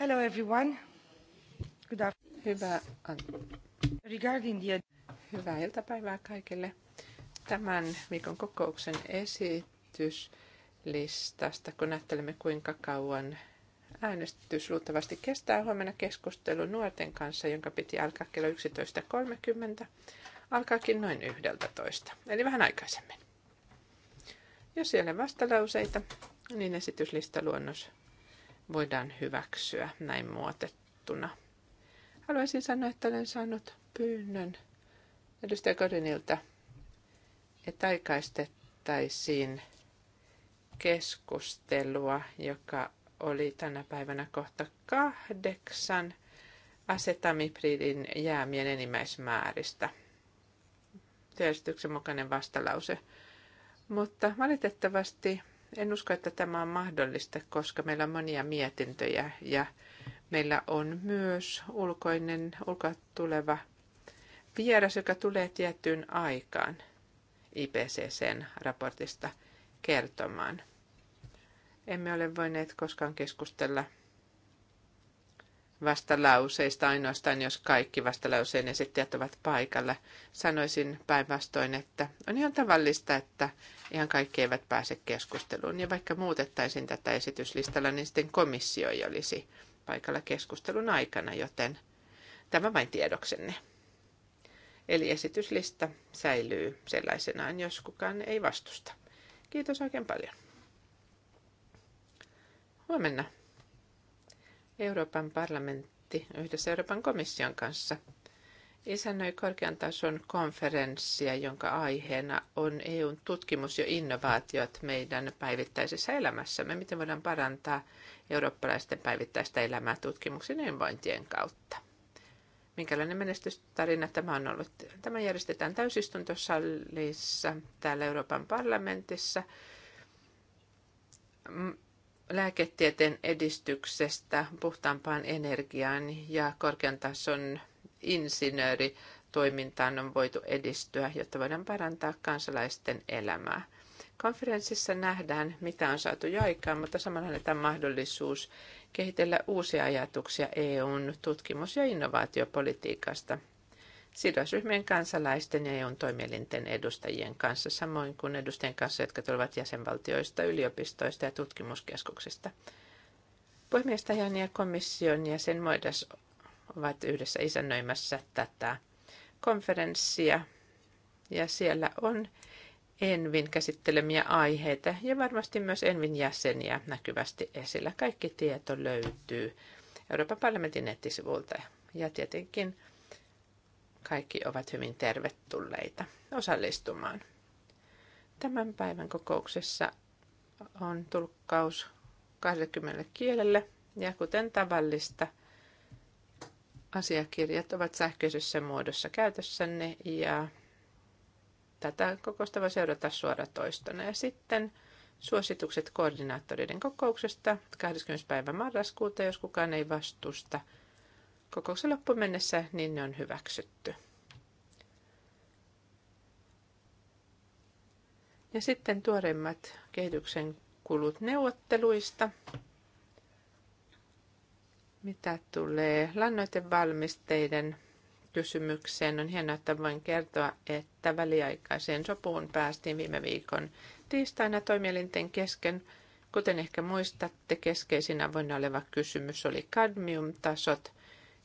Hello everyone. Good afternoon. Hyvää, iltapäivää kaikille. Tämän viikon kokouksen esityslistasta, kun ajattelemme kuinka kauan äänestys luultavasti kestää huomenna keskustelu nuorten kanssa, jonka piti alkaa kello 11.30. Alkaakin noin 11, eli vähän aikaisemmin. Jos siellä vastalauseita, niin luonnos voidaan hyväksyä näin muotettuna. Haluaisin sanoa, että olen saanut pyynnön edustaja Kodinilta, että aikaistettaisiin keskustelua, joka oli tänä päivänä kohta kahdeksan asetamipridin jäämien enimmäismääristä. Työjärjestyksen mukainen vastalause. Mutta valitettavasti en usko, että tämä on mahdollista, koska meillä on monia mietintöjä ja meillä on myös ulkoinen, ulkoa tuleva vieras, joka tulee tiettyyn aikaan IPCCn raportista kertomaan. Emme ole voineet koskaan keskustella – vastalauseista ainoastaan, jos kaikki vastalauseen esittäjät ovat paikalla. Sanoisin päinvastoin, että on ihan tavallista, että ihan kaikki eivät pääse keskusteluun. Ja vaikka muutettaisiin tätä esityslistalla, niin sitten komissio ei olisi paikalla keskustelun aikana, joten tämä vain tiedoksenne. Eli esityslista säilyy sellaisenaan, jos kukaan ei vastusta. Kiitos oikein paljon. Huomenna Euroopan parlamentti yhdessä Euroopan komission kanssa isännöi korkean tason konferenssia, jonka aiheena on EUn tutkimus ja innovaatiot meidän päivittäisessä elämässämme. Miten voidaan parantaa eurooppalaisten päivittäistä elämää tutkimuksen ja hyvinvointien kautta. Minkälainen menestystarina tämä on ollut? Tämä järjestetään täysistuntosalissa täällä Euroopan parlamentissa mm, lääketieteen edistyksestä puhtaampaan energiaan ja korkean tason insinööritoimintaan on voitu edistyä, jotta voidaan parantaa kansalaisten elämää. Konferenssissa nähdään, mitä on saatu jo aikaan, mutta samalla annetaan mahdollisuus kehitellä uusia ajatuksia EUn tutkimus- ja innovaatiopolitiikasta sidosryhmien kansalaisten ja EUn toimielinten edustajien kanssa, samoin kuin edustajien kanssa, jotka tulevat jäsenvaltioista, yliopistoista ja tutkimuskeskuksista. Puhemiestajan ja komission jäsen ovat yhdessä isännöimässä tätä konferenssia ja siellä on Envin käsittelemiä aiheita ja varmasti myös Envin jäseniä näkyvästi esillä. Kaikki tieto löytyy Euroopan parlamentin nettisivuilta ja tietenkin kaikki ovat hyvin tervetulleita osallistumaan. Tämän päivän kokouksessa on tulkkaus 20 kielelle ja kuten tavallista, asiakirjat ovat sähköisessä muodossa käytössänne ja tätä kokousta voi seurata suoratoistona. Ja sitten suositukset koordinaattoreiden kokouksesta 20. päivä marraskuuta, jos kukaan ei vastusta – kokouksen loppuun mennessä, niin ne on hyväksytty. Ja sitten tuoreimmat kehityksen kulut neuvotteluista. Mitä tulee lannoitevalmisteiden kysymykseen, on hienoa, että voin kertoa, että väliaikaiseen sopuun päästiin viime viikon tiistaina toimielinten kesken. Kuten ehkä muistatte, keskeisin avoinna oleva kysymys oli kadmiumtasot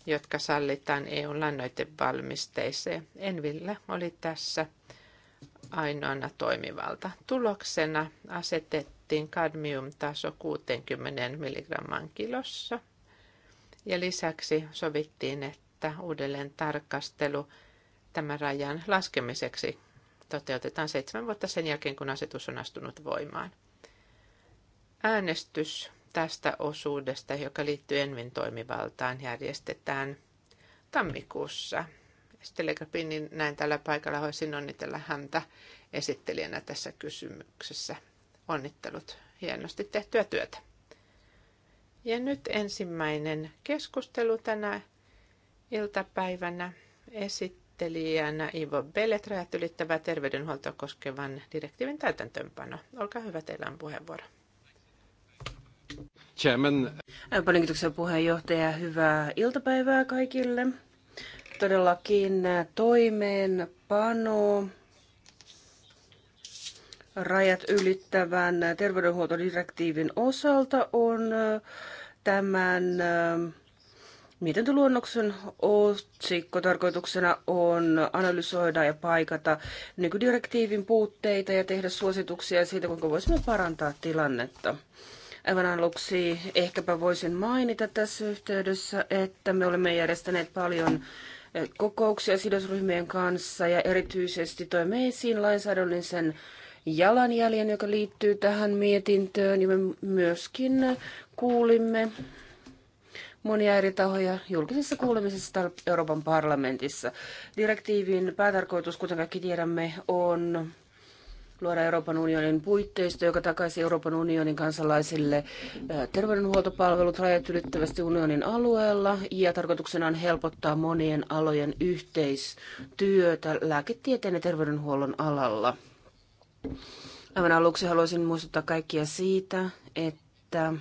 jotka sallitaan EUn lannoitevalmisteeseen. Enville oli tässä ainoana toimivalta. Tuloksena asetettiin kadmiumtaso 60 milligramman kilossa ja lisäksi sovittiin, että uudelleen tarkastelu tämän rajan laskemiseksi toteutetaan seitsemän vuotta sen jälkeen, kun asetus on astunut voimaan. Äänestys tästä osuudesta, joka liittyy Envin toimivaltaan, järjestetään tammikuussa. Stelle näin tällä paikalla, voisin onnitella häntä esittelijänä tässä kysymyksessä. Onnittelut, hienosti tehtyä työtä. Ja nyt ensimmäinen keskustelu tänä iltapäivänä esittelijänä Ivo Bellet rajat ylittävää terveydenhuoltoa koskevan direktiivin täytäntöönpano. Olkaa hyvä, teillä on puheenvuoro. Chairman. Paljon puheenjohtaja. Hyvää iltapäivää kaikille. Todellakin toimeenpano rajat ylittävän terveydenhuoltodirektiivin osalta on äh, tämän äh, Mietintöluonnoksen otsikko tarkoituksena on analysoida ja paikata nykydirektiivin puutteita ja tehdä suosituksia siitä, kuinka voisimme parantaa tilannetta. Aivan aluksi ehkäpä voisin mainita tässä yhteydessä, että me olemme järjestäneet paljon kokouksia sidosryhmien kanssa ja erityisesti toimme esiin lainsäädännöllisen jalanjäljen, joka liittyy tähän mietintöön. Ja me myöskin kuulimme monia eri tahoja julkisessa kuulemisessa täällä Euroopan parlamentissa. Direktiivin päätarkoitus, kuten kaikki tiedämme, on luoda Euroopan unionin puitteista, joka takaisi Euroopan unionin kansalaisille terveydenhuoltopalvelut rajat ylittävästi unionin alueella ja tarkoituksena on helpottaa monien alojen yhteistyötä lääketieteen ja terveydenhuollon alalla. Aivan aluksi haluaisin muistuttaa kaikkia siitä, että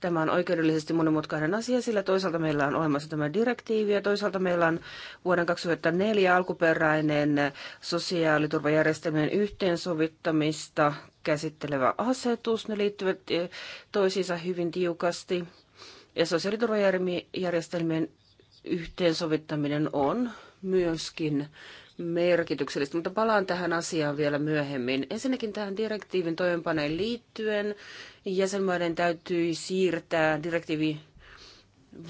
Tämä on oikeudellisesti monimutkainen asia, sillä toisaalta meillä on olemassa tämä direktiivi ja toisaalta meillä on vuoden 2004 alkuperäinen sosiaaliturvajärjestelmien yhteensovittamista käsittelevä asetus. Ne liittyvät eh, toisiinsa hyvin tiukasti ja sosiaaliturvajärjestelmien yhteensovittaminen on myöskin merkityksellistä, mutta palaan tähän asiaan vielä myöhemmin. Ensinnäkin tähän direktiivin toimenpaneen liittyen jäsenmaiden täytyy siirtää direktiivi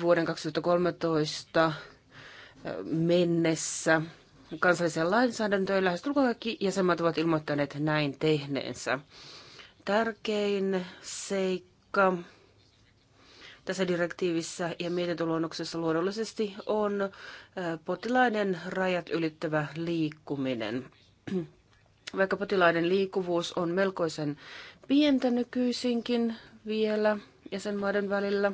vuoden 2013 äh, mennessä kansalliseen lainsäädäntöön. Lähestulkoon kaikki jäsenmaat ovat ilmoittaneet näin tehneensä. Tärkein seikka tässä direktiivissä ja mietintöluonnoksessa luonnollisesti on äh, potilaiden rajat ylittävä liikkuminen vaikka potilaiden liikkuvuus on melkoisen pientä nykyisinkin vielä jäsenmaiden välillä,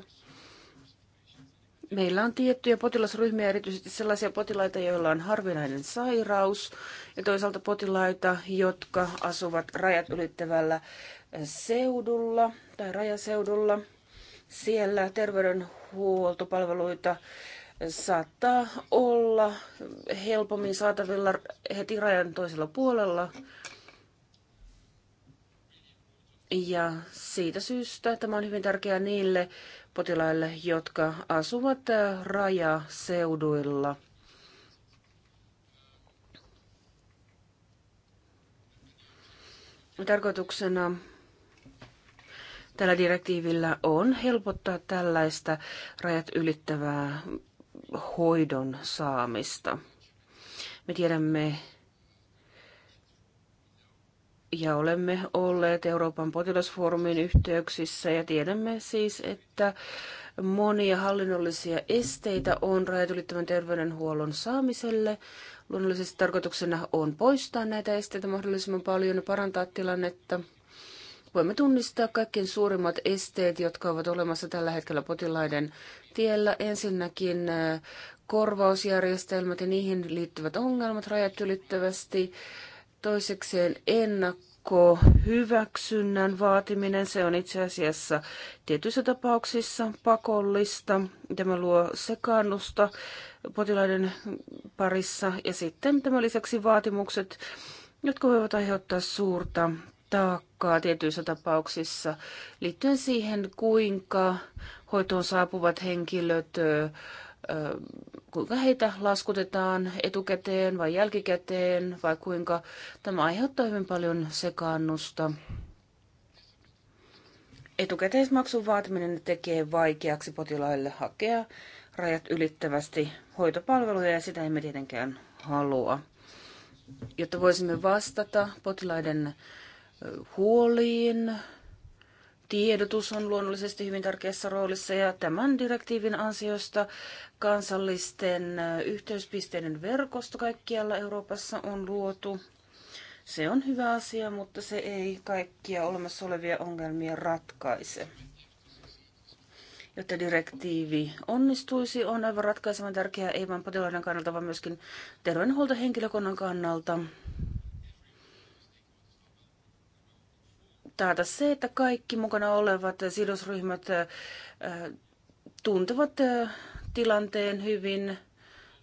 Meillä on tiettyjä potilasryhmiä, erityisesti sellaisia potilaita, joilla on harvinainen sairaus, ja toisaalta potilaita, jotka asuvat rajat ylittävällä seudulla tai rajaseudulla. Siellä terveydenhuoltopalveluita saattaa olla helpommin saatavilla heti rajan toisella puolella. Ja siitä syystä tämä on hyvin tärkeää niille potilaille, jotka asuvat rajaseuduilla. Tarkoituksena tällä direktiivillä on helpottaa tällaista rajat ylittävää hoidon saamista. Me tiedämme ja olemme olleet Euroopan potilasfoorumin yhteyksissä ja tiedämme siis, että monia hallinnollisia esteitä on rajatulittavan terveydenhuollon saamiselle. Luonnollisesti tarkoituksena on poistaa näitä esteitä mahdollisimman paljon ja parantaa tilannetta – voimme tunnistaa kaikkien suurimmat esteet, jotka ovat olemassa tällä hetkellä potilaiden tiellä. Ensinnäkin äh, korvausjärjestelmät ja niihin liittyvät ongelmat rajat ylittävästi. Toisekseen ennakko hyväksynnän vaatiminen, se on itse asiassa tietyissä tapauksissa pakollista. Tämä luo sekaannusta potilaiden parissa ja sitten tämän lisäksi vaatimukset jotka voivat aiheuttaa suurta taakkaa tietyissä tapauksissa liittyen siihen, kuinka hoitoon saapuvat henkilöt, kuinka heitä laskutetaan etukäteen vai jälkikäteen, vai kuinka tämä aiheuttaa hyvin paljon sekaannusta. Etukäteismaksun vaatiminen tekee vaikeaksi potilaille hakea rajat ylittävästi hoitopalveluja ja sitä emme tietenkään halua. Jotta voisimme vastata potilaiden huoliin. Tiedotus on luonnollisesti hyvin tärkeässä roolissa ja tämän direktiivin ansiosta kansallisten yhteyspisteiden verkosto kaikkialla Euroopassa on luotu. Se on hyvä asia, mutta se ei kaikkia olemassa olevia ongelmia ratkaise. Jotta direktiivi onnistuisi, on aivan ratkaisevan tärkeää ei vain potilaiden kannalta, vaan myöskin terveydenhuoltohenkilökunnan kannalta taata se, että kaikki mukana olevat sidosryhmät tuntevat tilanteen hyvin.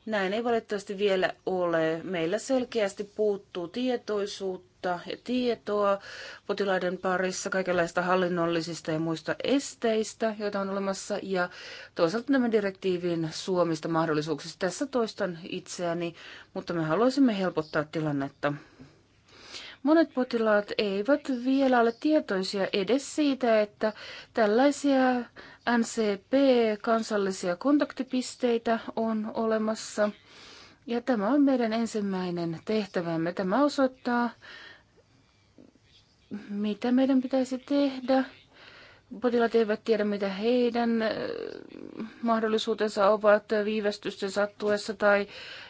Näin ei valitettavasti vielä ole. Meillä selkeästi puuttuu tietoisuutta ja tietoa potilaiden parissa kaikenlaista hallinnollisista ja muista esteistä, joita on olemassa, ja toisaalta nämä direktiivin suomista mahdollisuuksista. Tässä toistan itseäni, mutta me haluaisimme helpottaa tilannetta. Monet potilaat eivät vielä ole tietoisia edes siitä, että tällaisia NCP-kansallisia kontaktipisteitä on olemassa. Ja tämä on meidän ensimmäinen tehtävämme. Tämä osoittaa, mitä meidän pitäisi tehdä Potilaat eivät tiedä, mitä heidän äh, mahdollisuutensa ovat viivästysten sattuessa tai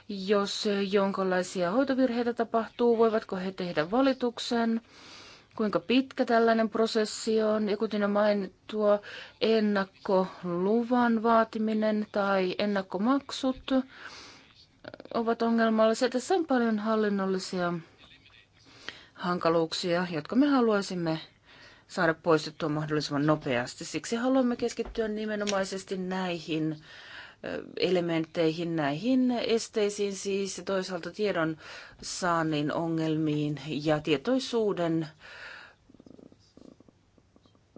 jos jonkinlaisia hoitovirheitä tapahtuu, voivatko he tehdä valituksen, kuinka pitkä tällainen prosessi on ja kuten mainittua ennakkoluvan vaatiminen tai ennakkomaksut ovat ongelmallisia. Tässä on paljon hallinnollisia hankaluuksia, jotka me haluaisimme saada poistettua mahdollisimman nopeasti. Siksi haluamme keskittyä nimenomaisesti näihin elementteihin, näihin esteisiin siis toisaalta tiedon saannin ongelmiin ja tietoisuuden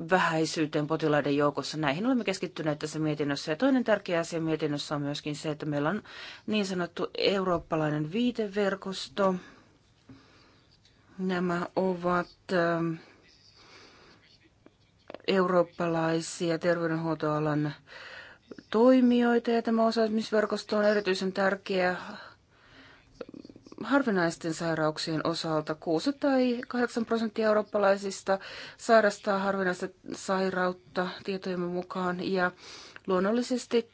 vähäisyyteen potilaiden joukossa. Näihin olemme keskittyneet tässä mietinnössä. Ja toinen tärkeä asia mietinnössä on myöskin se, että meillä on niin sanottu eurooppalainen viiteverkosto. Nämä ovat äh, eurooppalaisia terveydenhuoltoalan toimijoita ja tämä osaamisverkosto on erityisen tärkeä harvinaisten sairauksien osalta 6 tai 8 prosenttia eurooppalaisista sairastaa harvinaista sairautta tietojen mukaan ja luonnollisesti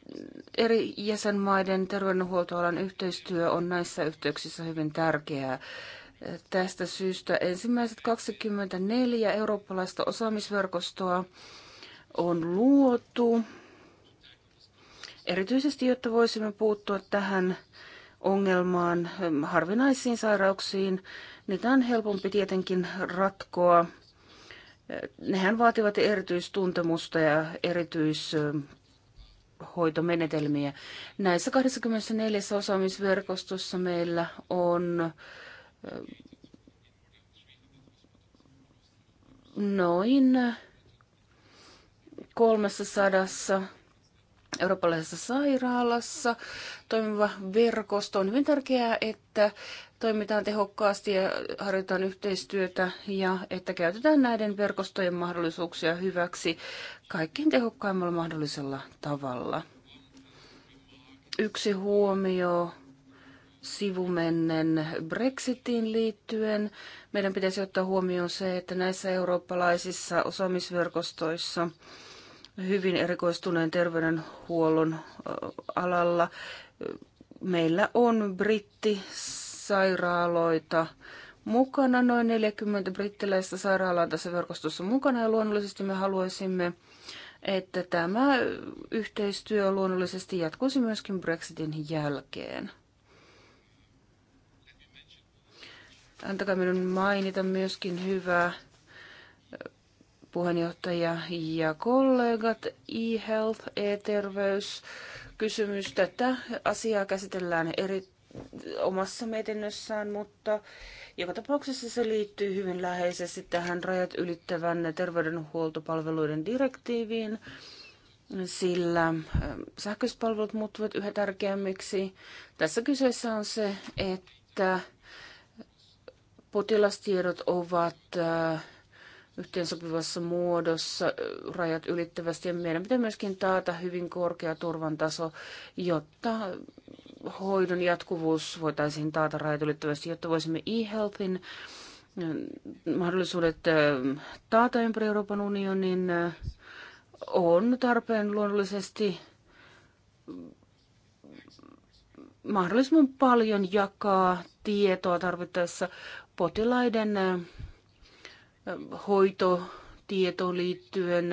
eri jäsenmaiden terveydenhuoltoalan yhteistyö on näissä yhteyksissä hyvin tärkeää. Tästä syystä ensimmäiset 24 eurooppalaista osaamisverkostoa on luotu, erityisesti jotta voisimme puuttua tähän ongelmaan, harvinaisiin sairauksiin. Niitä on helpompi tietenkin ratkoa. Nehän vaativat erityistuntemusta ja erityishoitomenetelmiä. Näissä 24 osaamisverkostossa meillä on noin 300 eurooppalaisessa sairaalassa toimiva verkosto. On hyvin tärkeää, että toimitaan tehokkaasti ja harjoitetaan yhteistyötä ja että käytetään näiden verkostojen mahdollisuuksia hyväksi kaikkein tehokkaimmalla mahdollisella tavalla. Yksi huomio sivumennen Brexitiin liittyen. Meidän pitäisi ottaa huomioon se, että näissä eurooppalaisissa osaamisverkostoissa hyvin erikoistuneen terveydenhuollon alalla meillä on brittisairaaloita mukana. Noin 40 brittiläistä sairaalaa tässä verkostossa mukana ja luonnollisesti me haluaisimme että tämä yhteistyö luonnollisesti jatkuisi myöskin Brexitin jälkeen. antakaa minun mainita myöskin hyvää puheenjohtaja ja kollegat, e-health, e-terveys, kysymys. Tätä asiaa käsitellään eri omassa mietinnössään, mutta joka tapauksessa se liittyy hyvin läheisesti tähän rajat ylittävän terveydenhuoltopalveluiden direktiiviin, sillä palvelut muuttuvat yhä tärkeämmiksi. Tässä kyseessä on se, että potilastiedot ovat äh, yhteensopivassa muodossa äh, rajat ylittävästi ja meidän pitää myöskin taata hyvin korkea turvan taso, jotta hoidon jatkuvuus voitaisiin taata rajat ylittävästi, jotta voisimme e-healthin äh, mahdollisuudet taata ympäri Euroopan unionin on tarpeen luonnollisesti mahdollisimman paljon jakaa tietoa tarvittaessa potilaiden hoitotietoon liittyen.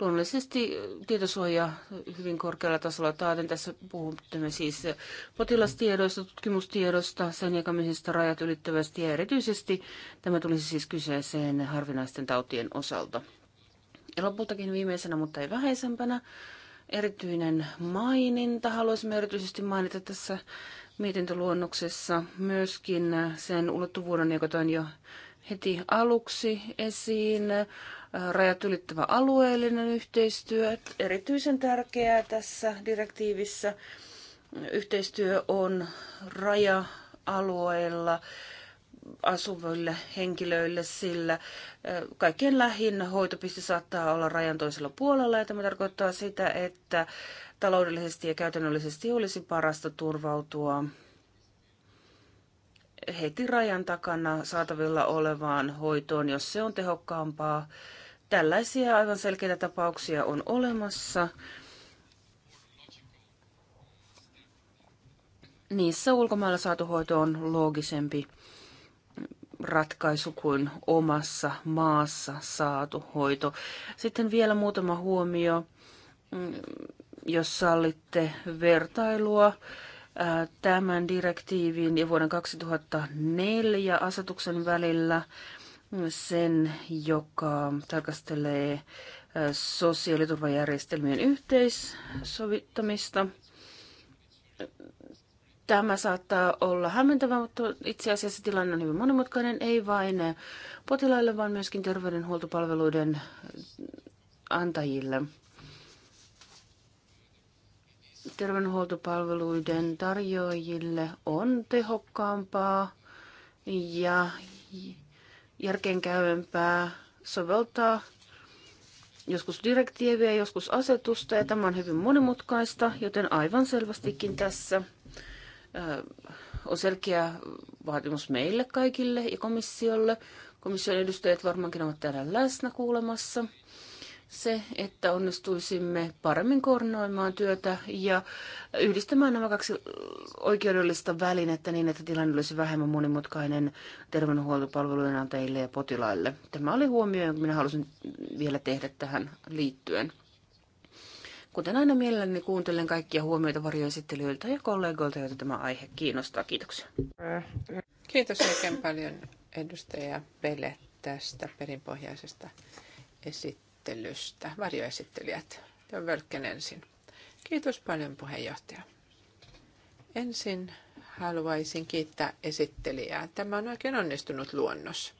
Luonnollisesti tietosuoja hyvin korkealla tasolla taaten. Tässä puhumme siis potilastiedoista, tutkimustiedosta, sen jakamisesta rajat ylittävästi ja erityisesti tämä tulisi siis kyseeseen harvinaisten tautien osalta. Ja lopultakin viimeisenä, mutta ei vähäisempänä, erityinen maininta. Haluaisimme erityisesti mainita tässä mietintöluonnoksessa myöskin sen ulottuvuuden, joka toin jo heti aluksi esiin. Rajat ylittävä alueellinen yhteistyö, erityisen tärkeää tässä direktiivissä. Yhteistyö on raja-alueella asuville henkilöille, sillä kaikkien lähin hoitopiste saattaa olla rajan toisella puolella, ja tämä tarkoittaa sitä, että taloudellisesti ja käytännöllisesti olisi parasta turvautua heti rajan takana saatavilla olevaan hoitoon, jos se on tehokkaampaa. Tällaisia aivan selkeitä tapauksia on olemassa. Niissä ulkomailla saatu hoito on loogisempi ratkaisu kuin omassa maassa saatu hoito. Sitten vielä muutama huomio, mm, jos sallitte vertailua äh, tämän direktiivin ja vuoden 2004 asetuksen välillä mm, sen, joka tarkastelee äh, sosiaaliturvajärjestelmien yhteissovittamista. Tämä saattaa olla hämmentävä, mutta itse asiassa tilanne on hyvin monimutkainen, ei vain potilaille, vaan myöskin terveydenhuoltopalveluiden antajille. Terveydenhuoltopalveluiden tarjoajille on tehokkaampaa ja järkeenkäyvempää soveltaa joskus direktiiviä, joskus asetusta ja tämä on hyvin monimutkaista, joten aivan selvästikin tässä – on selkeä vaatimus meille kaikille ja komissiolle. Komission edustajat varmaankin ovat täällä läsnä kuulemassa. Se, että onnistuisimme paremmin koordinoimaan työtä ja yhdistämään nämä kaksi oikeudellista välinettä niin, että tilanne olisi vähemmän monimutkainen terveydenhuoltopalvelujen antajille ja potilaille. Tämä oli huomio, jonka minä halusin vielä tehdä tähän liittyen. Kuten aina mielelläni kuuntelen kaikkia huomioita varjoesittelyiltä ja kollegoilta, joita tämä aihe kiinnostaa. Kiitoksia. Kiitos oikein paljon edustaja Pele tästä perinpohjaisesta esittelystä. Varjoesittelijät, jo Völkken ensin. Kiitos paljon puheenjohtaja. Ensin haluaisin kiittää esittelijää. Tämä on oikein onnistunut luonnos.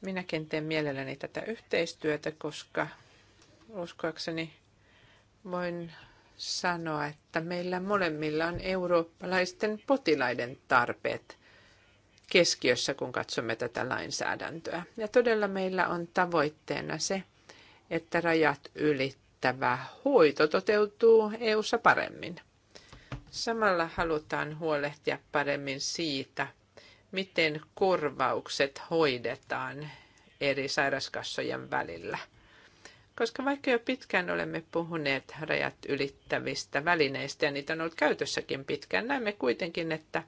Minäkin teen mielelläni tätä yhteistyötä, koska uskoakseni voin sanoa, että meillä molemmilla on eurooppalaisten potilaiden tarpeet keskiössä, kun katsomme tätä lainsäädäntöä. Ja todella meillä on tavoitteena se, että rajat ylittävä hoito toteutuu EU:ssa paremmin. Samalla halutaan huolehtia paremmin siitä, miten korvaukset hoidetaan eri sairaskassojen välillä – koska vaikka jo pitkään olemme puhuneet rajat ylittävistä välineistä ja niitä on ollut käytössäkin pitkään, näemme kuitenkin, että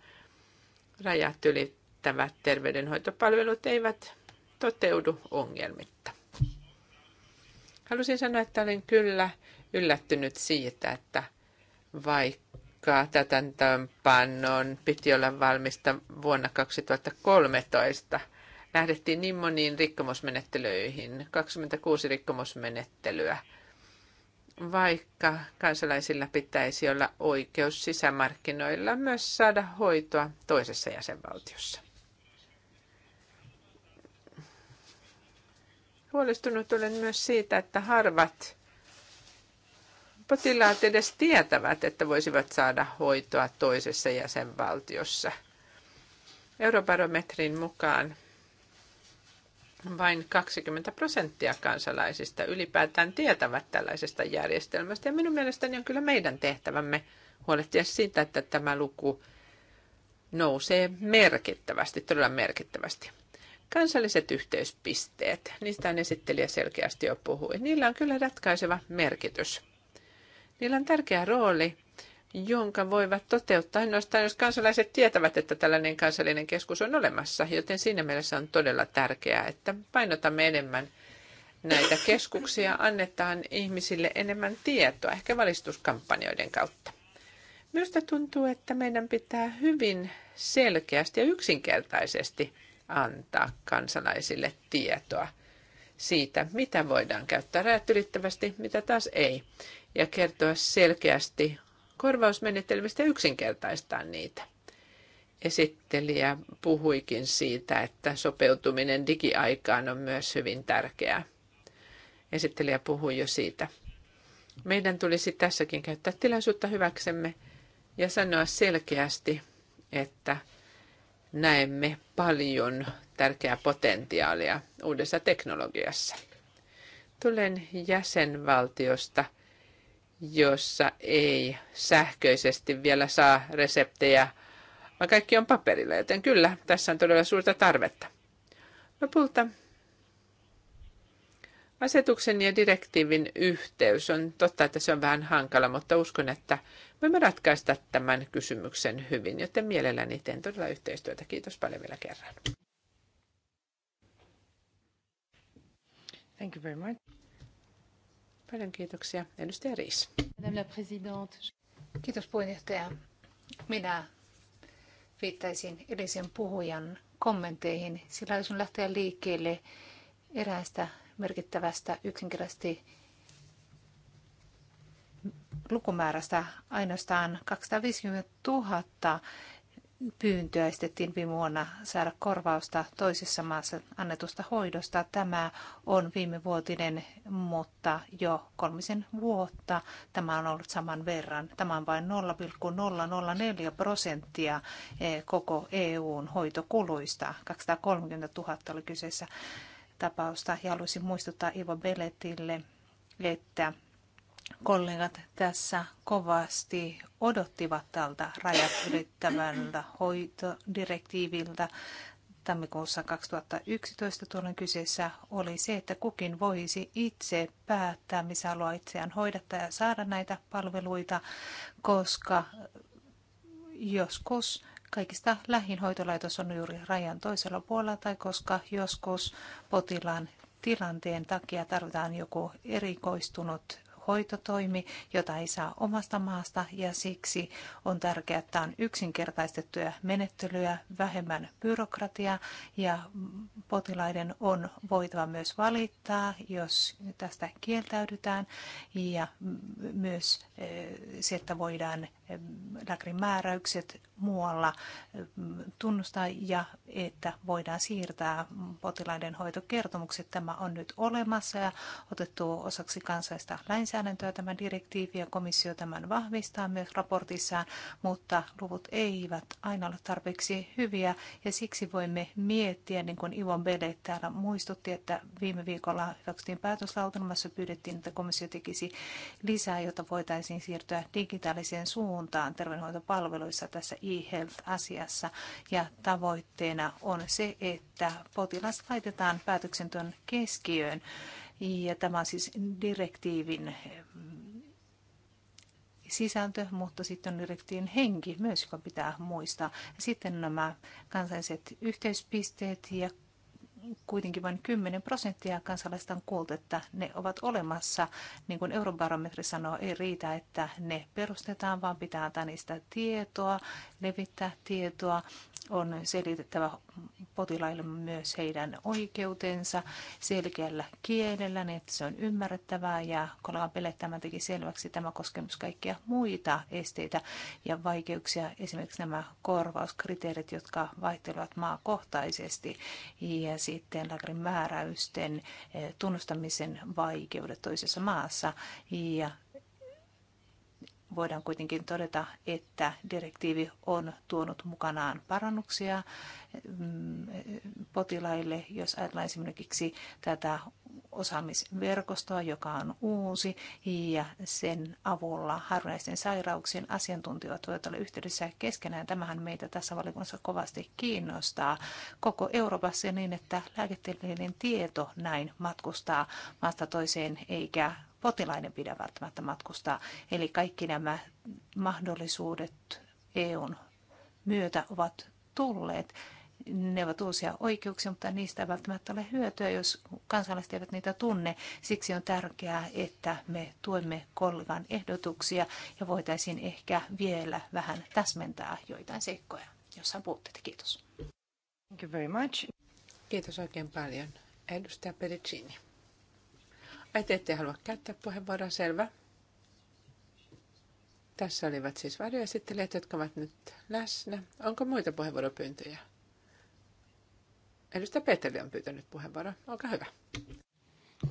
rajat ylittävät terveydenhoitopalvelut eivät toteudu ongelmitta. Halusin sanoa, että olen kyllä yllättynyt siitä, että vaikka pannon piti olla valmista vuonna 2013, lähdettiin niin moniin rikkomusmenettelyihin, 26 rikkomusmenettelyä, vaikka kansalaisilla pitäisi olla oikeus sisämarkkinoilla myös saada hoitoa toisessa jäsenvaltiossa. Huolestunut olen myös siitä, että harvat potilaat edes tietävät, että voisivat saada hoitoa toisessa jäsenvaltiossa. Eurobarometrin mukaan vain 20 prosenttia kansalaisista ylipäätään tietävät tällaisesta järjestelmästä. Ja minun mielestäni on kyllä meidän tehtävämme huolehtia siitä, että tämä luku nousee merkittävästi, todella merkittävästi. Kansalliset yhteyspisteet, niistä on esittelijä selkeästi jo puhui. Niillä on kyllä ratkaiseva merkitys. Niillä on tärkeä rooli jonka voivat toteuttaa ainoastaan, jos kansalaiset tietävät, että tällainen kansallinen keskus on olemassa. Joten siinä mielessä on todella tärkeää, että painotamme enemmän näitä keskuksia, annetaan ihmisille enemmän tietoa, ehkä valistuskampanjoiden kautta. Minusta tuntuu, että meidän pitää hyvin selkeästi ja yksinkertaisesti antaa kansalaisille tietoa siitä, mitä voidaan käyttää rajat ylittävästi, mitä taas ei. Ja kertoa selkeästi korvausmenetelmistä yksinkertaistaa niitä. Esittelijä puhuikin siitä, että sopeutuminen digiaikaan on myös hyvin tärkeää. Esittelijä puhui jo siitä. Meidän tulisi tässäkin käyttää tilaisuutta hyväksemme ja sanoa selkeästi, että näemme paljon tärkeää potentiaalia uudessa teknologiassa. Tulen jäsenvaltiosta – jossa ei sähköisesti vielä saa reseptejä, vaan kaikki on paperilla, joten kyllä, tässä on todella suurta tarvetta. Lopulta asetuksen ja direktiivin yhteys on totta, että se on vähän hankala, mutta uskon, että voimme ratkaista tämän kysymyksen hyvin, joten mielelläni teen todella yhteistyötä. Kiitos paljon vielä kerran. Thank you very much. Paljon kiitoksia. Edustaja Riis. Kiitos puheenjohtaja. Minä viittaisin edellisen puhujan kommentteihin, sillä jos lähteä liikkeelle eräästä merkittävästä yksinkertaisesti lukumäärästä ainoastaan 250 000 pyyntöä estettiin viime vuonna saada korvausta toisessa maassa annetusta hoidosta. Tämä on viime vuotinen mutta jo kolmisen vuotta tämä on ollut saman verran. Tämä on vain 0,004 prosenttia eh, koko EUn hoitokuluista. 230 000 oli kyseessä tapausta. Ja haluaisin muistuttaa Ivo Beletille, että kollegat tässä kovasti odottivat tältä rajat ylittävältä hoitodirektiiviltä tammikuussa 2011 tuolloin kyseessä oli se, että kukin voisi itse päättää, missä haluaa itseään hoidattaa ja saada näitä palveluita, koska joskus kaikista lähin hoitolaitos on juuri rajan toisella puolella tai koska joskus potilaan tilanteen takia tarvitaan joku erikoistunut hoitotoimi, jota ei saa omasta maasta ja siksi on tärkeää, että on yksinkertaistettuja menettelyjä, vähemmän byrokratiaa ja potilaiden on voitava myös valittaa, jos tästä kieltäydytään ja myös se, että voidaan lääkärin määräykset muualla tunnustaa ja että voidaan siirtää potilaiden hoitokertomukset. Tämä on nyt olemassa ja otettu osaksi kansallista lainsäädäntöä lainsäädäntöä tämä direktiivi ja komissio tämän vahvistaa myös raportissaan, mutta luvut eivät aina ole tarpeeksi hyviä ja siksi voimme miettiä, niin kuin Ivon Bele täällä muistutti, että viime viikolla hyväksyttiin päätöslautelmassa pyydettiin, että komissio tekisi lisää, jotta voitaisiin siirtyä digitaaliseen suuntaan terveydenhoitopalveluissa tässä e-health-asiassa ja tavoitteena on se, että potilas laitetaan päätöksentön keskiöön ja tämä on siis direktiivin eh, sisältö, mutta sitten on direktiin henki myös, joka pitää muistaa. Sitten nämä kansalliset yhteispisteet ja kuitenkin vain 10 prosenttia kansalaisista on kuultu, että ne ovat olemassa. Niin kuin Eurobarometri sanoo, ei riitä, että ne perustetaan, vaan pitää antaa niistä tietoa, levittää tietoa. On selitettävä potilaille myös heidän oikeutensa selkeällä kielellä, niin että se on ymmärrettävää. Ja kollega Pele tämä teki selväksi, tämä koskee myös kaikkia muita esteitä ja vaikeuksia, esimerkiksi nämä korvauskriteerit, jotka vaihtelevat maakohtaisesti. Ja sitten lääkärimääräysten eh, tunnustamisen vaikeudet toisessa maassa. Ja voidaan kuitenkin todeta, että direktiivi on tuonut mukanaan parannuksia mm, eh, potilaille, jos ajatellaan esimerkiksi tätä osaamisverkostoa, joka on uusi ja sen avulla harvinaisten sairauksien asiantuntijat voivat olla yhteydessä keskenään. Tämähän meitä tässä valikossa kovasti kiinnostaa koko Euroopassa niin, että lääketieteellinen tieto näin matkustaa maasta toiseen eikä potilainen pidä välttämättä matkustaa. Eli kaikki nämä mahdollisuudet EUn myötä ovat tulleet ne ovat uusia oikeuksia, mutta niistä ei välttämättä ole hyötyä, jos kansalaiset eivät niitä tunne. Siksi on tärkeää, että me tuemme kollegan ehdotuksia ja voitaisiin ehkä vielä vähän täsmentää joitain seikkoja, jos on puutteita. Kiitos. Thank you very much. Kiitos oikein paljon. Edustaja Pericini. Ai te ette halua käyttää puheenvuoroa, selvä. Tässä olivat siis varjoesittelijät, jotka ovat nyt läsnä. Onko muita puheenvuoropyyntöjä? Edustaja Petteri on pyytänyt puheenvuoron. Olkaa hyvä.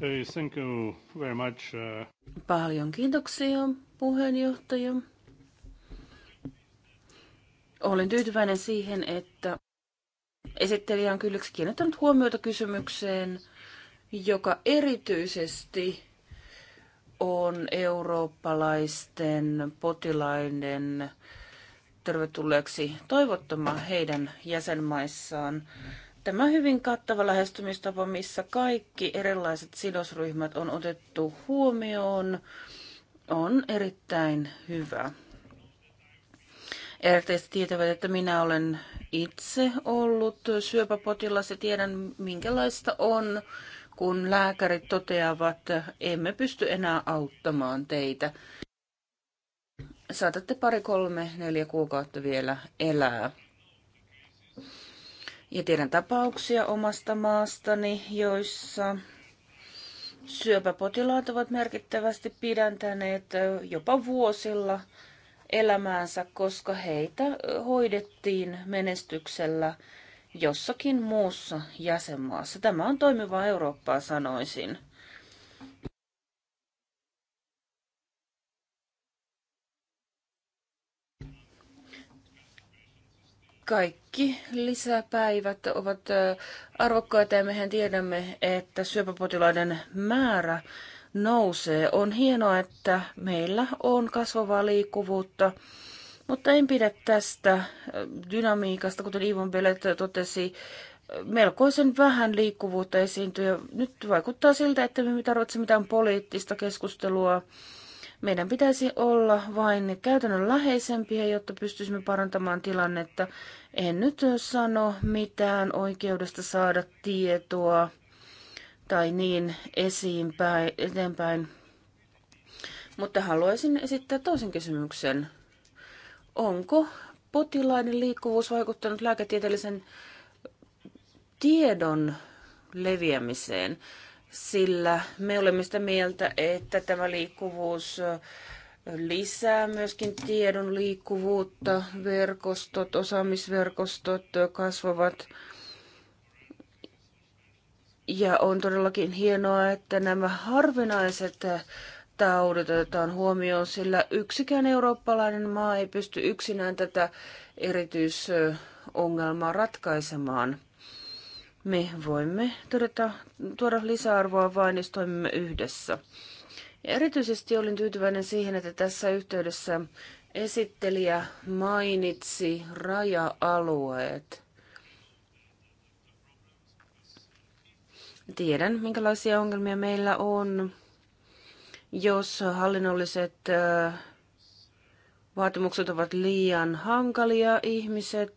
Hey, thank you very much. Uh, Paljon kiitoksia, puheenjohtaja. Olen tyytyväinen siihen, että esittelijä on kylläksi kiinnittänyt huomiota kysymykseen, joka erityisesti on eurooppalaisten potilaiden tervetulleeksi toivottama heidän jäsenmaissaan. Mm Tämä hyvin kattava lähestymistapa, missä kaikki erilaiset sidosryhmät on otettu huomioon, on erittäin hyvä. Erityisesti tietävät, että minä olen itse ollut syöpäpotilas ja tiedän, minkälaista on, kun lääkärit toteavat, että emme pysty enää auttamaan teitä. Saatatte pari, kolme, neljä kuukautta vielä elää ja tiedän tapauksia omasta maastani, joissa syöpäpotilaat ovat merkittävästi pidäntäneet jopa vuosilla elämäänsä, koska heitä hoidettiin menestyksellä jossakin muussa jäsenmaassa. Tämä on toimiva Eurooppaa, sanoisin. kaikki lisäpäivät ovat arvokkaita ja mehän tiedämme, että syöpäpotilaiden määrä nousee. On hienoa, että meillä on kasvavaa liikkuvuutta, mutta en pidä tästä dynamiikasta, kuten Ivon Belet totesi, melkoisen vähän liikkuvuutta esiintyy. Nyt vaikuttaa siltä, että me tarvitsemme mitään poliittista keskustelua meidän pitäisi olla vain käytännön läheisempiä, jotta pystyisimme parantamaan tilannetta. En nyt sano mitään oikeudesta saada tietoa tai niin esiinpäin, eteenpäin. Mutta haluaisin esittää toisen kysymyksen. Onko potilaiden liikkuvuus vaikuttanut lääketieteellisen tiedon leviämiseen? sillä me olemme sitä mieltä, että tämä liikkuvuus lisää myöskin tiedon liikkuvuutta, verkostot, osaamisverkostot kasvavat. Ja on todellakin hienoa, että nämä harvinaiset taudit otetaan huomioon, sillä yksikään eurooppalainen maa ei pysty yksinään tätä erityisongelmaa ratkaisemaan. Me voimme todeta, tuoda lisäarvoa vain, jos toimimme yhdessä. Ja erityisesti olin tyytyväinen siihen, että tässä yhteydessä esittelijä mainitsi raja-alueet. Tiedän, minkälaisia ongelmia meillä on, jos hallinnolliset vaatimukset ovat liian hankalia, ihmiset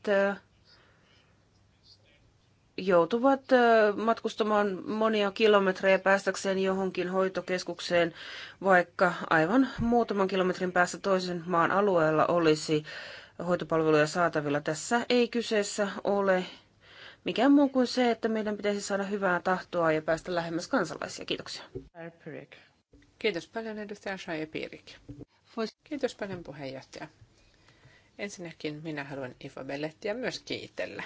joutuvat matkustamaan monia kilometrejä päästäkseen johonkin hoitokeskukseen, vaikka aivan muutaman kilometrin päässä toisen maan alueella olisi hoitopalveluja saatavilla. Tässä ei kyseessä ole mikään muu kuin se, että meidän pitäisi saada hyvää tahtoa ja päästä lähemmäs kansalaisia. Kiitoksia. Kiitos paljon edustaja Shaija Piirik. Kiitos paljon puheenjohtaja. Ensinnäkin minä haluan Ifo Bellettiä myös kiitellä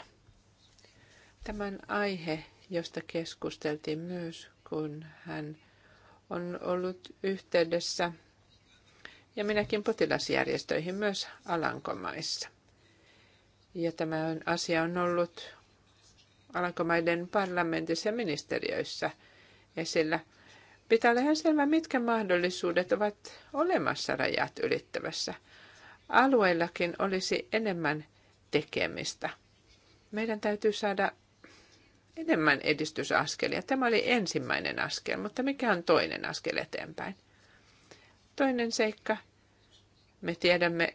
Tämän aihe, josta keskusteltiin myös, kun hän on ollut yhteydessä ja minäkin potilasjärjestöihin myös Alankomaissa. Ja tämä asia on ollut Alankomaiden parlamentissa ja ministeriöissä esillä. Pitää olla ihan selvä, mitkä mahdollisuudet ovat olemassa rajat ylittävässä. Alueillakin olisi enemmän tekemistä. Meidän täytyy saada enemmän edistysaskelia. Tämä oli ensimmäinen askel, mutta mikä on toinen askel eteenpäin? Toinen seikka. Me tiedämme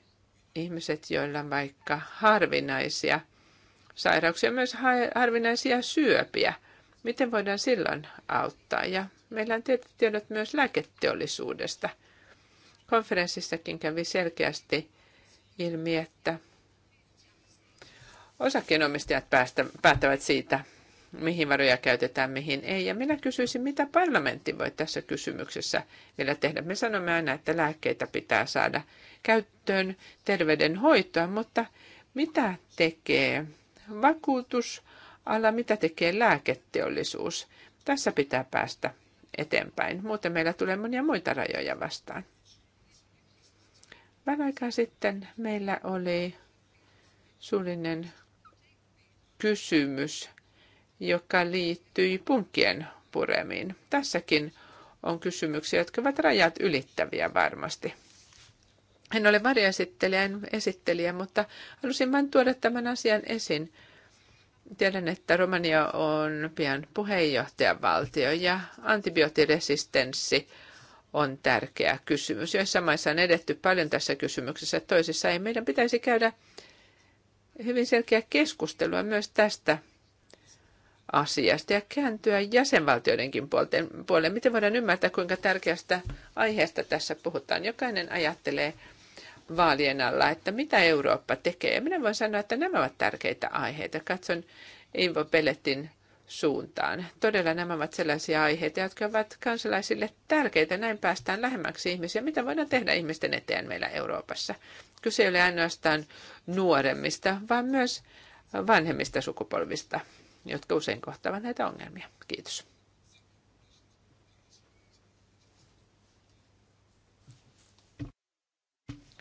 ihmiset, joilla on vaikka harvinaisia sairauksia, myös harvinaisia syöpiä. Miten voidaan silloin auttaa? Ja meillä on tietyt tiedot myös lääketeollisuudesta. Konferenssissakin kävi selkeästi ilmi, että osakkeenomistajat päästä, päättävät siitä, mihin varoja käytetään, mihin ei. Ja minä kysyisin, mitä parlamentti voi tässä kysymyksessä vielä tehdä. Me sanomme aina, että lääkkeitä pitää saada käyttöön terveydenhoitoa, mutta mitä tekee vakuutusala, mitä tekee lääketeollisuus? Tässä pitää päästä eteenpäin. Muuten meillä tulee monia muita rajoja vastaan. Vähän aikaa sitten meillä oli suullinen kysymys joka liittyi punkien puremiin. Tässäkin on kysymyksiä, jotka ovat rajat ylittäviä varmasti. En ole varjaesittelijä, en esittelijä, mutta halusin vain tuoda tämän asian esiin. Tiedän, että Romania on pian puheenjohtajavaltio ja antibioottiresistenssi on tärkeä kysymys. Joissa maissa on edetty paljon tässä kysymyksessä, toisissa ei. Meidän pitäisi käydä hyvin selkeä keskustelua myös tästä asiasta ja kääntyä jäsenvaltioidenkin puolelle. Miten voidaan ymmärtää, kuinka tärkeästä aiheesta tässä puhutaan? Jokainen ajattelee vaalien alla, että mitä Eurooppa tekee. Minä voin sanoa, että nämä ovat tärkeitä aiheita. Katson Invo Pelletin suuntaan. Todella nämä ovat sellaisia aiheita, jotka ovat kansalaisille tärkeitä. Näin päästään lähemmäksi ihmisiä. Mitä voidaan tehdä ihmisten eteen meillä Euroopassa? Kyse ei ole ainoastaan nuoremmista, vaan myös vanhemmista sukupolvista jotka usein kohtaavat näitä ongelmia. Kiitos.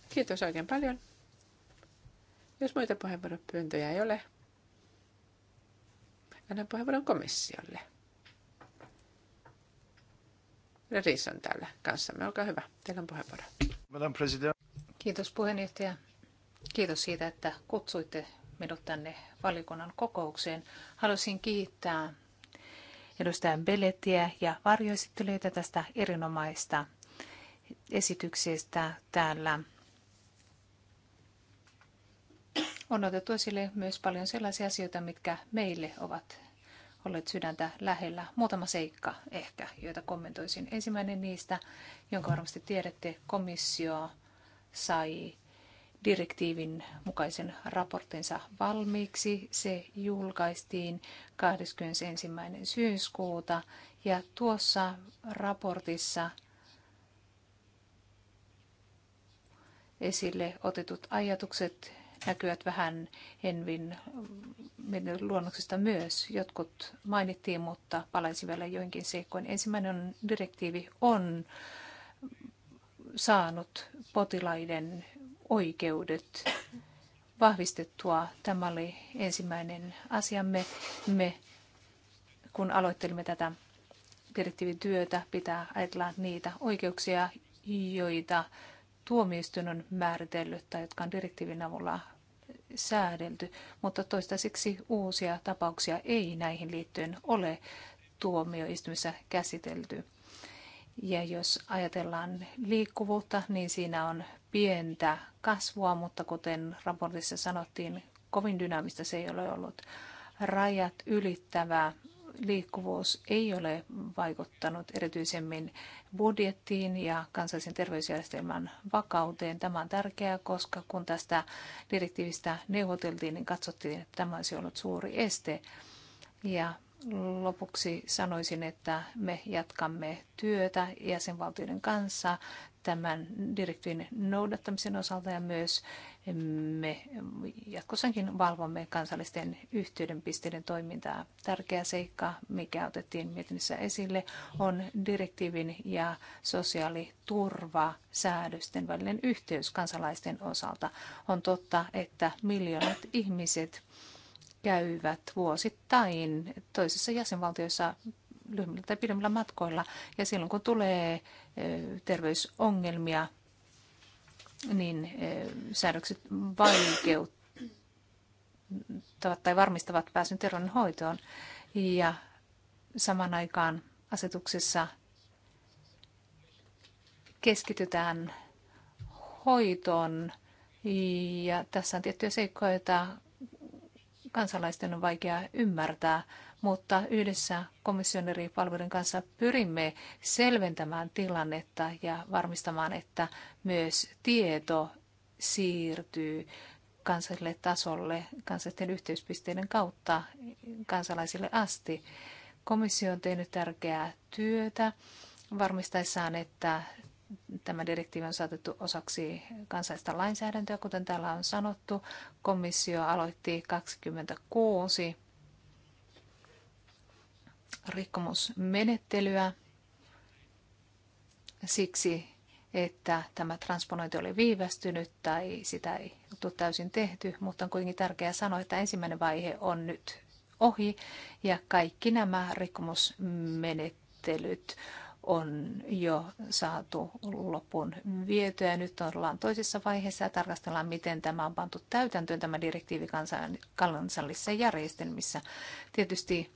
Kiitos oikein paljon. Jos muita puheenvuoropyyntöjä ei ole, annan puheenvuoron komissiolle. Riis on täällä kanssamme. Olkaa hyvä. Teillä on puheenvuoro. Kiitos puheenjohtaja. Kiitos siitä, että kutsuitte minut tänne valikunnan kokoukseen. Haluaisin kiittää edustaja Beletiä ja varjoesittelyitä tästä erinomaista esityksestä täällä. On otettu esille myös paljon sellaisia asioita, mitkä meille ovat olleet sydäntä lähellä. Muutama seikka ehkä, joita kommentoisin. Ensimmäinen niistä, jonka varmasti tiedätte, komissio sai direktiivin mukaisen raporttinsa valmiiksi. Se julkaistiin 21. syyskuuta ja tuossa raportissa esille otetut ajatukset näkyvät vähän Henvin luonnoksesta myös. Jotkut mainittiin, mutta palaisin vielä joinkin seikkoin. Ensimmäinen direktiivi on saanut potilaiden oikeudet vahvistettua. Tämä oli ensimmäinen asiamme. Me, kun aloittelimme tätä direktiivin työtä pitää ajatella niitä oikeuksia, joita tuomioistuin on määritellyt tai jotka on direktiivin avulla säädelty, mutta toistaiseksi uusia tapauksia ei näihin liittyen ole tuomioistuimissa käsitelty. Ja jos ajatellaan liikkuvuutta, niin siinä on pientä kasvua, mutta kuten raportissa sanottiin, kovin dynaamista se ei ole ollut. Rajat ylittävä liikkuvuus ei ole vaikuttanut erityisemmin budjettiin ja kansallisen terveysjärjestelmän vakauteen. Tämä on tärkeää, koska kun tästä direktiivistä neuvoteltiin, niin katsottiin, että tämä olisi ollut suuri este. Ja lopuksi sanoisin, että me jatkamme työtä jäsenvaltioiden kanssa tämän direktiivin noudattamisen osalta ja myös me jatkossakin valvomme kansallisten yhteydenpisteiden toimintaa. Tärkeä seikka, mikä otettiin mietinnössä esille, on direktiivin ja sosiaaliturvasäädösten välinen yhteys kansalaisten osalta. On totta, että miljoonat ihmiset käyvät vuosittain toisissa jäsenvaltioissa lyhyemmillä tai pidemmillä matkoilla. Ja silloin kun tulee terveysongelmia, niin säädökset vaikeuttavat tai varmistavat pääsyn terveydenhoitoon. Ja saman aikaan asetuksessa keskitytään hoitoon. Ja tässä on tiettyjä seikkoja, joita kansalaisten on vaikea ymmärtää, mutta yhdessä komission eri palveluiden kanssa pyrimme selventämään tilannetta ja varmistamaan, että myös tieto siirtyy kansalliselle tasolle kansallisten yhteyspisteiden kautta kansalaisille asti. Komissio on tehnyt tärkeää työtä varmistaessaan, että tämä direktiivi on saatettu osaksi kansallista lainsäädäntöä. Kuten täällä on sanottu, komissio aloitti 26 rikkomusmenettelyä siksi, että tämä transponointi oli viivästynyt tai sitä ei ollut täysin tehty, mutta on kuitenkin tärkeää sanoa, että ensimmäinen vaihe on nyt ohi ja kaikki nämä rikkomusmenettelyt on jo saatu lopun vietyä. Nyt ollaan toisessa vaiheessa ja tarkastellaan, miten tämä on pantu täytäntöön tämä direktiivi kansallisissa järjestelmissä. Tietysti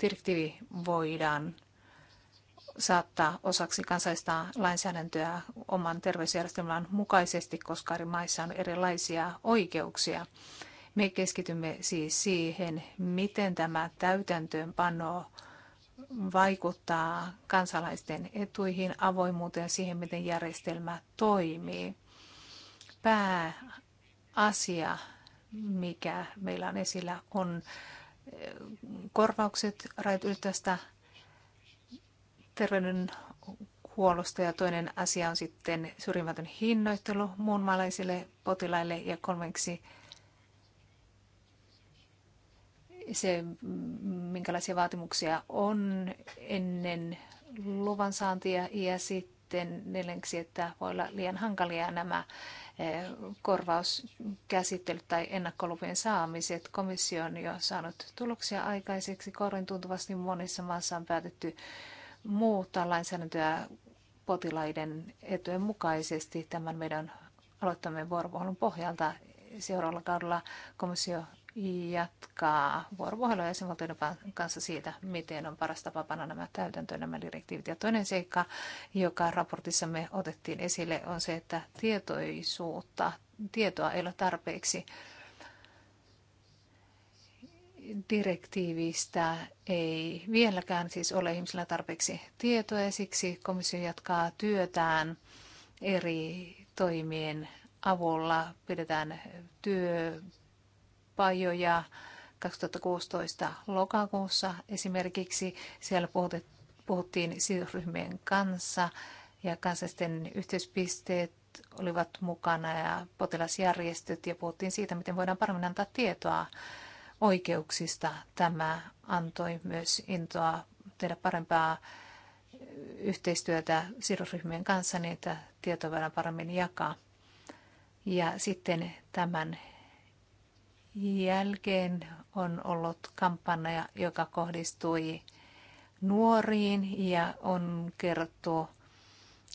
direktiivi voidaan saattaa osaksi kansallista lainsäädäntöä oman terveysjärjestelmän mukaisesti, koska eri maissa on erilaisia oikeuksia. Me keskitymme siis siihen, miten tämä täytäntöönpano vaikuttaa kansalaisten etuihin, avoimuuteen, siihen, miten järjestelmä toimii. Pääasia, mikä meillä on esillä, on eh, korvaukset rajat ylittävästä terveydenhuollosta ja toinen asia on sitten syrjimätön hinnoittelu muunmaalaisille potilaille ja kolmeksi se, minkälaisia vaatimuksia on ennen luvan saantia ja sitten neljänneksi, että voi olla liian hankalia nämä eh, korvauskäsittelyt tai ennakkolupien saamiset. Komissio on jo saanut tuloksia aikaiseksi. Korin tuntuvasti monissa maissa on päätetty muuttaa lainsäädäntöä potilaiden etujen mukaisesti tämän meidän aloittamme vuoropuhelun pohjalta. Seuraavalla kaudella komissio jatkaa vuoropuhelua jäsenvaltioiden kanssa siitä, miten on paras tapa panna nämä täytäntöön nämä direktiivit. Ja toinen seikka, joka raportissamme otettiin esille, on se, että tietoisuutta, tietoa ei ole tarpeeksi direktiivistä ei vieläkään siis ole ihmisillä tarpeeksi tietoa ja siksi komissio jatkaa työtään eri toimien avulla. Pidetään työ paijoja 2016 lokakuussa esimerkiksi. Siellä puhuttiin sidosryhmien kanssa ja kansallisten yhteispisteet olivat mukana ja potilasjärjestöt ja puhuttiin siitä, miten voidaan paremmin antaa tietoa oikeuksista. Tämä antoi myös intoa tehdä parempaa yhteistyötä sidosryhmien kanssa, niin että tietoa voidaan paremmin jakaa. Ja sitten tämän jälkeen on ollut kampanja, joka kohdistui nuoriin ja on kerrottu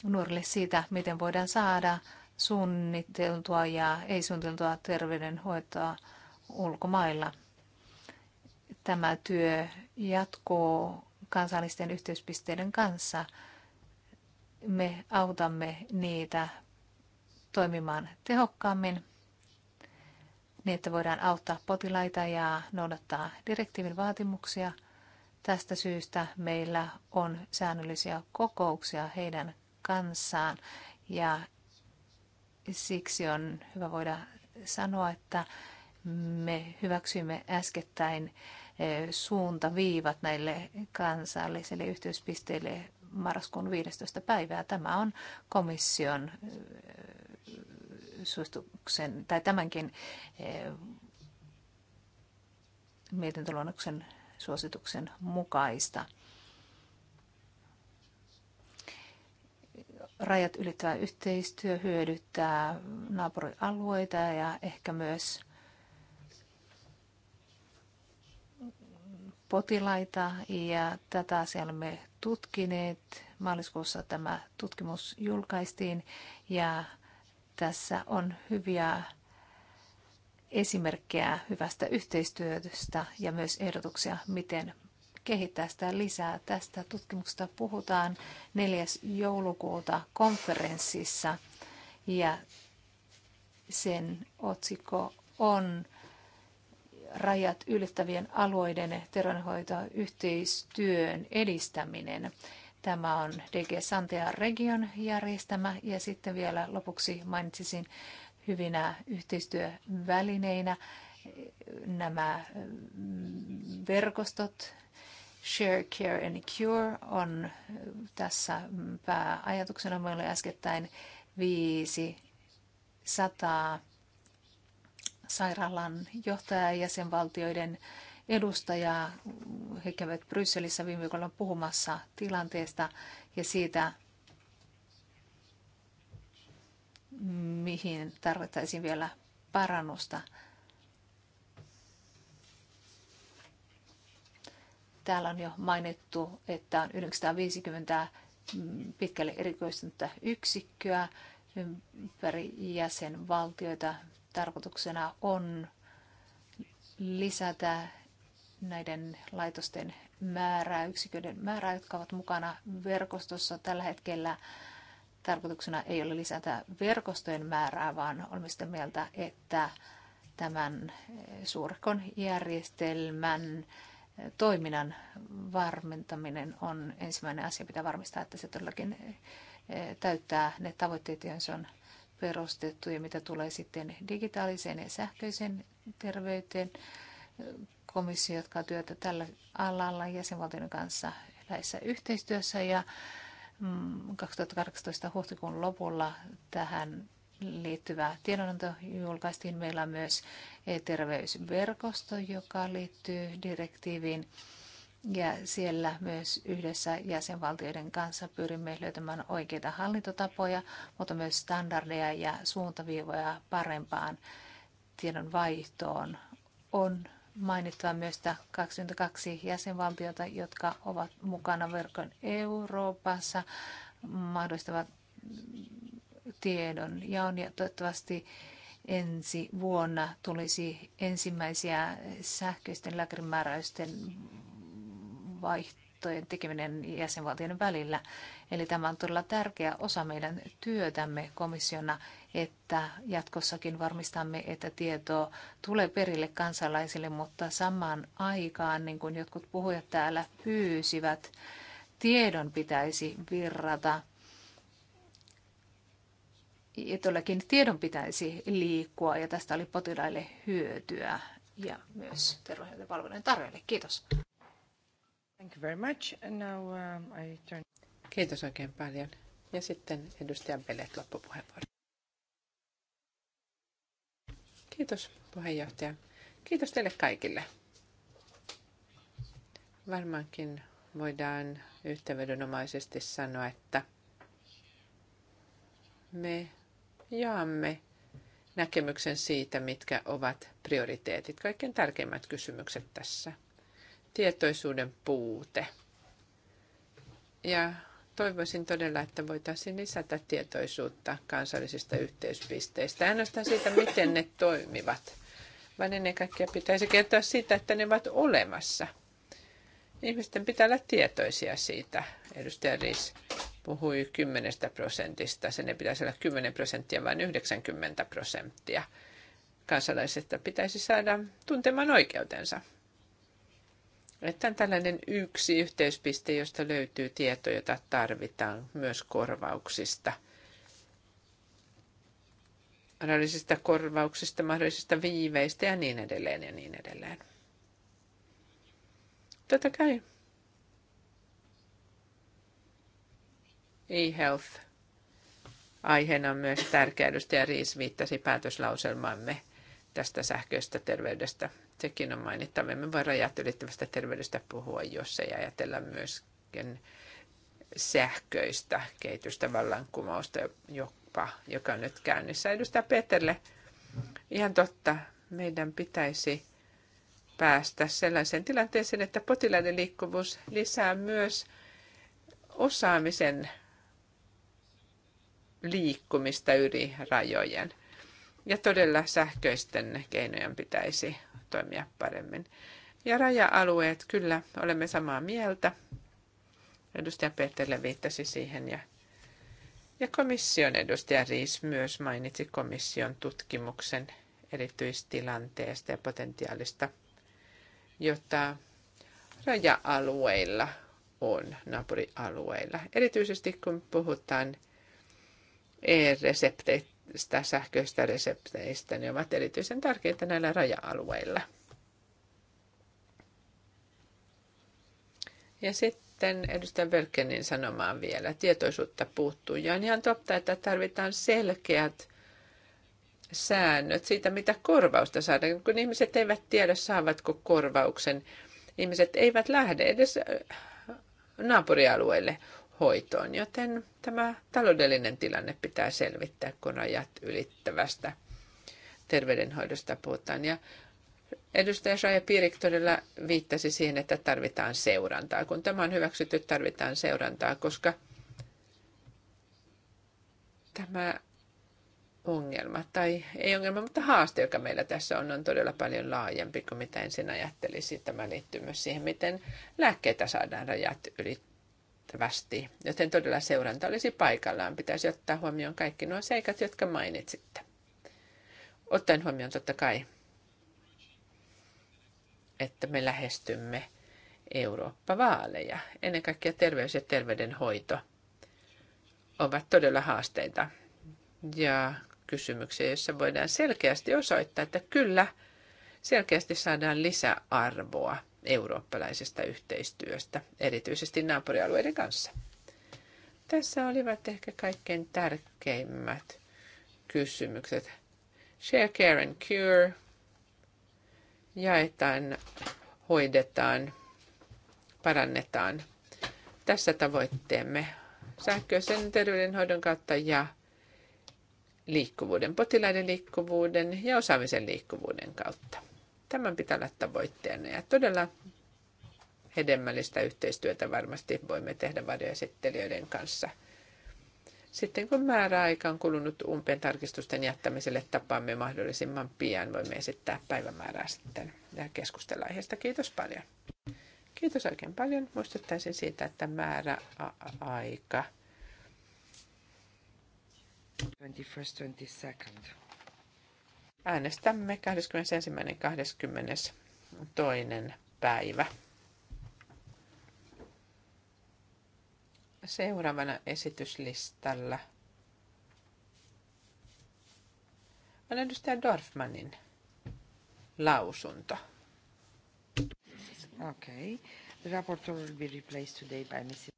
nuorille siitä, miten voidaan saada suunniteltua ja ei-suunniteltua terveydenhoitoa ulkomailla. Tämä työ jatkuu kansallisten yhteyspisteiden kanssa. Me autamme niitä toimimaan tehokkaammin niin että voidaan auttaa potilaita ja noudattaa direktiivin vaatimuksia. Tästä syystä meillä on säännöllisiä kokouksia heidän kanssaan ja siksi on hyvä voida sanoa, että me hyväksymme äskettäin suuntaviivat näille kansallisille yhteyspisteille marraskuun 15. päivää. Tämä on komission suosituksen tai tämänkin eh, mietintöluonnoksen suosituksen mukaista. Rajat ylittävä yhteistyö hyödyttää naapurialueita ja ehkä myös potilaita ja tätä asiaa olemme tutkineet. Maaliskuussa tämä tutkimus julkaistiin ja tässä on hyviä esimerkkejä hyvästä yhteistyöstä ja myös ehdotuksia, miten kehittää sitä lisää. Tästä tutkimuksesta puhutaan 4. joulukuuta konferenssissa ja sen otsikko on rajat ylittävien alueiden terveydenhoitoyhteistyön edistäminen. Tämä on DG Santea region järjestämä ja sitten vielä lopuksi mainitsisin hyvinä yhteistyövälineinä nämä mm, verkostot, Share, Care and Cure on tässä mm, pääajatuksena. Meillä oli äskettäin 500 sairaalan ja jäsenvaltioiden edustajaa. He kävivät Brysselissä viime viikolla puhumassa tilanteesta ja siitä, mihin tarvittaisiin vielä parannusta. Täällä on jo mainittu, että on 950 pitkälle erikoistunutta yksikköä ympäri jäsenvaltioita. Tarkoituksena on lisätä näiden laitosten määrää, yksiköiden määrää, jotka ovat mukana verkostossa. Tällä hetkellä tarkoituksena ei ole lisätä verkostojen määrää, vaan olemme sitä mieltä, että tämän eh, suurkon järjestelmän eh, toiminnan varmentaminen on ensimmäinen asia. Pitää varmistaa, että se todellakin eh, täyttää ne tavoitteet, joihin se on perustettu ja mitä tulee sitten digitaaliseen ja sähköiseen terveyteen komissio jatkaa työtä tällä alalla jäsenvaltioiden kanssa läheisessä yhteistyössä ja 2018 mm, huhtikuun lopulla tähän liittyvä tiedonanto julkaistiin. Meillä on myös e-terveysverkosto, joka liittyy direktiiviin. Ja siellä myös yhdessä jäsenvaltioiden kanssa pyrimme löytämään oikeita hallintotapoja, mutta myös standardeja ja suuntaviivoja parempaan tiedonvaihtoon on mainittua myös 22 jäsenvaltiota, jotka ovat mukana verkon Euroopassa, mahdollistavat tiedon ja on ja toivottavasti ensi vuonna tulisi ensimmäisiä sähköisten lääkärimääräysten vaihtojen tekeminen jäsenvaltioiden välillä. Eli tämä on todella tärkeä osa meidän työtämme komissiona, että jatkossakin varmistamme, että tietoa tulee perille kansalaisille, mutta samaan aikaan, niin kuin jotkut puhujat täällä pyysivät, tiedon pitäisi virrata ja todellakin tiedon pitäisi liikkua ja tästä oli potilaille hyötyä ja myös palvelujen tarjoajille. Kiitos. Thank you very much. And now, uh, I turn... Kiitos oikein paljon. Ja sitten edustaja Belet loppupuheenvuoro. Kiitos puheenjohtaja. Kiitos teille kaikille. Varmaankin voidaan yhteenvedonomaisesti sanoa, että me jaamme näkemyksen siitä, mitkä ovat prioriteetit, kaikkein tärkeimmät kysymykset tässä. Tietoisuuden puute ja toivoisin todella, että voitaisiin lisätä tietoisuutta kansallisista yhteyspisteistä. Ainoastaan siitä, miten ne toimivat, vaan ennen kaikkea pitäisi kertoa siitä, että ne ovat olemassa. Ihmisten pitää olla tietoisia siitä. Edustaja Riis puhui 10 prosentista. Sen ei pitäisi olla 10 prosenttia, vaan 90 prosenttia. Kansalaisista pitäisi saada tuntemaan oikeutensa. Että on tällainen yksi yhteyspiste, josta löytyy tieto, jota tarvitaan myös korvauksista. Mahdollisista korvauksista, mahdollisista viiveistä ja niin edelleen ja niin edelleen. Totta kai. E-health aiheena on myös tärkeä. Edustaja Riis viittasi päätöslauselmamme tästä sähköistä terveydestä sekin on mainittava. Me voi rajat ylittävästä terveydestä puhua, jos ei ajatella myöskin sähköistä kehitystä, vallankumousta jopa, joka on nyt käynnissä. Edustaja Peterle, ihan totta, meidän pitäisi päästä sellaiseen tilanteeseen, että potilaiden liikkuvuus lisää myös osaamisen liikkumista yli rajojen. Ja todella sähköisten keinojen pitäisi toimia paremmin. Ja raja-alueet, kyllä, olemme samaa mieltä. Edustaja Peterle viittasi siihen ja, ja komission edustaja Riis myös mainitsi komission tutkimuksen erityistilanteesta ja potentiaalista, jota raja-alueilla on, naapurialueilla. Erityisesti kun puhutaan e-resepteistä sähköistä resepteistä, ne ovat erityisen tärkeitä näillä raja-alueilla. Ja sitten edustaja Bölkenin sanomaan vielä, tietoisuutta puuttuu. Ja on ihan totta, että tarvitaan selkeät säännöt siitä, mitä korvausta saadaan. Kun ihmiset eivät tiedä, saavatko korvauksen, ihmiset eivät lähde edes äh, naapurialueelle hoitoon, joten tämä taloudellinen tilanne pitää selvittää, kun rajat ylittävästä terveydenhoidosta puhutaan. Ja edustaja Saja Piirik todella viittasi siihen, että tarvitaan seurantaa. Kun tämä on hyväksytty, tarvitaan seurantaa, koska tämä ongelma, tai ei ongelma, mutta haaste, joka meillä tässä on, on todella paljon laajempi kuin mitä ensin ajattelisi. Tämä liittyy myös siihen, miten lääkkeitä saadaan rajat ylittämään riittävästi, joten todella seuranta olisi paikallaan. Pitäisi ottaa huomioon kaikki nuo seikat, jotka mainitsitte. Ottaen huomioon totta kai, että me lähestymme Eurooppa-vaaleja. Ennen kaikkea terveys ja terveydenhoito ovat todella haasteita ja kysymyksiä, joissa voidaan selkeästi osoittaa, että kyllä selkeästi saadaan lisäarvoa – eurooppalaisesta yhteistyöstä, erityisesti naapurialueiden kanssa. Tässä olivat ehkä kaikkein tärkeimmät kysymykset. Share, care and cure. Jaetaan, hoidetaan, parannetaan. Tässä tavoitteemme sähköisen terveydenhoidon kautta ja liikkuvuuden, potilaiden liikkuvuuden ja osaamisen liikkuvuuden kautta. Tämän pitää olla tavoitteena ja todella hedelmällistä yhteistyötä varmasti voimme tehdä varjoesittelijöiden kanssa. Sitten kun määräaika on kulunut umpeen tarkistusten jättämiselle, tapaamme mahdollisimman pian. Voimme esittää päivämäärää sitten ja keskustella aiheesta. Kiitos paljon. Kiitos oikein paljon. Muistuttaisin siitä, että määräaika. 21 22 Äänestämme 21.22. päivä. Seuraavana esityslistalla on edustaja Dorfmanin lausunto. Okay. The on will be replaced today by Mrs.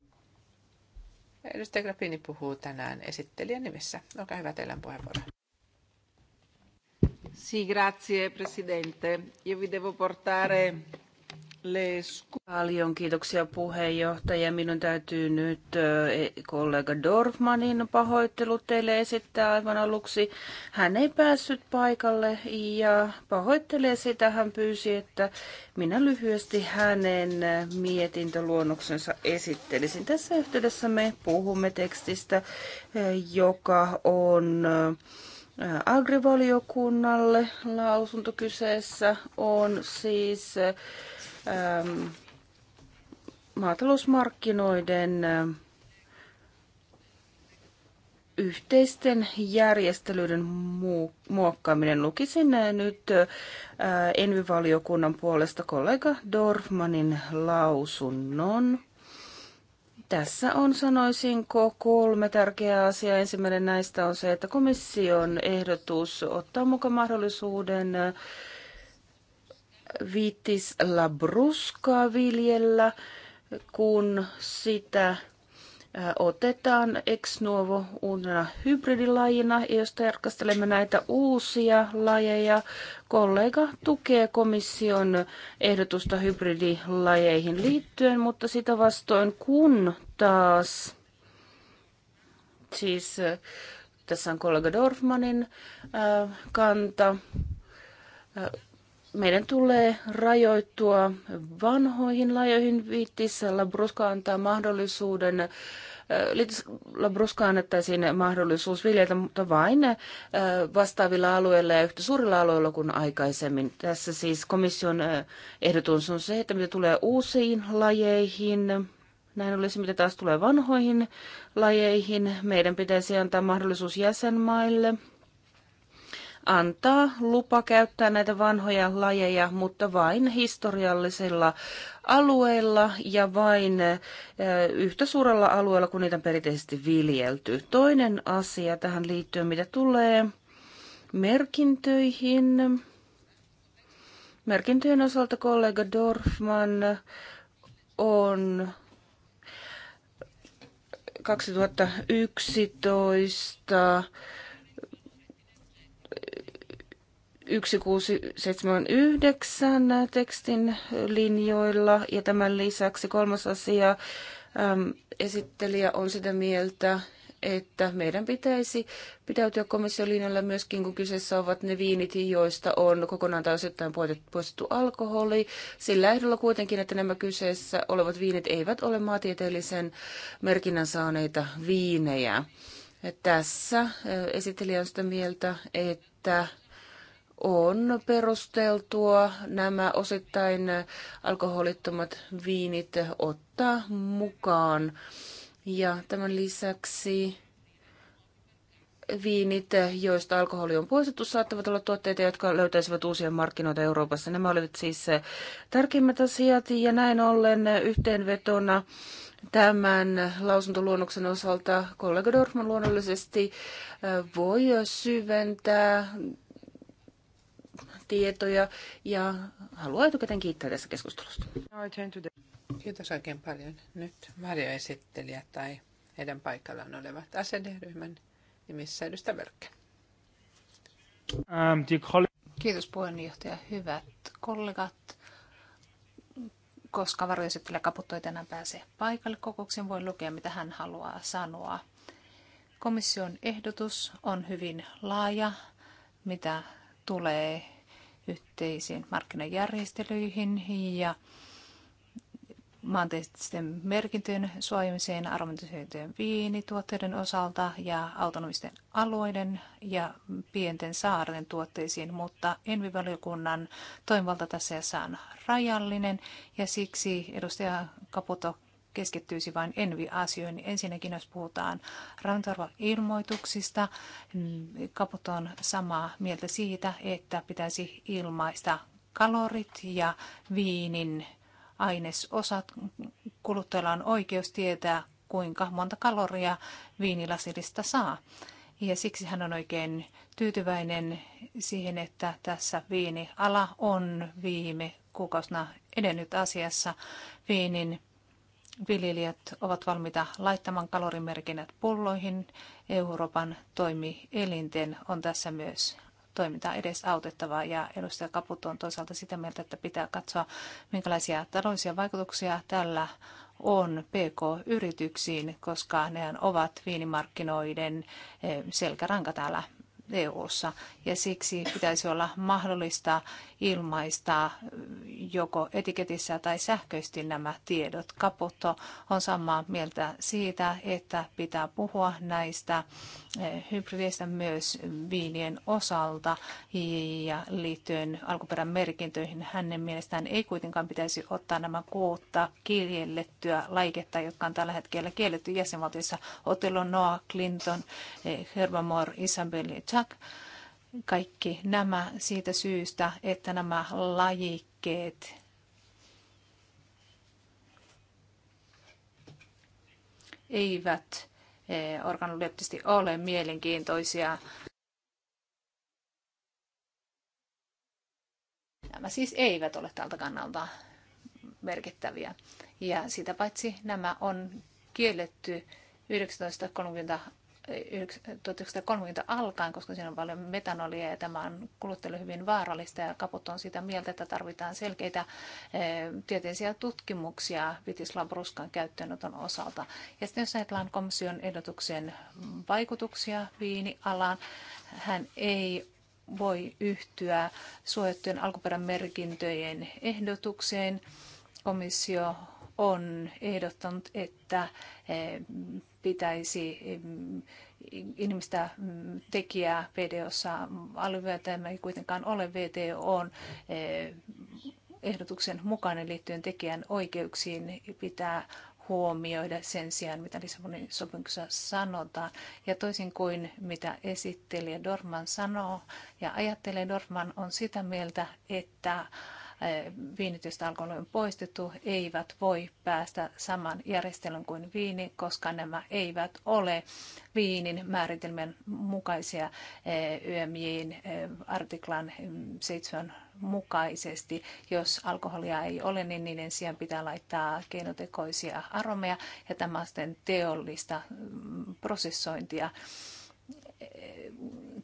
Edustaja Grappini puhuu tänään esittelijän nimissä. Olkaa hyvä, teillä on puheenvuoro. Sì, grazie Presidente. Io vi devo portare le Paljon kiitoksia puheenjohtaja. Minun täytyy nyt eh, e, kollega Dorfmanin pahoittelut teille esittää aivan aluksi. Hän ei päässyt paikalle ja pahoittelee sitä. Hän pyysi, että minä lyhyesti hänen mietintöluonnoksensa esittelisin. Tässä yhteydessä me puhumme tekstistä, eh, joka on eh, agrivaliokunnalle. Lausunto kyseessä on siis ähm, maatalousmarkkinoiden yhteisten järjestelyiden muokkaaminen. Lukisin nyt Envivaliokunnan puolesta kollega Dorfmanin lausunnon. Tässä on sanoisinko kolme tärkeää asiaa. Ensimmäinen näistä on se, että komission ehdotus ottaa mukaan mahdollisuuden äh, vitis labruskaa viljellä, kun sitä otetaan ex novo uutena hybridilajina. Ja jos tarkastelemme näitä uusia lajeja, kollega tukee komission ehdotusta hybridilajeihin liittyen, mutta sitä vastoin kun taas, siis tässä on kollega Dorfmanin kanta, meidän tulee rajoittua vanhoihin lajoihin. Viittissä Labruska antaa mahdollisuuden, äh, Labruska annettaisiin mahdollisuus viljeltä, mutta vain äh, vastaavilla alueilla ja yhtä suurilla alueilla kuin aikaisemmin. Tässä siis komission äh, ehdotus on se, että mitä tulee uusiin lajeihin, näin olisi, mitä taas tulee vanhoihin lajeihin. Meidän pitäisi antaa mahdollisuus jäsenmaille – antaa lupa käyttää näitä vanhoja lajeja, mutta vain historiallisilla alueilla ja vain yhtä suurella alueella kuin niitä on perinteisesti viljelty. Toinen asia tähän liittyen, mitä tulee merkintöihin. Merkintöjen osalta kollega Dorfman on 2011 1679 tekstin linjoilla ja tämän lisäksi kolmas asia, äm, esittelijä on sitä mieltä, että meidän pitäisi pitäytyä komission linjalla myöskin, kun kyseessä ovat ne viinit, joista on kokonaan tai osittain poistettu alkoholi. Sillä ehdolla kuitenkin, että nämä kyseessä olevat viinit eivät ole maatieteellisen merkinnän saaneita viinejä. Tässä esittelijä on sitä mieltä, että on perusteltua nämä osittain alkoholittomat viinit ottaa mukaan. Ja tämän lisäksi viinit, joista alkoholi on poistettu, saattavat olla tuotteita, jotka löytäisivät uusia markkinoita Euroopassa. Nämä olivat siis tärkeimmät asiat ja näin ollen yhteenvetona tämän lausuntoluonnoksen osalta kollega Dorfman luonnollisesti voi syventää tietoja ja haluan etukäteen kiittää tästä keskustelusta. Kiitos oikein paljon. Nyt Mario esittelijä tai heidän paikallaan olevat ACD-ryhmän nimissä edustä Mörkkä. Ähm, Kiitos puheenjohtaja. Hyvät kollegat, koska varjoesittelijä kaputtoi tänään pääsee paikalle kokouksen, voi lukea mitä hän haluaa sanoa. Komission ehdotus on hyvin laaja, mitä tulee yhteisiin markkinajärjestelyihin ja maanteisten merkintöjen suojamiseen aromatisoitujen viinituotteiden osalta ja autonomisten alueiden ja pienten saarten tuotteisiin, mutta envivaliokunnan toimivalta tässä on rajallinen ja siksi edustaja Kaputo keskittyisi vain envi-asioihin. Ensinnäkin, jos puhutaan ravintoarvoilmoituksista, Kaput mm, on samaa mieltä siitä, että pitäisi ilmaista kalorit ja viinin ainesosat. Kuluttajalla on oikeus tietää, kuinka monta kaloria viinilasillista saa. Ja siksi hän on oikein tyytyväinen siihen, että tässä viiniala on viime kuukausina edennyt asiassa. Viinin viljelijät ovat valmiita laittamaan kalorimerkinnät pulloihin. Euroopan toimielinten on tässä myös toimintaa edes autettavaa ja edustaja Kaput on toisaalta sitä mieltä, että pitää katsoa, minkälaisia taloudellisia vaikutuksia tällä on PK-yrityksiin, koska ne ovat viinimarkkinoiden eh, selkäranka täällä EU-ssa. ja siksi pitäisi olla mahdollista ilmaista joko etiketissä tai sähköisesti nämä tiedot. Kapotto on samaa mieltä siitä, että pitää puhua näistä eh, hybrideistä myös viinien osalta ja liittyen alkuperän merkintöihin. Hänen mielestään ei kuitenkaan pitäisi ottaa nämä kuutta kiellettyä laiketta, jotka on tällä hetkellä kielletty jäsenvaltiossa. Otelo, Noah, Clinton, eh, Herbamore, Isabel, Poltsak. Kaikki nämä siitä syystä, että nämä lajikkeet eivät eh, organoleptisesti ole mielenkiintoisia. Nämä siis eivät ole tältä kannalta merkittäviä. Ja sitä paitsi nämä on kielletty 1930 1930 alkaen, koska siinä on paljon metanolia ja tämä on kuluttelu hyvin vaarallista ja kaput on sitä mieltä, että tarvitaan selkeitä eh, tieteellisiä tutkimuksia vitislabruskan käyttöönoton osalta. Ja sitten jos ajatellaan komission ehdotuksen vaikutuksia viinialaan, hän ei voi yhtyä suojattujen alkuperämerkintöjen ehdotukseen. Komissio on ehdottanut, että eh, pitäisi eh, ihmistä mm, tekijää VDOssa alueelta, tämä ei kuitenkaan ole VTOn eh, ehdotuksen mukainen liittyen tekijän oikeuksiin pitää huomioida sen sijaan, mitä Lissabonin sopimuksessa sanotaan. Ja toisin kuin mitä esittelijä Dorman sanoo ja ajattelee, Dorman on sitä mieltä, että viinit, joista alkoholi on poistettu, eivät voi päästä saman järjestelyn kuin viini, koska nämä eivät ole viinin määritelmän mukaisia eh, YMJin eh, artiklan 7 mm, mukaisesti. Jos alkoholia ei ole, niin niiden sijaan pitää laittaa keinotekoisia aromeja ja tämä sitten teollista mm, prosessointia eh,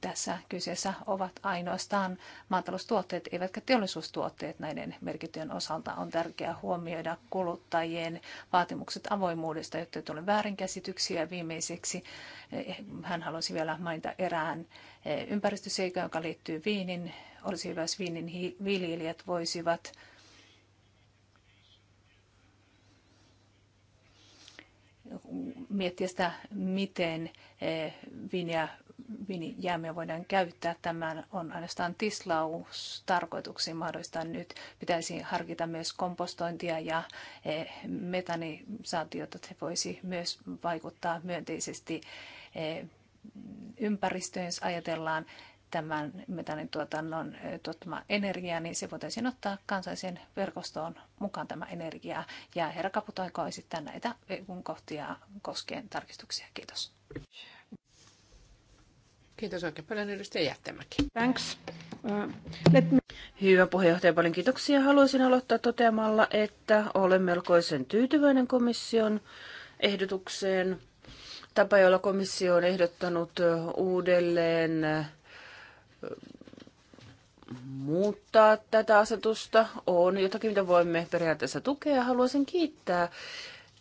tässä kyseessä ovat ainoastaan maataloustuotteet, eivätkä teollisuustuotteet näiden merkityön osalta. On tärkeää huomioida kuluttajien vaatimukset avoimuudesta, jotta ei tule väärinkäsityksiä. Viimeiseksi eh, hän halusi vielä mainita erään eh, ympäristöseikan, joka liittyy viinin. Olisi hyvä, jos viinin viljelijät voisivat miettiä sitä, miten eh, viiniä viinijäämiä voidaan käyttää. Tämä on ainoastaan tislaus tarkoituksiin mahdollista nyt. Pitäisi harkita myös kompostointia ja e, metanisaatiota. Se voisi myös vaikuttaa myönteisesti e, ympäristöön, jos ajatellaan tämän metanituotannon e, tuottama energia, niin se voitaisiin ottaa kansalliseen verkostoon mukaan tämä energia. Ja herra Kaputaiko esittää näitä kohtia koskien tarkistuksia. Kiitos. Kiitos oikein paljon edustaja Jättämäki. Thanks. Uh, let me... Hyvä puheenjohtaja, paljon kiitoksia. Haluaisin aloittaa toteamalla, että olen melkoisen tyytyväinen komission ehdotukseen. Tapa, jolla komissio on ehdottanut uh, uudelleen uh, muuttaa tätä asetusta on jotakin, mitä voimme periaatteessa tukea. Haluaisin kiittää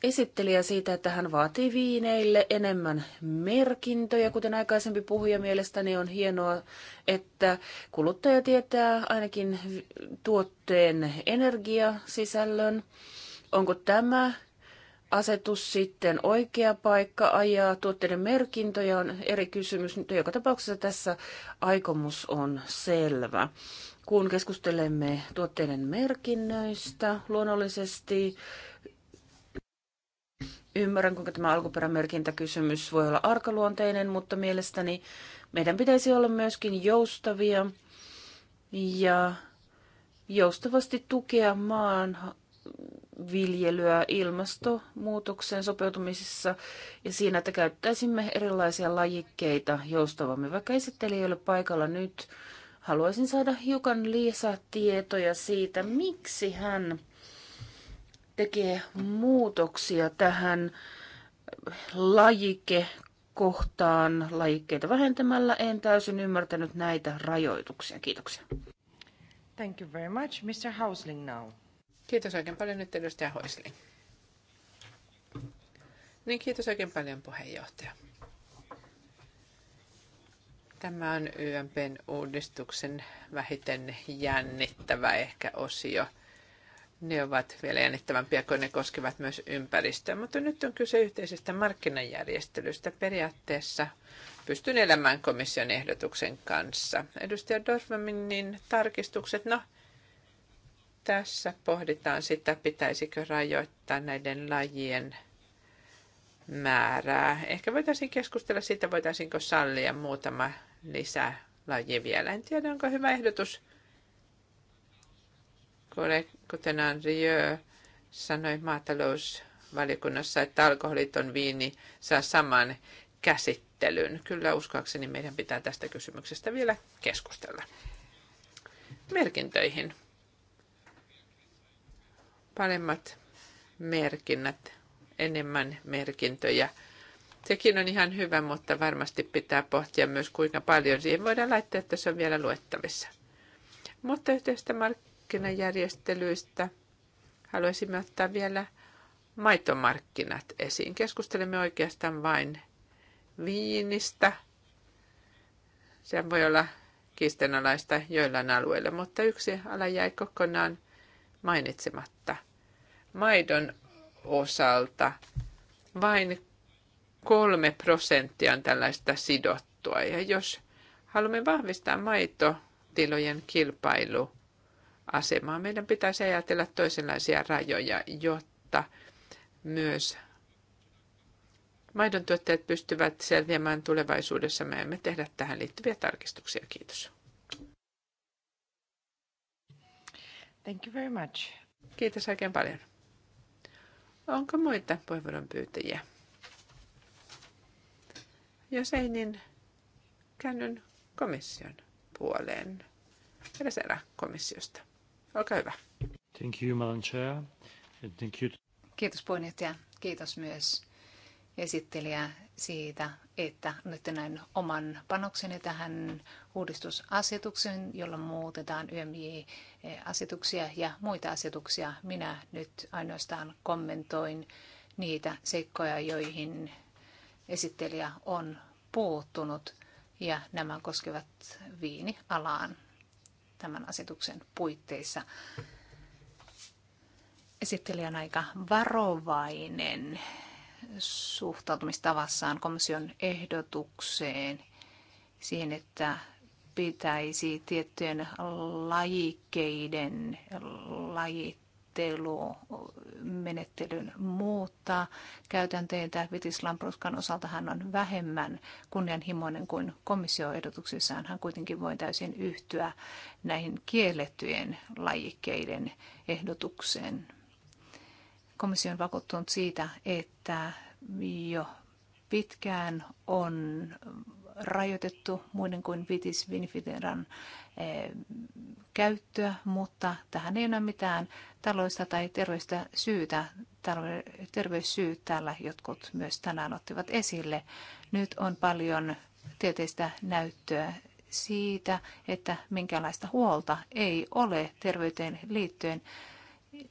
esittelijä siitä, että hän vaatii viineille enemmän merkintöjä. Kuten aikaisempi puhuja mielestäni on hienoa, että kuluttaja tietää ainakin tuotteen energiasisällön. Onko tämä asetus sitten oikea paikka ajaa tuotteiden merkintöjä on eri kysymys, mutta joka tapauksessa tässä aikomus on selvä. Kun keskustelemme tuotteiden merkinnöistä, luonnollisesti Ymmärrän, kuinka tämä alkuperämerkintäkysymys voi olla arkaluonteinen, mutta mielestäni meidän pitäisi olla myöskin joustavia ja joustavasti tukea maan viljelyä ilmastonmuutokseen sopeutumisessa ja siinä, että käyttäisimme erilaisia lajikkeita joustavammin. Vaikka esittelijöille paikalla nyt, haluaisin saada hiukan lisätietoja siitä, miksi hän tekee muutoksia tähän lajikekohtaan lajikkeita vähentämällä. En täysin ymmärtänyt näitä rajoituksia. Kiitoksia. Thank you very much. Mr. Housling now. Kiitos oikein paljon nyt edustaja Housling. Niin kiitos oikein paljon puheenjohtaja. Tämä on YMPn uudistuksen vähiten jännittävä ehkä osio – ne ovat vielä jännittävämpiä, kun ne koskevat myös ympäristöä. Mutta nyt on kyse yhteisestä markkinajärjestelystä. Periaatteessa pystyn elämään komission ehdotuksen kanssa. Edustaja Dorfmanin tarkistukset, no tässä pohditaan sitä, pitäisikö rajoittaa näiden lajien määrää. Ehkä voitaisiin keskustella siitä, voitaisiinko sallia muutama laji vielä. En tiedä, onko hyvä ehdotus kuten Andrieu sanoi maatalousvaliokunnassa, että alkoholiton viini saa saman käsittelyn. Kyllä uskoakseni meidän pitää tästä kysymyksestä vielä keskustella. Merkintöihin. Paremmat merkinnät, enemmän merkintöjä. Sekin on ihan hyvä, mutta varmasti pitää pohtia myös, kuinka paljon siihen voidaan laittaa, että se on vielä luettavissa. Mutta yhteistä markkinoita markkinajärjestelyistä. Haluaisimme ottaa vielä maitomarkkinat esiin. Keskustelemme oikeastaan vain viinistä. Se voi olla kiistenalaista joillain alueilla, mutta yksi ala jäi kokonaan mainitsematta. Maidon osalta vain kolme prosenttia on tällaista sidottua. Ja jos haluamme vahvistaa maitotilojen kilpailu asemaa. Meidän pitäisi ajatella toisenlaisia rajoja, jotta myös maidon tuotteet pystyvät selviämään tulevaisuudessa. Me emme tehdä tähän liittyviä tarkistuksia. Kiitos. Thank you very much. Kiitos oikein paljon. Onko muita puheenvuoron pyytäjiä? Jos ei, niin käännyn komission puoleen. erä komissiosta. Olkaa hyvä. Thank you, Madam Chair. Thank you. Kiitos puheenjohtaja. Kiitos myös esittelijä siitä, että nyt näin oman panokseni tähän uudistusasetukseen, jolla muutetaan YMJ-asetuksia ja muita asetuksia. Minä nyt ainoastaan kommentoin niitä seikkoja, joihin esittelijä on puuttunut ja nämä koskevat viinialaan tämän asetuksen puitteissa. Esittelijä on aika varovainen suhtautumistavassaan komission ehdotukseen siihen, että pitäisi tiettyjen lajikkeiden lajit menettelyn muuttaa käytänteitä. Vitis Lampruskan osalta hän on vähemmän kunnianhimoinen kuin komissioehdotuksissaan. Hän kuitenkin voi täysin yhtyä näihin kiellettyjen lajikkeiden ehdotukseen. komission vakuuttunut siitä, että jo pitkään on rajoitettu muiden kuin Vitis Vinfideran eh, käyttöä, mutta tähän ei ole mitään taloista tai terveistä syytä. Terveyssyyt täällä jotkut myös tänään ottivat esille. Nyt on paljon tieteistä näyttöä siitä, että minkälaista huolta ei ole terveyteen liittyen.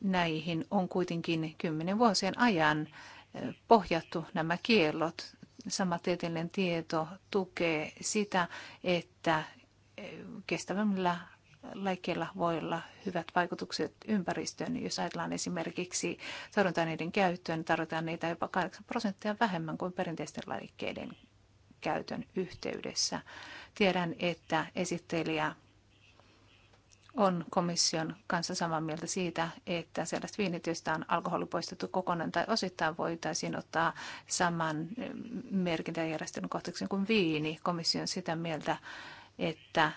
Näihin on kuitenkin kymmenen vuosien ajan eh, pohjattu nämä kiellot sama tieteellinen tieto tukee sitä, että eh, kestävämmillä lajikkeilla voi olla hyvät vaikutukset ympäristöön. Jos ajatellaan esimerkiksi torjunta niiden käyttöön, niin tarvitaan niitä jopa 8 prosenttia vähemmän kuin perinteisten laikkeiden käytön yhteydessä. Tiedän, että esittelijä on komission kanssa samaa mieltä siitä, että sellaista viinit, joista on alkoholi poistettu kokonaan tai osittain, voitaisiin ottaa saman mm, merkintäjärjestelmän kohteeksi kuin viini. Komission on sitä mieltä, että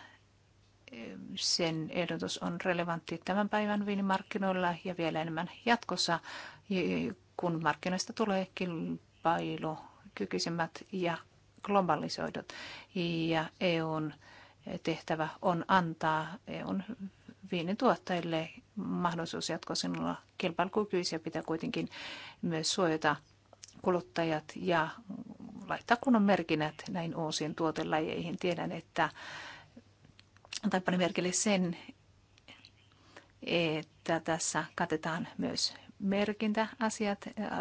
mm, sen ehdotus on relevantti tämän päivän viinimarkkinoilla ja vielä enemmän jatkossa, kun markkinoista tulee kilpailukykyisemmät ja globalisoidut. Ja EUn tehtävä on antaa EUn viinin tuottajille mahdollisuus jatkossa olla kilpailukykyisiä. Pitää kuitenkin myös suojata kuluttajat ja laittaa kunnon merkinnät näin uusiin tuotelajeihin. Tiedän, että tai panin merkille sen, että tässä katetaan myös merkintäasiat,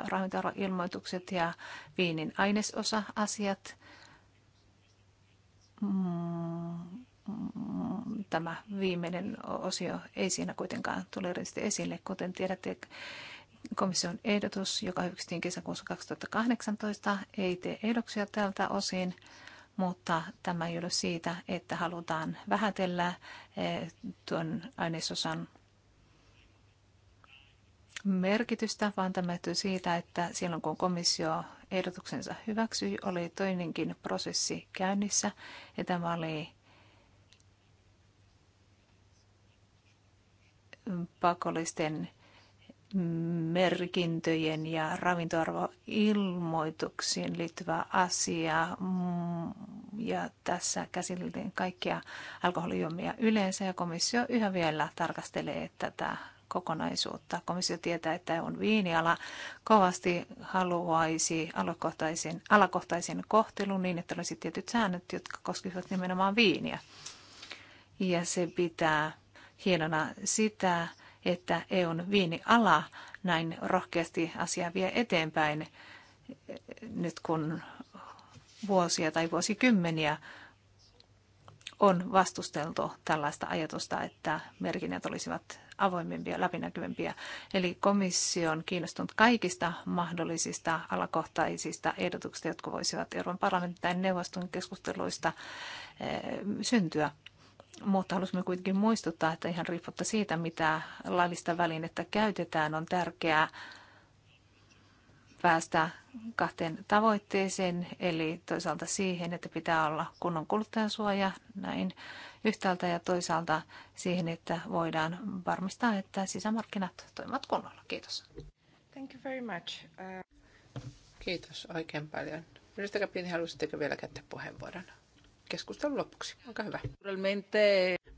ravintoilmoitukset ja viinin ainesosa-asiat. Mm, mm, tämä viimeinen osio ei siinä kuitenkaan tule esille, kuten tiedätte, komission ehdotus, joka hyväksyttiin kesäkuussa 2018, ei tee ehdoksia tältä osin, mutta tämä ei ole siitä, että halutaan vähätellä eh, tuon ainesosan merkitystä, vaan tämä siitä, että silloin kun komissio ehdotuksensa hyväksyi, oli toinenkin prosessi käynnissä ja tämä oli pakollisten merkintöjen ja ravintoarvoilmoituksiin liittyvä asia. Mm, ja tässä käsiteltiin kaikkia alkoholijuomia yleensä ja komissio yhä vielä tarkastelee tätä kokonaisuutta. Komissio tietää, että on viiniala kovasti haluaisi alakohtaisen, alakohtaisen kohtelun niin, että olisi tietyt säännöt, jotka koskisivat nimenomaan viiniä. Ja se pitää hienona sitä, että EUn viiniala näin rohkeasti asiaa vie eteenpäin e, nyt kun vuosia tai vuosikymmeniä on vastusteltu tällaista ajatusta, että merkinnät olisivat avoimempia, läpinäkyvämpiä. Eli komissio on kiinnostunut kaikista mahdollisista alakohtaisista ehdotuksista, jotka voisivat Euroopan parlamentin tai neuvoston keskusteluista eh, syntyä. Mutta halusimme kuitenkin muistuttaa, että ihan riippumatta siitä, mitä laillista välinettä käytetään, on tärkeää päästä kahteen tavoitteeseen, eli toisaalta siihen, että pitää olla kunnon kuluttajansuoja näin yhtäältä ja toisaalta siihen, että voidaan varmistaa, että sisämarkkinat toimivat kunnolla. Kiitos. Thank you very much. Uh... Kiitos oikein paljon. Minusta Kapini, haluaisitteko vielä käyttää puheenvuoron? keskustelun lopuksi. Olkaa hyvä.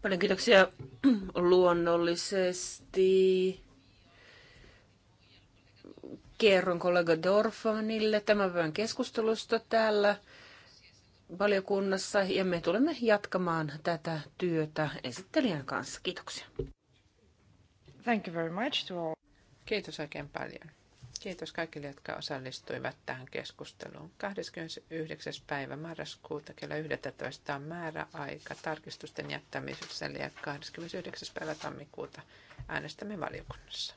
Paljon kiitoksia luonnollisesti kerron kollega Dorfanille tämän päivän keskustelusta täällä valiokunnassa ja me tulemme jatkamaan tätä työtä esittelijän kanssa. Kiitoksia. Thank you very much to all. Kiitos oikein paljon. Kiitos kaikille, jotka osallistuivat tähän keskusteluun. 29. päivä marraskuuta kello 11 on määräaika tarkistusten jättämisessä ja 29. päivä tammikuuta äänestämme valiokunnassa.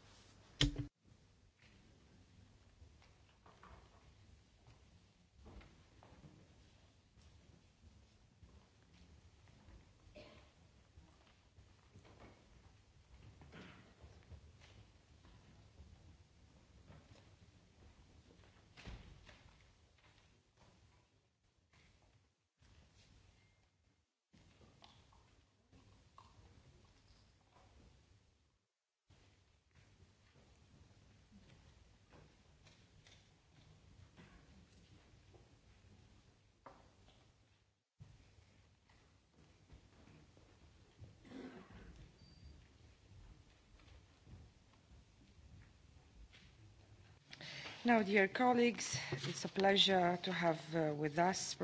Now, dear colleagues, it's a pleasure to have uh, with us...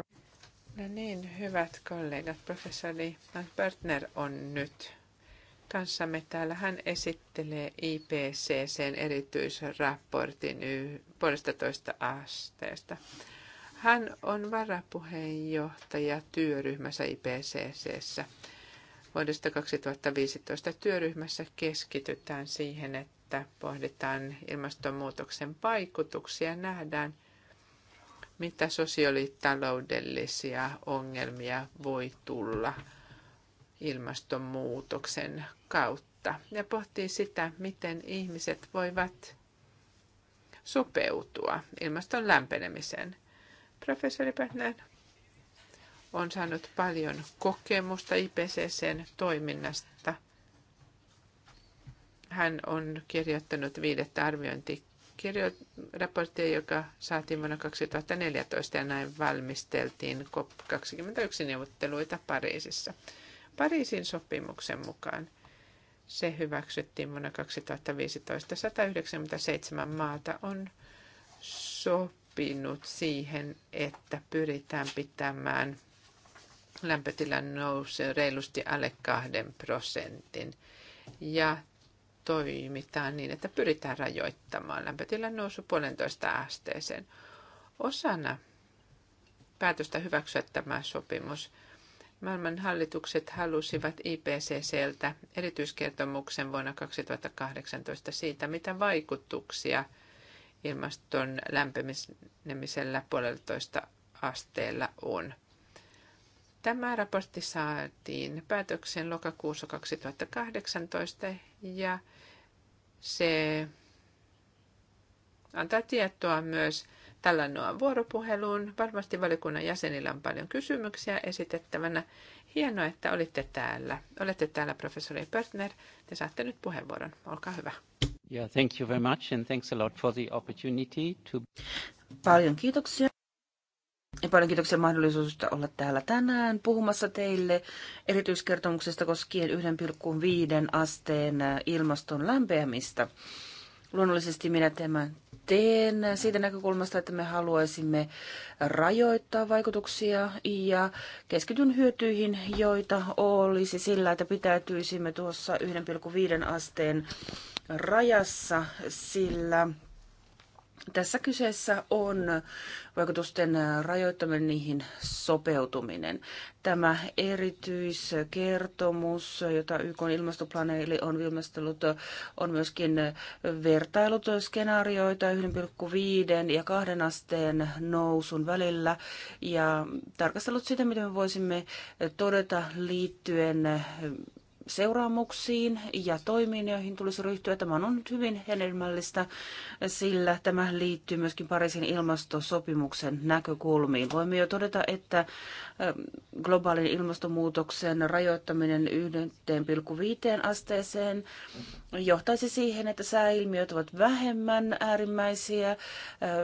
No niin, hyvät kollegat, professori Bertner on nyt kanssamme täällä. Hän esittelee IPCCn erityisraportin 15 asteesta. Hän on varapuheenjohtaja työryhmässä IPCCssä. Vuodesta 2015 työryhmässä keskitytään siihen, että että pohditaan ilmastonmuutoksen vaikutuksia, nähdään, mitä sosiaalitaloudellisia ongelmia voi tulla ilmastonmuutoksen kautta. Ja pohtii sitä, miten ihmiset voivat sopeutua ilmaston lämpenemiseen. Professori Pärnän on saanut paljon kokemusta IPCCn toiminnasta – hän on kirjoittanut viidettä arviointiraporttia, joka saatiin vuonna 2014 ja näin valmisteltiin COP21-neuvotteluita Pariisissa. Pariisin sopimuksen mukaan se hyväksyttiin vuonna 2015. 197 maata on sopinut siihen, että pyritään pitämään lämpötilan nousu reilusti alle kahden prosentin. Ja toimitaan niin, että pyritään rajoittamaan lämpötilan nousu puolentoista asteeseen. Osana päätöstä hyväksyä tämä sopimus maailman hallitukset halusivat IPCCltä erityiskertomuksen vuonna 2018 siitä, mitä vaikutuksia ilmaston lämpenemisellä puolentoista asteella on. Tämä raportti saatiin päätöksen lokakuussa 2018 ja se antaa tietoa myös tällä noin vuoropuheluun. Varmasti valikunnan jäsenillä on paljon kysymyksiä esitettävänä. Hienoa, että olitte täällä. Olette täällä, professori Pörtner. Te saatte nyt puheenvuoron. Olkaa hyvä. Yeah, thank you very much and thanks a lot for the opportunity to... Paljon kiitoksia ja paljon kiitoksia mahdollisuudesta olla täällä tänään puhumassa teille erityiskertomuksesta koskien 1,5 asteen äh, ilmaston lämpeämistä. Luonnollisesti minä tämän teen siitä näkökulmasta, että me haluaisimme rajoittaa vaikutuksia ja keskityn hyötyihin, joita olisi sillä, että pitäytyisimme tuossa 1,5 asteen rajassa, sillä tässä kyseessä on vaikutusten rajoittaminen, niihin sopeutuminen. Tämä erityiskertomus, jota YK ilmastoplaneeli on ilmastellut, on myöskin vertailut skenaarioita 1,5 ja 2 asteen nousun välillä ja tarkastellut sitä, miten me voisimme todeta liittyen seuraamuksiin ja toimiin, joihin tulisi ryhtyä. Tämä on nyt hyvin hedelmällistä, sillä tämä liittyy myöskin Pariisin ilmastosopimuksen näkökulmiin. Voimme jo todeta, että ähm, globaalin ilmastonmuutoksen rajoittaminen 1,5 asteeseen johtaisi siihen, että sääilmiöt ovat vähemmän äärimmäisiä,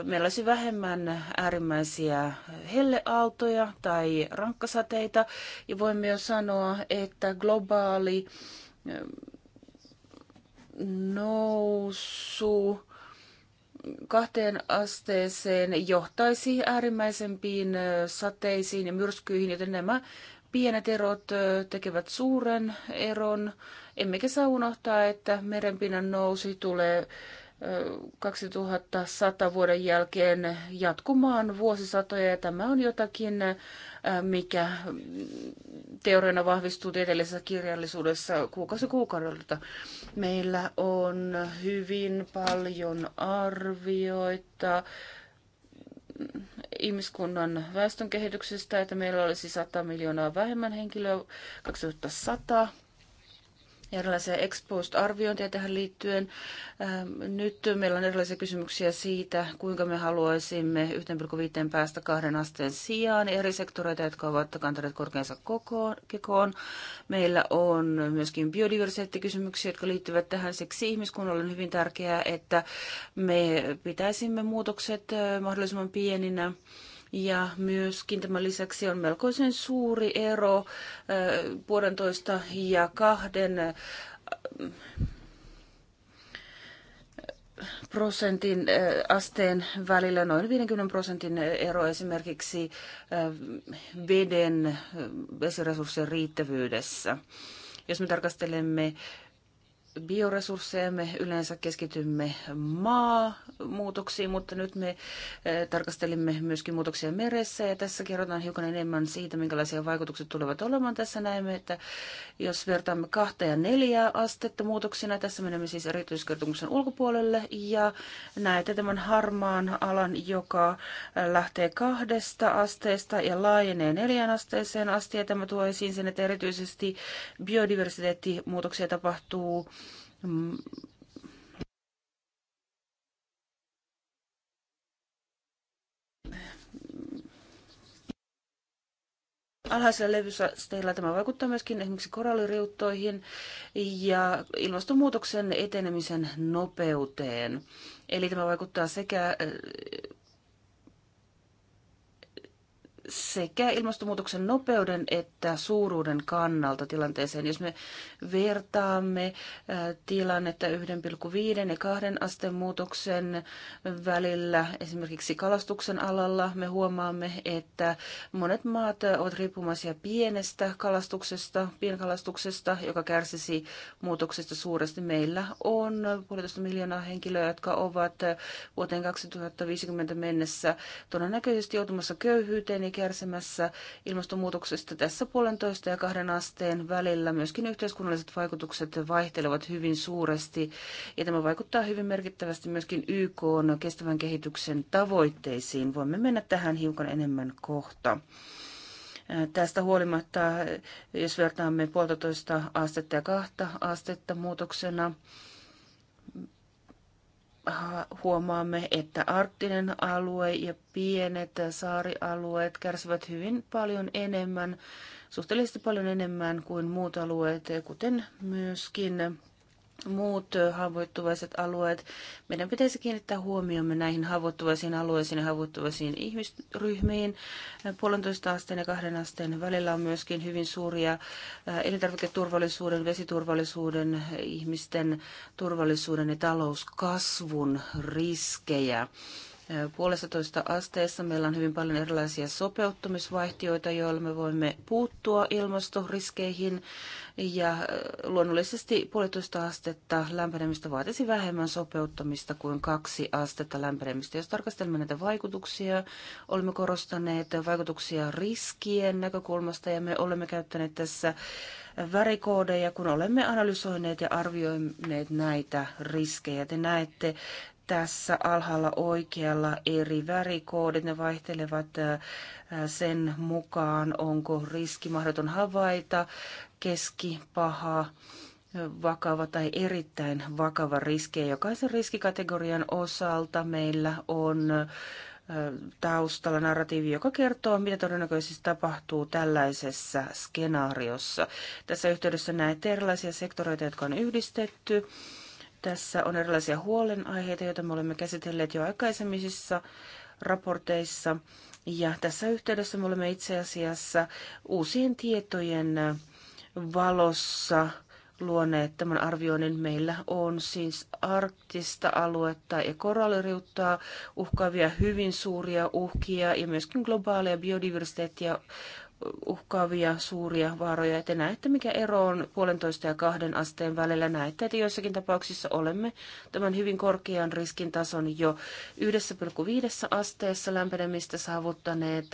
meillä olisi vähemmän äärimmäisiä helleaaltoja tai rankkasateita, ja voimme jo sanoa, että globaali nousu kahteen asteeseen johtaisi äärimmäisempiin sateisiin ja myrskyihin, joten nämä pienet erot tekevät suuren eron Emmekä saa unohtaa, että merenpinnan nousi tulee 2100 vuoden jälkeen jatkumaan vuosisatoja ja tämä on jotakin, mikä teoriana vahvistuu tieteellisessä kirjallisuudessa kuukausi kuukaudelta. Meillä on hyvin paljon arvioita ihmiskunnan väestönkehityksestä, että meillä olisi 100 miljoonaa vähemmän henkilöä 2100 erilaisia ex post-arviointeja tähän liittyen. Ähm, nyt meillä on erilaisia kysymyksiä siitä, kuinka me haluaisimme 1,5 päästä kahden asteen sijaan eri sektoreita, jotka ovat kantaneet korkeansa kokoon. Meillä on myöskin biodiversiteettikysymyksiä, jotka liittyvät tähän. Siksi ihmiskunnalle on hyvin tärkeää, että me pitäisimme muutokset äh, mahdollisimman pieninä ja myöskin tämän lisäksi on melkoisen suuri ero puolentoista ja kahden prosentin asteen välillä noin 50 prosentin ero esimerkiksi veden, vesiresurssien riittävyydessä. Jos me tarkastelemme bioresursseja, me yleensä keskitymme maamuutoksiin, mutta nyt me eh, tarkastelimme myöskin muutoksia meressä ja tässä kerrotaan hiukan enemmän siitä, minkälaisia vaikutukset tulevat olemaan. Tässä näemme, että jos vertaamme kahta ja neljää astetta muutoksina, tässä menemme siis erityiskertomuksen ulkopuolelle ja näette tämän harmaan alan, joka eh, lähtee kahdesta asteesta ja laajenee neljään asteeseen asti ja tämä tuo esiin sen, että erityisesti biodiversiteettimuutoksia tapahtuu alhaisilla levysasteilla tämä vaikuttaa myöskin esimerkiksi koralliriuttoihin ja ilmastonmuutoksen etenemisen nopeuteen. Eli tämä vaikuttaa sekä sekä ilmastonmuutoksen nopeuden että suuruuden kannalta tilanteeseen. Jos me vertaamme äh, tilannetta 1,5 ja 2 asteen muutoksen välillä esimerkiksi kalastuksen alalla, me huomaamme, että monet maat ovat riippumaisia pienestä kalastuksesta, pienkalastuksesta, joka kärsisi muutoksesta suuresti. Meillä on puolitoista miljoonaa henkilöä, jotka ovat vuoteen 2050 mennessä todennäköisesti joutumassa köyhyyteen ja kärsimässä ilmastonmuutoksesta tässä puolentoista ja kahden asteen välillä. Myöskin yhteiskunnalliset vaikutukset vaihtelevat hyvin suuresti ja tämä vaikuttaa hyvin merkittävästi myöskin YK on kestävän kehityksen tavoitteisiin. Voimme mennä tähän hiukan enemmän kohta. Tästä huolimatta, jos vertaamme puolitoista astetta ja kahta astetta muutoksena, Äh, huomaamme, että arktinen alue ja pienet saarialueet kärsivät hyvin paljon enemmän, suhteellisesti paljon enemmän kuin muut alueet, kuten myöskin muut haavoittuvaiset alueet. Meidän pitäisi kiinnittää huomiomme näihin haavoittuvaisiin alueisiin ja haavoittuvaisiin ihmisryhmiin. Puolentoista asteen ja kahden asteen välillä on myöskin hyvin suuria elintarviketurvallisuuden, vesiturvallisuuden, ihmisten turvallisuuden ja talouskasvun riskejä puolestatoista asteessa. Meillä on hyvin paljon erilaisia sopeuttumisvaihtioita, joilla me voimme puuttua ilmastoriskeihin. Ja äh, luonnollisesti puolitoista astetta lämpenemistä vaatisi vähemmän sopeuttamista kuin kaksi astetta lämpenemistä. Jos tarkastelemme näitä vaikutuksia, olemme korostaneet vaikutuksia riskien näkökulmasta ja me olemme käyttäneet tässä värikoodeja, kun olemme analysoineet ja arvioineet näitä riskejä. Te näette tässä alhaalla oikealla eri värikoodit. Ne vaihtelevat sen mukaan, onko riski mahdoton havaita, keski, paha, vakava tai erittäin vakava riski. Jokaisen riskikategorian osalta meillä on taustalla narratiivi, joka kertoo, mitä todennäköisesti tapahtuu tällaisessa skenaariossa. Tässä yhteydessä näette erilaisia sektoreita, jotka on yhdistetty. Tässä on erilaisia huolenaiheita, joita me olemme käsitelleet jo aikaisemmissa raporteissa. Ja tässä yhteydessä me olemme itse asiassa uusien tietojen valossa luoneet tämän arvioinnin. Meillä on siis arktista aluetta ja koralliriuttaa uhkaavia hyvin suuria uhkia ja myöskin globaalia biodiversiteettia uhkaavia suuria vaaroja, te näette, mikä ero on puolentoista ja kahden asteen välillä. Näette, että joissakin tapauksissa olemme tämän hyvin korkean riskin tason jo 1,5 asteessa lämpenemistä saavuttaneet,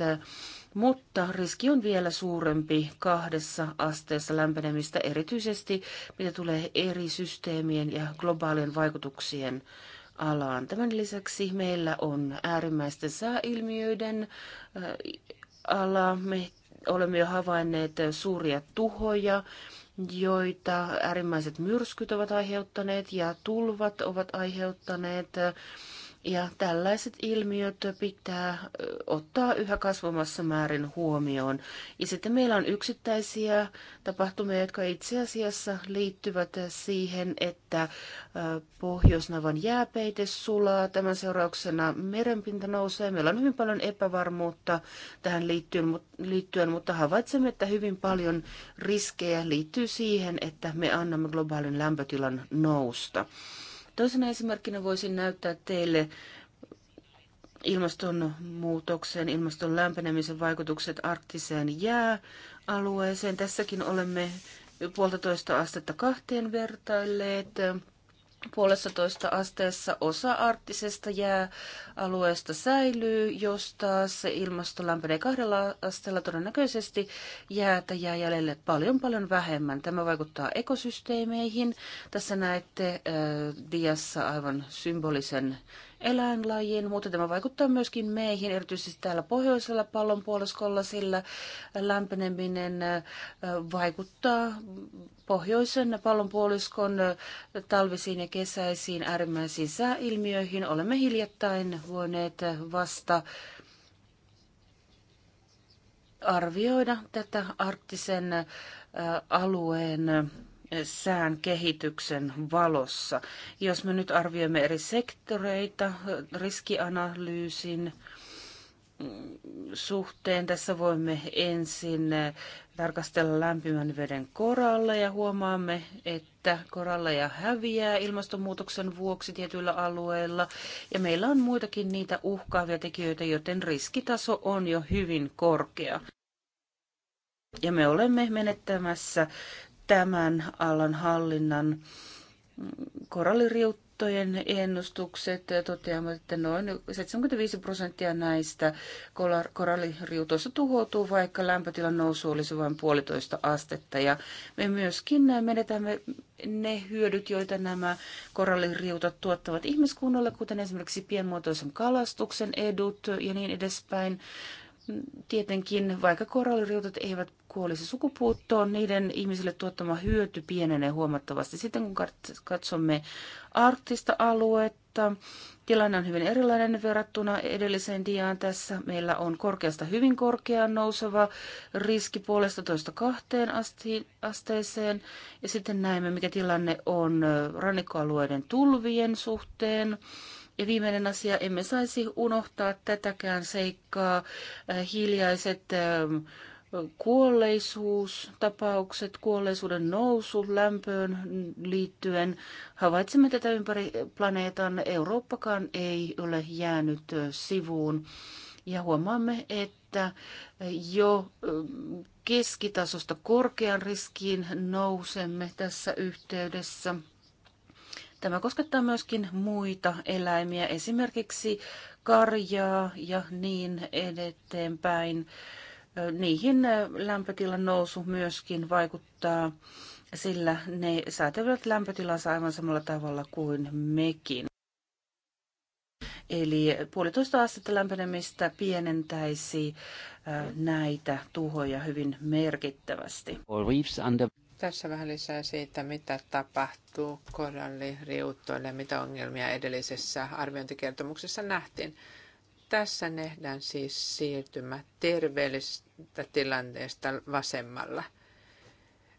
mutta riski on vielä suurempi kahdessa asteessa lämpenemistä, erityisesti mitä tulee eri systeemien ja globaalien vaikutuksien alaan. Tämän lisäksi meillä on äärimmäisten sääilmiöiden ala. Me olemme jo havainneet suuria tuhoja, joita äärimmäiset myrskyt ovat aiheuttaneet ja tulvat ovat aiheuttaneet ja tällaiset ilmiöt pitää ottaa yhä kasvamassa määrin huomioon. Ja sitten meillä on yksittäisiä tapahtumia, jotka itse asiassa liittyvät siihen, että Pohjoisnavan jääpeite sulaa. Tämän seurauksena merenpinta nousee. Meillä on hyvin paljon epävarmuutta tähän liittyen, mutta havaitsemme, että hyvin paljon riskejä liittyy siihen, että me annamme globaalin lämpötilan nousta. Toisena esimerkkinä voisin näyttää teille ilmastonmuutoksen, ilmaston lämpenemisen vaikutukset arktiseen jääalueeseen. Tässäkin olemme puolitoista astetta kahteen vertailleet puolessa toista asteessa osa arktisesta jääalueesta säilyy, jos taas ilmasto lämpenee kahdella asteella todennäköisesti jäätä jää jäljelle paljon paljon vähemmän. Tämä vaikuttaa ekosysteemeihin. Tässä näette äh, diassa aivan symbolisen eläinlajiin, mutta tämä vaikuttaa myöskin meihin, erityisesti täällä pohjoisella pallonpuoliskolla, sillä lämpeneminen vaikuttaa pohjoisen pallonpuoliskon talvisiin ja kesäisiin äärimmäisiin sääilmiöihin. Olemme hiljattain voineet vasta arvioida tätä arktisen alueen sään kehityksen valossa. Jos me nyt arvioimme eri sektoreita riskianalyysin mm, suhteen, tässä voimme ensin tarkastella lämpimän veden ja Huomaamme, että koralleja häviää ilmastonmuutoksen vuoksi tietyillä alueilla. Ja meillä on muitakin niitä uhkaavia tekijöitä, joten riskitaso on jo hyvin korkea. Ja me olemme menettämässä tämän alan hallinnan koralliriuttojen ennustukset toteamme, että noin 75 prosenttia näistä koralliriutoista tuhoutuu, vaikka lämpötilan nousu olisi vain puolitoista astetta. Ja me myöskin menetämme ne hyödyt, joita nämä koralliriutat tuottavat ihmiskunnalle, kuten esimerkiksi pienmuotoisen kalastuksen edut ja niin edespäin. Tietenkin, vaikka koralliriutat eivät kuolisi sukupuuttoon, niiden ihmisille tuottama hyöty pienenee huomattavasti. Sitten kun katsomme arktista aluetta, tilanne on hyvin erilainen verrattuna edelliseen diaan tässä. Meillä on korkeasta hyvin korkeaan nouseva riski puolesta toista kahteen asteeseen. Ja sitten näemme, mikä tilanne on rannikkoalueiden tulvien suhteen. Ja viimeinen asia, emme saisi unohtaa tätäkään seikkaa. Äh, hiljaiset ähm, kuolleisuustapaukset, kuolleisuuden nousu lämpöön liittyen. Havaitsemme tätä ympäri planeetan. Eurooppakaan ei ole jäänyt äh, sivuun. Ja huomaamme, että äh, jo ähm, keskitasosta korkean riskiin nousemme tässä yhteydessä. Tämä koskettaa myöskin muita eläimiä, esimerkiksi karjaa ja niin edeteenpäin. Niihin lämpötilan nousu myöskin vaikuttaa, sillä ne säätävät lämpötilansa aivan samalla tavalla kuin mekin. Eli puolitoista astetta lämpenemistä pienentäisi näitä tuhoja hyvin merkittävästi. Tässä vähän lisää siitä, mitä tapahtuu koralliriutoille, mitä ongelmia edellisessä arviointikertomuksessa nähtiin. Tässä nähdään siis siirtymä terveellisestä tilanteesta vasemmalla.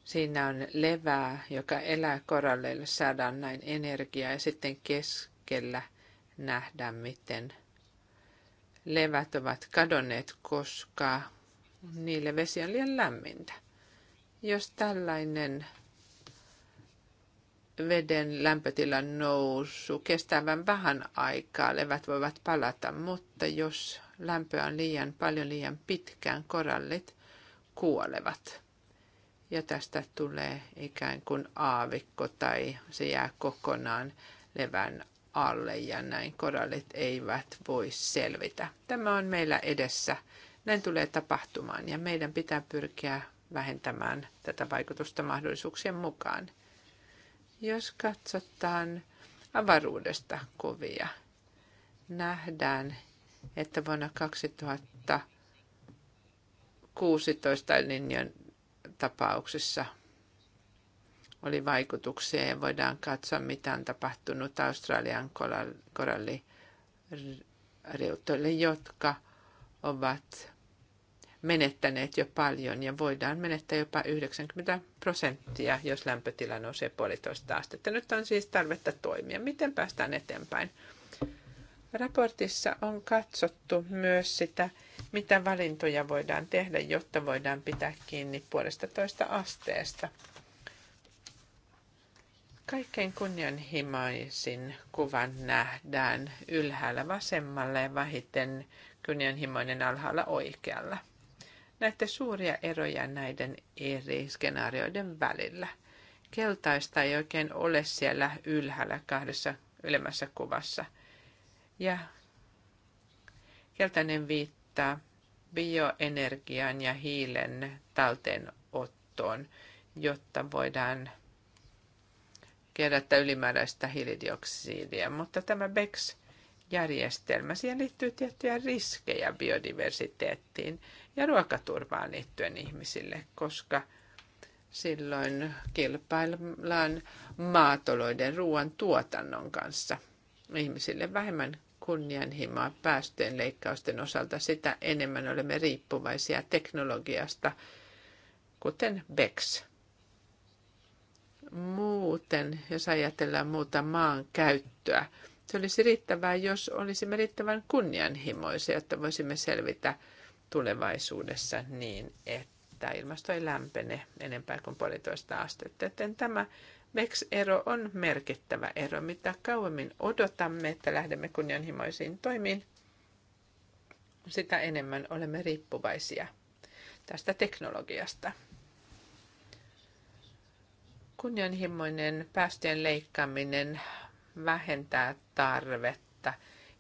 Siinä on levää, joka elää koralleille, saadaan näin energiaa ja sitten keskellä nähdään, miten levät ovat kadonneet, koska niille vesi on liian lämmintä. Jos tällainen veden lämpötilan nousu kestää vain vähän aikaa, levät voivat palata, mutta jos lämpöä on liian paljon liian pitkään, korallit kuolevat. Ja tästä tulee ikään kuin aavikko tai se jää kokonaan levän alle ja näin korallit eivät voi selvitä. Tämä on meillä edessä. Näin tulee tapahtumaan ja meidän pitää pyrkiä vähentämään tätä vaikutusta mahdollisuuksien mukaan. Jos katsotaan avaruudesta kuvia, nähdään, että vuonna 2016 linjan tapauksessa oli vaikutuksia ja voidaan katsoa, mitä on tapahtunut Australian korallireutoille, jotka ovat menettäneet jo paljon ja voidaan menettää jopa 90 prosenttia, jos lämpötila nousee puolitoista astetta. Nyt on siis tarvetta toimia. Miten päästään eteenpäin? Raportissa on katsottu myös sitä, mitä valintoja voidaan tehdä, jotta voidaan pitää kiinni puolesta toista asteesta. Kaikkein kunnianhimoisin kuvan nähdään ylhäällä vasemmalla ja vähiten kunnianhimoinen alhaalla oikealla näette suuria eroja näiden eri skenaarioiden välillä. Keltaista ei oikein ole siellä ylhäällä kahdessa ylemmässä kuvassa. Ja keltainen viittaa bioenergian ja hiilen talteenottoon, jotta voidaan kerätä ylimääräistä hiilidioksidia. Mutta tämä BECS järjestelmä. Siihen liittyy tiettyjä riskejä biodiversiteettiin ja ruokaturvaan liittyen ihmisille, koska silloin kilpaillaan maatoloiden ruoan tuotannon kanssa. Ihmisille vähemmän kunnianhimoa päästöjen leikkausten osalta, sitä enemmän olemme riippuvaisia teknologiasta, kuten BEX. Muuten, jos ajatellaan muuta maan käyttöä, se olisi riittävää, jos olisimme riittävän kunnianhimoisia, jotta voisimme selvitä – tulevaisuudessa niin, että ilmasto ei lämpene enempää kuin puolitoista astetta. Joten tämä BEX-ero on merkittävä ero. Mitä kauemmin odotamme, että lähdemme kunnianhimoisiin toimiin, sitä enemmän olemme riippuvaisia tästä teknologiasta. Kunnianhimoinen päästöjen leikkaaminen vähentää tarvetta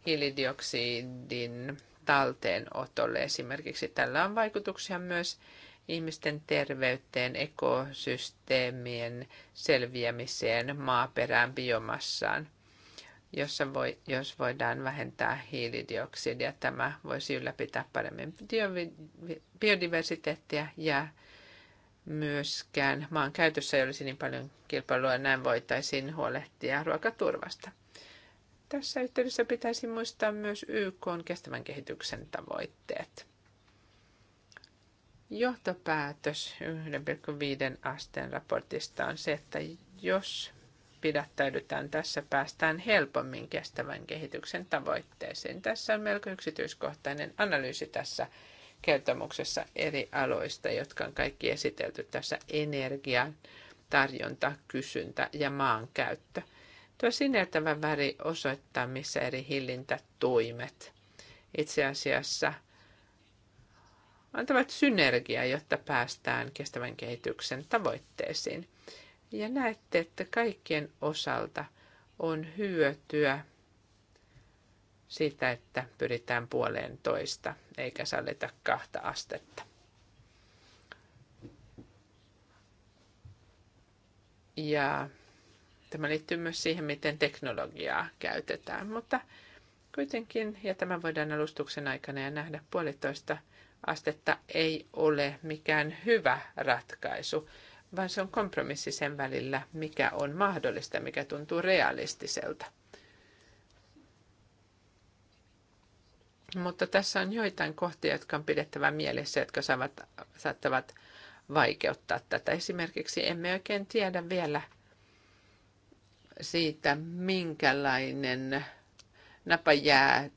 hiilidioksidin talteenotolle esimerkiksi. Tällä on vaikutuksia myös ihmisten terveyteen, ekosysteemien selviämiseen, maaperään, biomassaan, jossa voi, jos voidaan vähentää hiilidioksidia. Tämä voisi ylläpitää paremmin biodiversiteettiä ja myöskään maan käytössä ei olisi niin paljon kilpailua, näin voitaisiin huolehtia ruokaturvasta. Tässä yhteydessä pitäisi muistaa myös YK on kestävän kehityksen tavoitteet. Johtopäätös 1,5 asteen raportista on se, että jos pidättäydytään tässä, päästään helpommin kestävän kehityksen tavoitteeseen. Tässä on melko yksityiskohtainen analyysi tässä kertomuksessa eri aloista, jotka on kaikki esitelty tässä energian, tarjonta, kysyntä ja maankäyttö – Tuo sinertävä väri osoittaa, missä eri hillintätoimet itse asiassa antavat synergiaa, jotta päästään kestävän kehityksen tavoitteisiin. Ja näette, että kaikkien osalta on hyötyä siitä, että pyritään puoleen toista eikä sallita kahta astetta. Ja Tämä liittyy myös siihen, miten teknologiaa käytetään, mutta kuitenkin, ja tämä voidaan alustuksen aikana ja nähdä, puolitoista astetta ei ole mikään hyvä ratkaisu, vaan se on kompromissi sen välillä, mikä on mahdollista, mikä tuntuu realistiselta. Mutta tässä on joitain kohtia, jotka on pidettävä mielessä, jotka saavat, saattavat vaikeuttaa tätä. Esimerkiksi emme oikein tiedä vielä, siitä, minkälainen napajää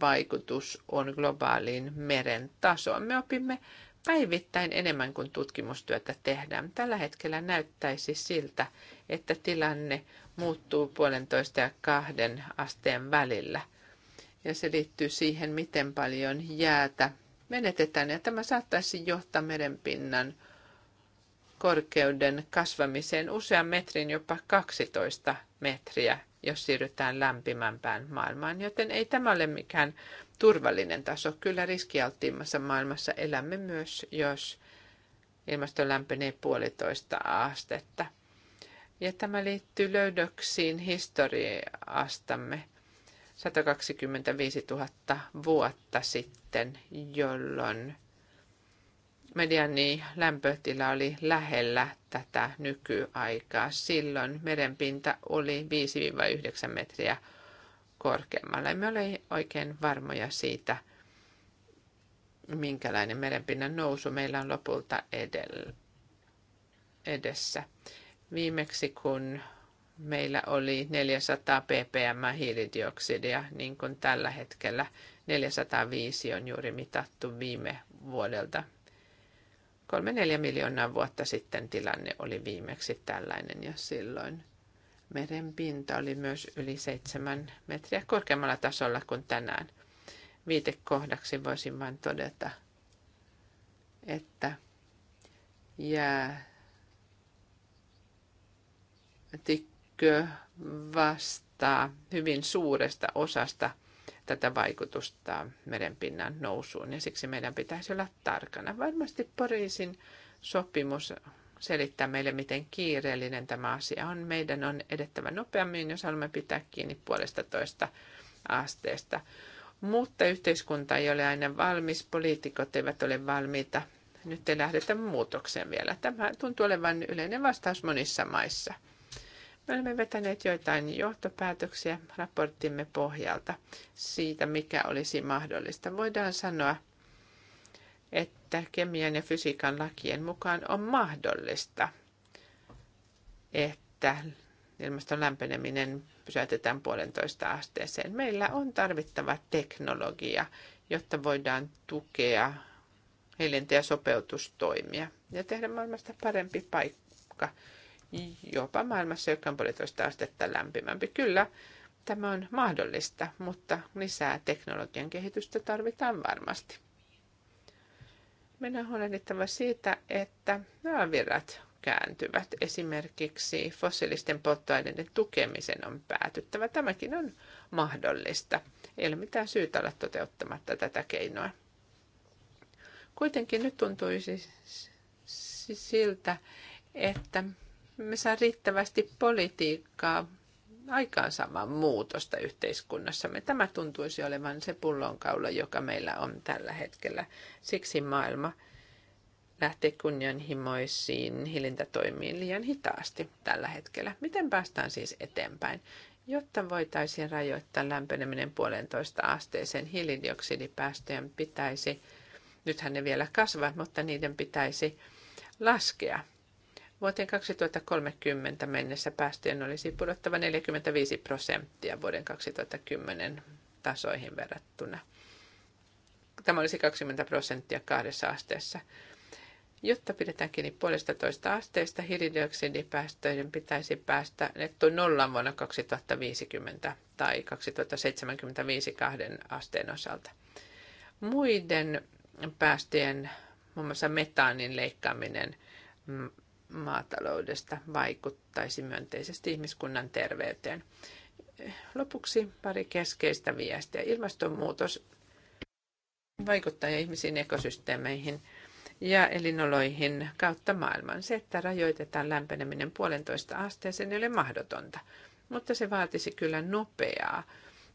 vaikutus on globaaliin meren tasoon. Me opimme päivittäin enemmän kuin tutkimustyötä tehdään. Tällä hetkellä näyttäisi siltä, että tilanne muuttuu puolentoista ja kahden asteen välillä. Ja se liittyy siihen, miten paljon jäätä menetetään. Ja tämä saattaisi johtaa merenpinnan korkeuden kasvamiseen usean metrin, jopa 12 metriä, jos siirrytään lämpimämpään maailmaan, joten ei tämä ole mikään turvallinen taso. Kyllä riskialttiimmassa maailmassa elämme myös, jos ilmasto lämpenee puolitoista astetta. Ja tämä liittyy löydöksiin historiastamme 125 000 vuotta sitten, jolloin mediani lämpötila oli lähellä tätä nykyaikaa. Silloin merenpinta oli 5-9 metriä korkeammalla. me olemme oikein varmoja siitä, minkälainen merenpinnan nousu meillä on lopulta edellä, edessä. Viimeksi kun meillä oli 400 ppm hiilidioksidia, niin kuin tällä hetkellä 405 on juuri mitattu viime vuodelta 3-4 miljoonaa vuotta sitten tilanne oli viimeksi tällainen ja silloin meren pinta oli myös yli 7 metriä korkeammalla tasolla kuin tänään. Viitekohdaksi voisin vain todeta, että jää tikkö vastaa hyvin suuresta osasta – tätä vaikutusta merenpinnan nousuun ja siksi meidän pitäisi olla tarkana. Varmasti Pariisin sopimus selittää meille, miten kiireellinen tämä asia on. Meidän on edettävä nopeammin, jos haluamme pitää kiinni puolesta toista asteesta. Mutta yhteiskunta ei ole aina valmis, poliitikot eivät ole valmiita. Nyt ei lähdetä muutokseen vielä. Tämä tuntuu olevan yleinen vastaus monissa maissa – me olemme vetäneet joitain johtopäätöksiä raporttimme pohjalta siitä, mikä olisi mahdollista. Voidaan sanoa, että kemian ja fysiikan lakien mukaan on mahdollista, että ilmaston lämpeneminen pysäytetään puolentoista asteeseen. Meillä on tarvittava teknologia, jotta voidaan tukea hillintä- ja sopeutustoimia ja tehdä maailmasta parempi paikka jopa maailmassa, joka on puolitoista astetta lämpimämpi. Kyllä, tämä on mahdollista, mutta lisää teknologian kehitystä tarvitaan varmasti. Meidän on huolehdittava siitä, että nämä virrat kääntyvät. Esimerkiksi fossiilisten polttoaineiden tukemisen on päätyttävä. Tämäkin on mahdollista. Ei ole mitään syytä olla toteuttamatta tätä keinoa. Kuitenkin nyt tuntuisi siltä, että me saa riittävästi politiikkaa aikaansaamaan muutosta yhteiskunnassamme. Tämä tuntuisi olevan se pullonkaula, joka meillä on tällä hetkellä. Siksi maailma lähtee kunnianhimoisiin hilintätoimiin liian hitaasti tällä hetkellä. Miten päästään siis eteenpäin? Jotta voitaisiin rajoittaa lämpeneminen puolentoista asteeseen, hiilidioksidipäästöjen pitäisi, nythän ne vielä kasvavat, mutta niiden pitäisi laskea Vuoteen 2030 mennessä päästöjen olisi pudottava 45 prosenttia vuoden 2010 tasoihin verrattuna. Tämä olisi 20 prosenttia kahdessa asteessa. Jotta pidetään kiinni puolesta toista asteesta, hiilidioksidipäästöiden pitäisi päästä netto nollaan vuonna 2050 tai 2075 kahden asteen osalta. Muiden päästöjen, muun mm. muassa metaanin leikkaaminen mm, maataloudesta vaikuttaisi myönteisesti ihmiskunnan terveyteen. Lopuksi pari keskeistä viestiä. Ilmastonmuutos vaikuttaa ihmisiin, ekosysteemeihin ja elinoloihin kautta maailman. Se, että rajoitetaan lämpeneminen puolentoista asteeseen, ei ole mahdotonta, mutta se vaatisi kyllä nopeaa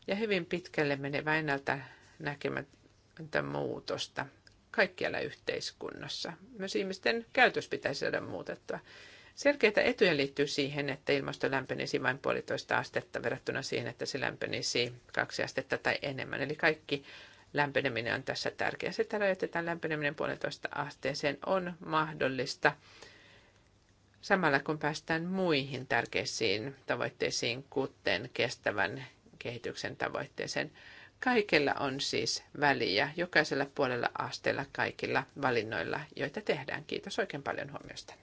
ja hyvin pitkälle menevää ennalta näkemättä muutosta kaikkialla yhteiskunnassa. Myös ihmisten käytös pitäisi saada muutettua. Selkeitä etuja liittyy siihen, että ilmasto lämpenisi vain puolitoista astetta verrattuna siihen, että se lämpenisi kaksi astetta tai enemmän. Eli kaikki lämpeneminen on tässä tärkeää. Se, että rajoitetaan lämpeneminen puolitoista asteeseen, on mahdollista samalla kun päästään muihin tärkeisiin tavoitteisiin, kuten kestävän kehityksen tavoitteeseen. Kaikella on siis väliä, jokaisella puolella asteella, kaikilla valinnoilla, joita tehdään. Kiitos oikein paljon huomiosta.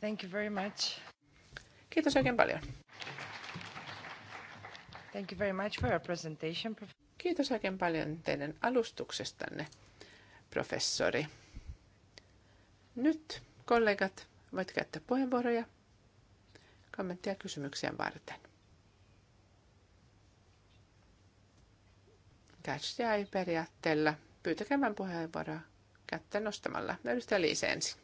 Thank you very much. Kiitos oikein paljon. Thank you very much for your presentation. Kiitos oikein paljon teidän alustuksestanne, professori. Nyt kollegat voit käyttää puheenvuoroja, kommentteja kysymyksiä varten. Catch ei periaatteella. Pyytäkää puheenvuoroa kättä nostamalla. Edustaja Liise ensin.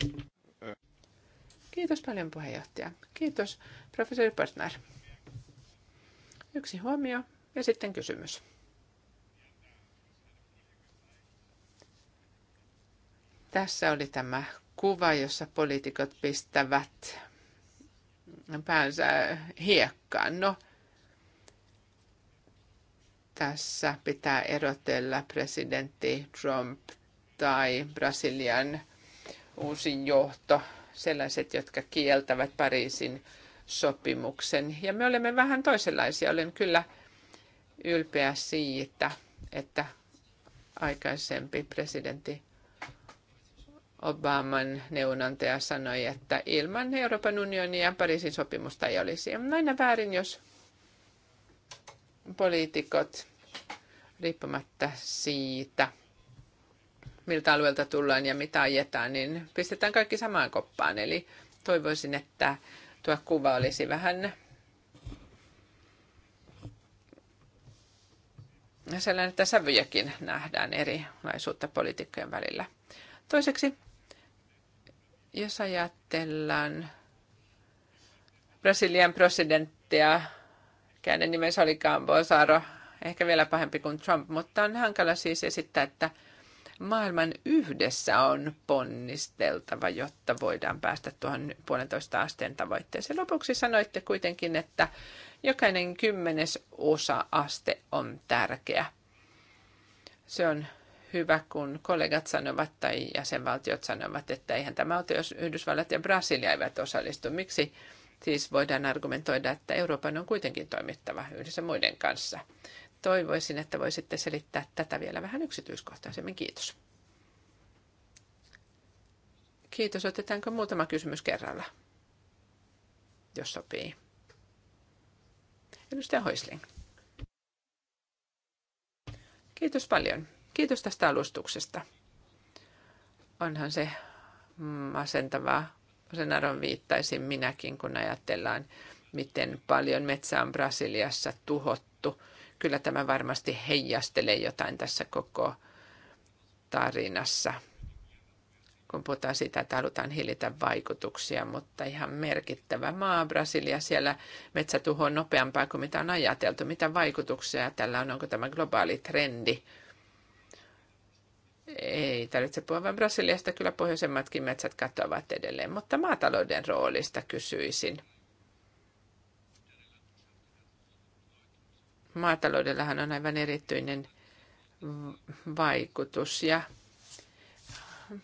Kiitos paljon puheenjohtaja. Kiitos professori Pörtner. Yksi huomio ja sitten kysymys. Tässä oli tämä kuva, jossa poliitikot pistävät päänsä hiekkaan. No, tässä pitää erotella presidentti Trump tai Brasilian uusi johto, sellaiset, jotka kieltävät Pariisin sopimuksen. Ja me olemme vähän toisenlaisia. Olen kyllä ylpeä siitä, että aikaisempi presidentti Obaman neuvonantaja sanoi, että ilman Euroopan unionia Pariisin sopimusta ei olisi. On aina väärin, jos poliitikot riippumatta siitä, miltä alueelta tullaan ja mitä ajetaan, niin pistetään kaikki samaan koppaan. Eli toivoisin, että tuo kuva olisi vähän sellainen, että sävyjäkin nähdään erilaisuutta poliitikkojen välillä. Toiseksi, jos ajatellaan Brasilian presidenttiä hänen nimensä olikaan Bolsaro, ehkä vielä pahempi kuin Trump, mutta on hankala siis esittää, että maailman yhdessä on ponnisteltava, jotta voidaan päästä tuohon puolentoista asteen tavoitteeseen. Lopuksi sanoitte kuitenkin, että jokainen kymmenes osa aste on tärkeä. Se on hyvä, kun kollegat sanovat tai jäsenvaltiot sanovat, että eihän tämä ole, jos Yhdysvallat ja Brasilia eivät osallistu. Miksi Siis voidaan argumentoida, että Euroopan on kuitenkin toimittava yhdessä muiden kanssa. Toivoisin, että voisitte selittää tätä vielä vähän yksityiskohtaisemmin. Kiitos. Kiitos. Otetaanko muutama kysymys kerralla, jos sopii? Edustaja Hoisling. Kiitos paljon. Kiitos tästä alustuksesta. Onhan se masentavaa Bolsonaron viittaisin minäkin, kun ajatellaan, miten paljon metsä on Brasiliassa tuhottu. Kyllä tämä varmasti heijastelee jotain tässä koko tarinassa, kun puhutaan siitä, että halutaan hillitä vaikutuksia, mutta ihan merkittävä maa Brasilia. Siellä metsätuho on nopeampaa kuin mitä on ajateltu. Mitä vaikutuksia tällä on? Onko tämä globaali trendi? ei tarvitse puhua, vaan Brasiliasta kyllä pohjoisemmatkin metsät katoavat edelleen, mutta maatalouden roolista kysyisin. Maataloudellahan on aivan erityinen vaikutus ja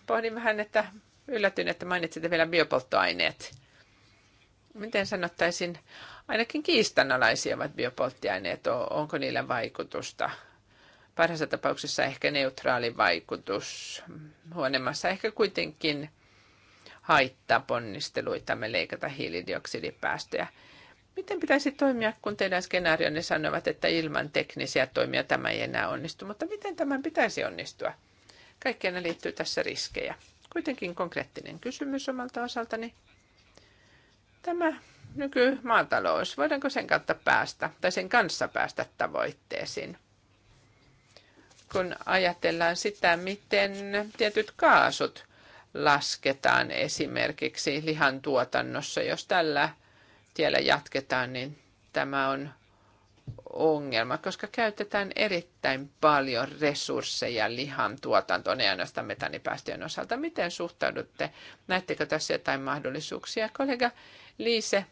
pohdin vähän, että yllätyin, että mainitsitte vielä biopolttoaineet. Miten sanottaisin, ainakin kiistanalaisia ovat biopolttoaineet, onko niillä vaikutusta Parhaassa tapauksessa ehkä neutraali vaikutus, huonemmassa ehkä kuitenkin haittaa me leikata hiilidioksidipäästöjä. Miten pitäisi toimia, kun teidän skenaarionne sanovat, että ilman teknisiä toimia tämä ei enää onnistu, mutta miten tämän pitäisi onnistua? Kaikkeen liittyy tässä riskejä. Kuitenkin konkreettinen kysymys omalta osaltani. Tämä nykymaatalous, voidaanko sen kautta päästä tai sen kanssa päästä tavoitteisiin? kun ajatellaan sitä, miten tietyt kaasut lasketaan esimerkiksi lihan tuotannossa, jos tällä tiellä jatketaan, niin tämä on ongelma, koska käytetään erittäin paljon resursseja lihan tuotantoon ja ainoastaan metanipäästöjen osalta. Miten suhtaudutte? Näettekö tässä jotain mahdollisuuksia? Kollega Liise,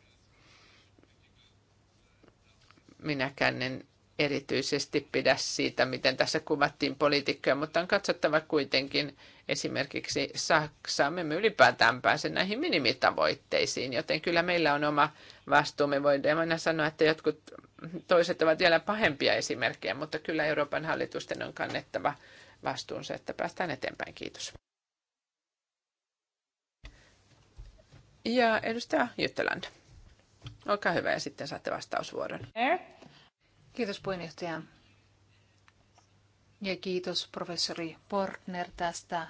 minäkään en erityisesti pidä siitä, miten tässä kuvattiin poliitikkoja, mutta on katsottava kuitenkin esimerkiksi Saksaa. Me emme ylipäätään pääse näihin minimitavoitteisiin, joten kyllä meillä on oma vastuumme. voidaan aina sanoa, että jotkut toiset ovat vielä pahempia esimerkkejä, mutta kyllä Euroopan hallitusten on kannettava vastuunsa, että päästään eteenpäin. Kiitos. Ja edustaja Jytteland, olkaa hyvä ja sitten saatte vastausvuoron. There. Kiitos puheenjohtaja. Ja kiitos professori Portner tästä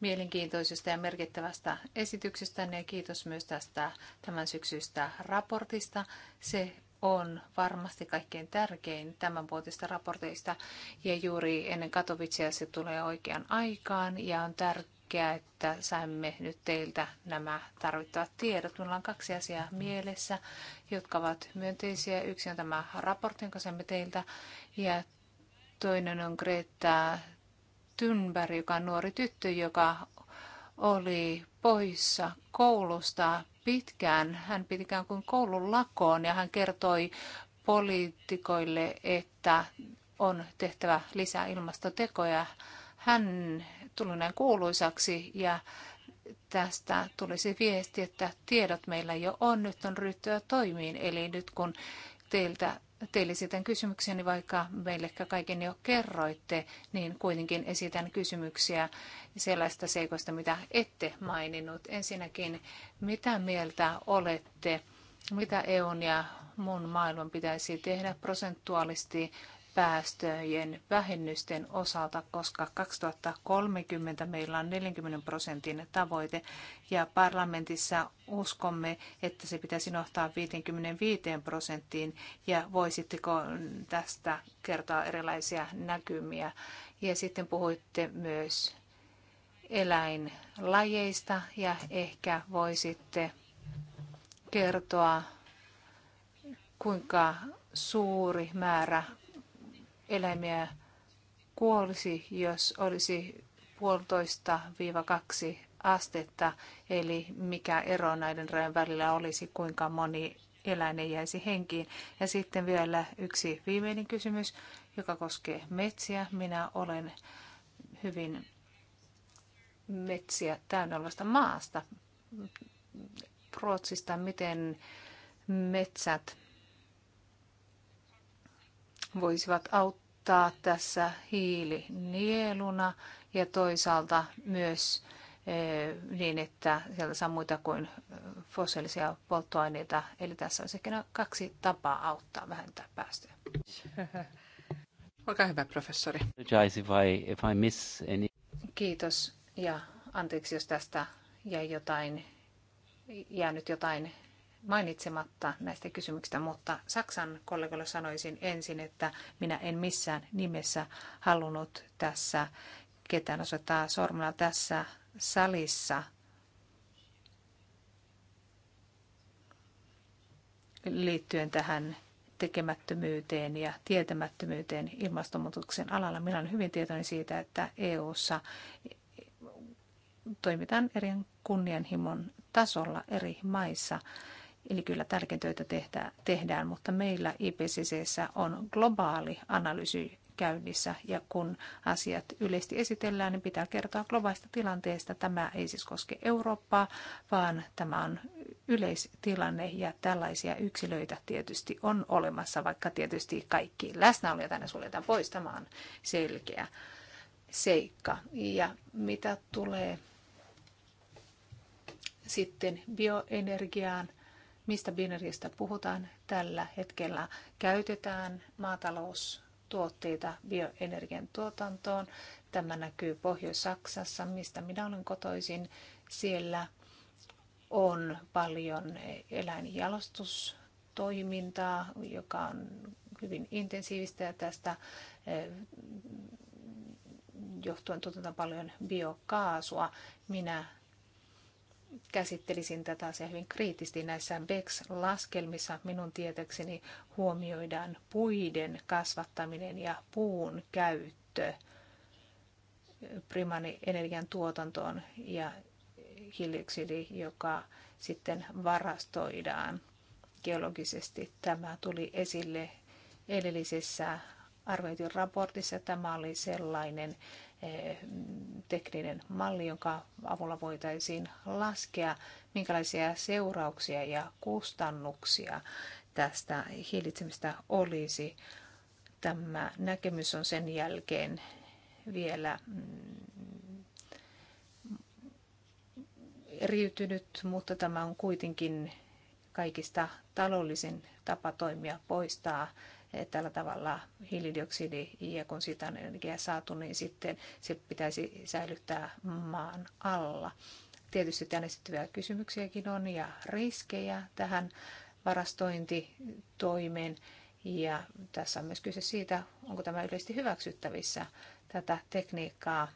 mielenkiintoisesta ja merkittävästä esityksestä ja kiitos myös tästä tämän syksystä raportista. Se on varmasti kaikkein tärkein tämän vuotista raporteista ja juuri ennen Katowicea se tulee oikeaan aikaan ja on tärkeää tärkeää, että saimme nyt teiltä nämä tarvittavat tiedot. Minulla on kaksi asiaa mielessä, jotka ovat myönteisiä. Yksi on tämä raportti, jonka saimme teiltä, ja toinen on Greta Thunberg, joka on nuori tyttö, joka oli poissa koulusta pitkään. Hän piti ikään kuin koulun lakoon ja hän kertoi poliitikoille, että on tehtävä lisää ilmastotekoja. Hän tullut näin kuuluisaksi ja tästä tulisi viesti, että tiedot meillä jo on, nyt on ryhtyä toimiin. Eli nyt kun teiltä teille esitän kysymyksiä, niin vaikka meille kaiken jo kerroitte, niin kuitenkin esitän kysymyksiä sellaista seikoista, mitä ette maininnut. Ensinnäkin, mitä mieltä olette, mitä EUn ja mun maailman pitäisi tehdä prosentuaalisesti päästöjen vähennysten osalta, koska 2030 meillä on 40 prosentin tavoite ja parlamentissa uskomme, että se pitäisi nohtaa 55 prosenttiin ja voisitteko tästä kertoa erilaisia näkymiä. Ja sitten puhuitte myös eläinlajeista ja ehkä voisitte kertoa, kuinka suuri määrä eläimiä kuolisi, jos olisi puolitoista viiva kaksi astetta, eli mikä ero näiden rajojen välillä olisi, kuinka moni eläin ei jäisi henkiin. Ja sitten vielä yksi viimeinen kysymys, joka koskee metsiä. Minä olen hyvin metsiä täynnä olevasta maasta, Ruotsista, miten metsät voisivat auttaa ottaa tässä hiilinieluna ja toisaalta myös eh, niin, että sieltä saa muita kuin eh, fossiilisia polttoaineita. Eli tässä on sekin kaksi tapaa auttaa vähentää päästöjä. Olkaa hyvä, professori. Kiitos ja anteeksi, jos tästä jäi jotain, jäänyt jotain mainitsematta näistä kysymyksistä, mutta Saksan kollegalle sanoisin ensin, että minä en missään nimessä halunnut tässä ketään osoittaa sormella tässä salissa. liittyen tähän tekemättömyyteen ja tietämättömyyteen ilmastonmuutoksen alalla. Minä olen hyvin tietoinen siitä, että EU:ssa toimitaan eri kunnianhimon tasolla eri maissa Eli kyllä tärkeintä töitä tehdään, tehdään, mutta meillä IPCCssä on globaali analyysi käynnissä ja kun asiat yleisesti esitellään, niin pitää kertoa globaalista tilanteesta. Tämä ei siis koske Eurooppaa, vaan tämä on yleistilanne ja tällaisia yksilöitä tietysti on olemassa, vaikka tietysti kaikki läsnäolijat tänne suljetaan pois. Tämä on selkeä seikka. Ja mitä tulee sitten bioenergiaan, mistä binäristä puhutaan tällä hetkellä. Käytetään maataloustuotteita bioenergian tuotantoon. Tämä näkyy Pohjois-Saksassa, mistä minä olen kotoisin. Siellä on paljon eläinjalostustoimintaa, joka on hyvin intensiivistä ja tästä eh, johtuen tuotetaan paljon biokaasua. Minä käsittelisin tätä asiaa hyvin kriittisesti. Näissä BEX-laskelmissa minun tietäkseni huomioidaan puiden kasvattaminen ja puun käyttö primaanienergian tuotantoon ja hiilioksidi, joka sitten varastoidaan geologisesti. Tämä tuli esille edellisessä arviointiraportissa. Tämä oli sellainen Eh, tekninen malli, jonka avulla voitaisiin laskea, minkälaisia seurauksia ja kustannuksia tästä hillitsemistä olisi. Tämä näkemys on sen jälkeen vielä mm, eriytynyt, mutta tämä on kuitenkin kaikista taloudellisin tapa toimia poistaa tällä tavalla hiilidioksidi ja kun sitä on energiaa saatu, niin sitten se pitäisi säilyttää maan alla. Tietysti tänne sitten vielä kysymyksiäkin on ja riskejä tähän varastointitoimeen. Ja tässä on myös kyse siitä, onko tämä yleisesti hyväksyttävissä. Tätä tekniikkaa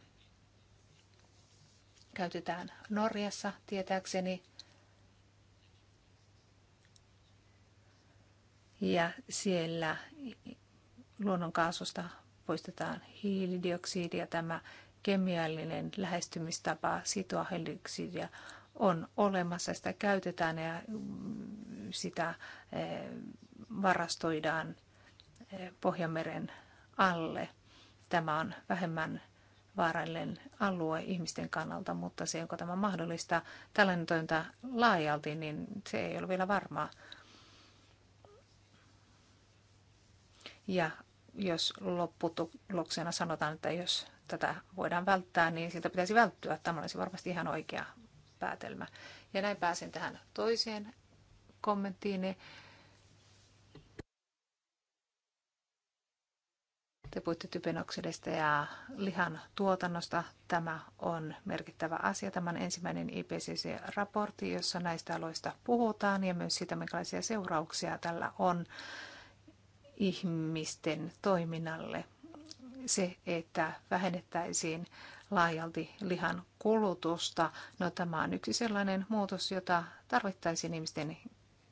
käytetään Norjassa tietääkseni ja siellä luonnonkaasusta poistetaan hiilidioksidia. Tämä kemiallinen lähestymistapa sitoa hiilidioksidia on olemassa, sitä käytetään ja mm, sitä eh, varastoidaan eh, Pohjanmeren alle. Tämä on vähemmän vaarallinen alue ihmisten kannalta, mutta se, onko tämä mahdollista tällainen toiminta laajalti, niin se ei ole vielä varmaa. Ja jos lopputuloksena sanotaan, että jos tätä voidaan välttää, niin siltä pitäisi välttyä. Tämä olisi varmasti ihan oikea päätelmä. Ja näin pääsen tähän toiseen kommenttiin. Te puhutte typenoksidista ja lihan tuotannosta. Tämä on merkittävä asia. Tämän ensimmäinen IPCC-raportti, jossa näistä aloista puhutaan ja myös siitä, minkälaisia seurauksia tällä on ihmisten toiminnalle. Se, että vähennettäisiin laajalti lihan kulutusta. No tämä on yksi sellainen muutos, jota tarvittaisiin ihmisten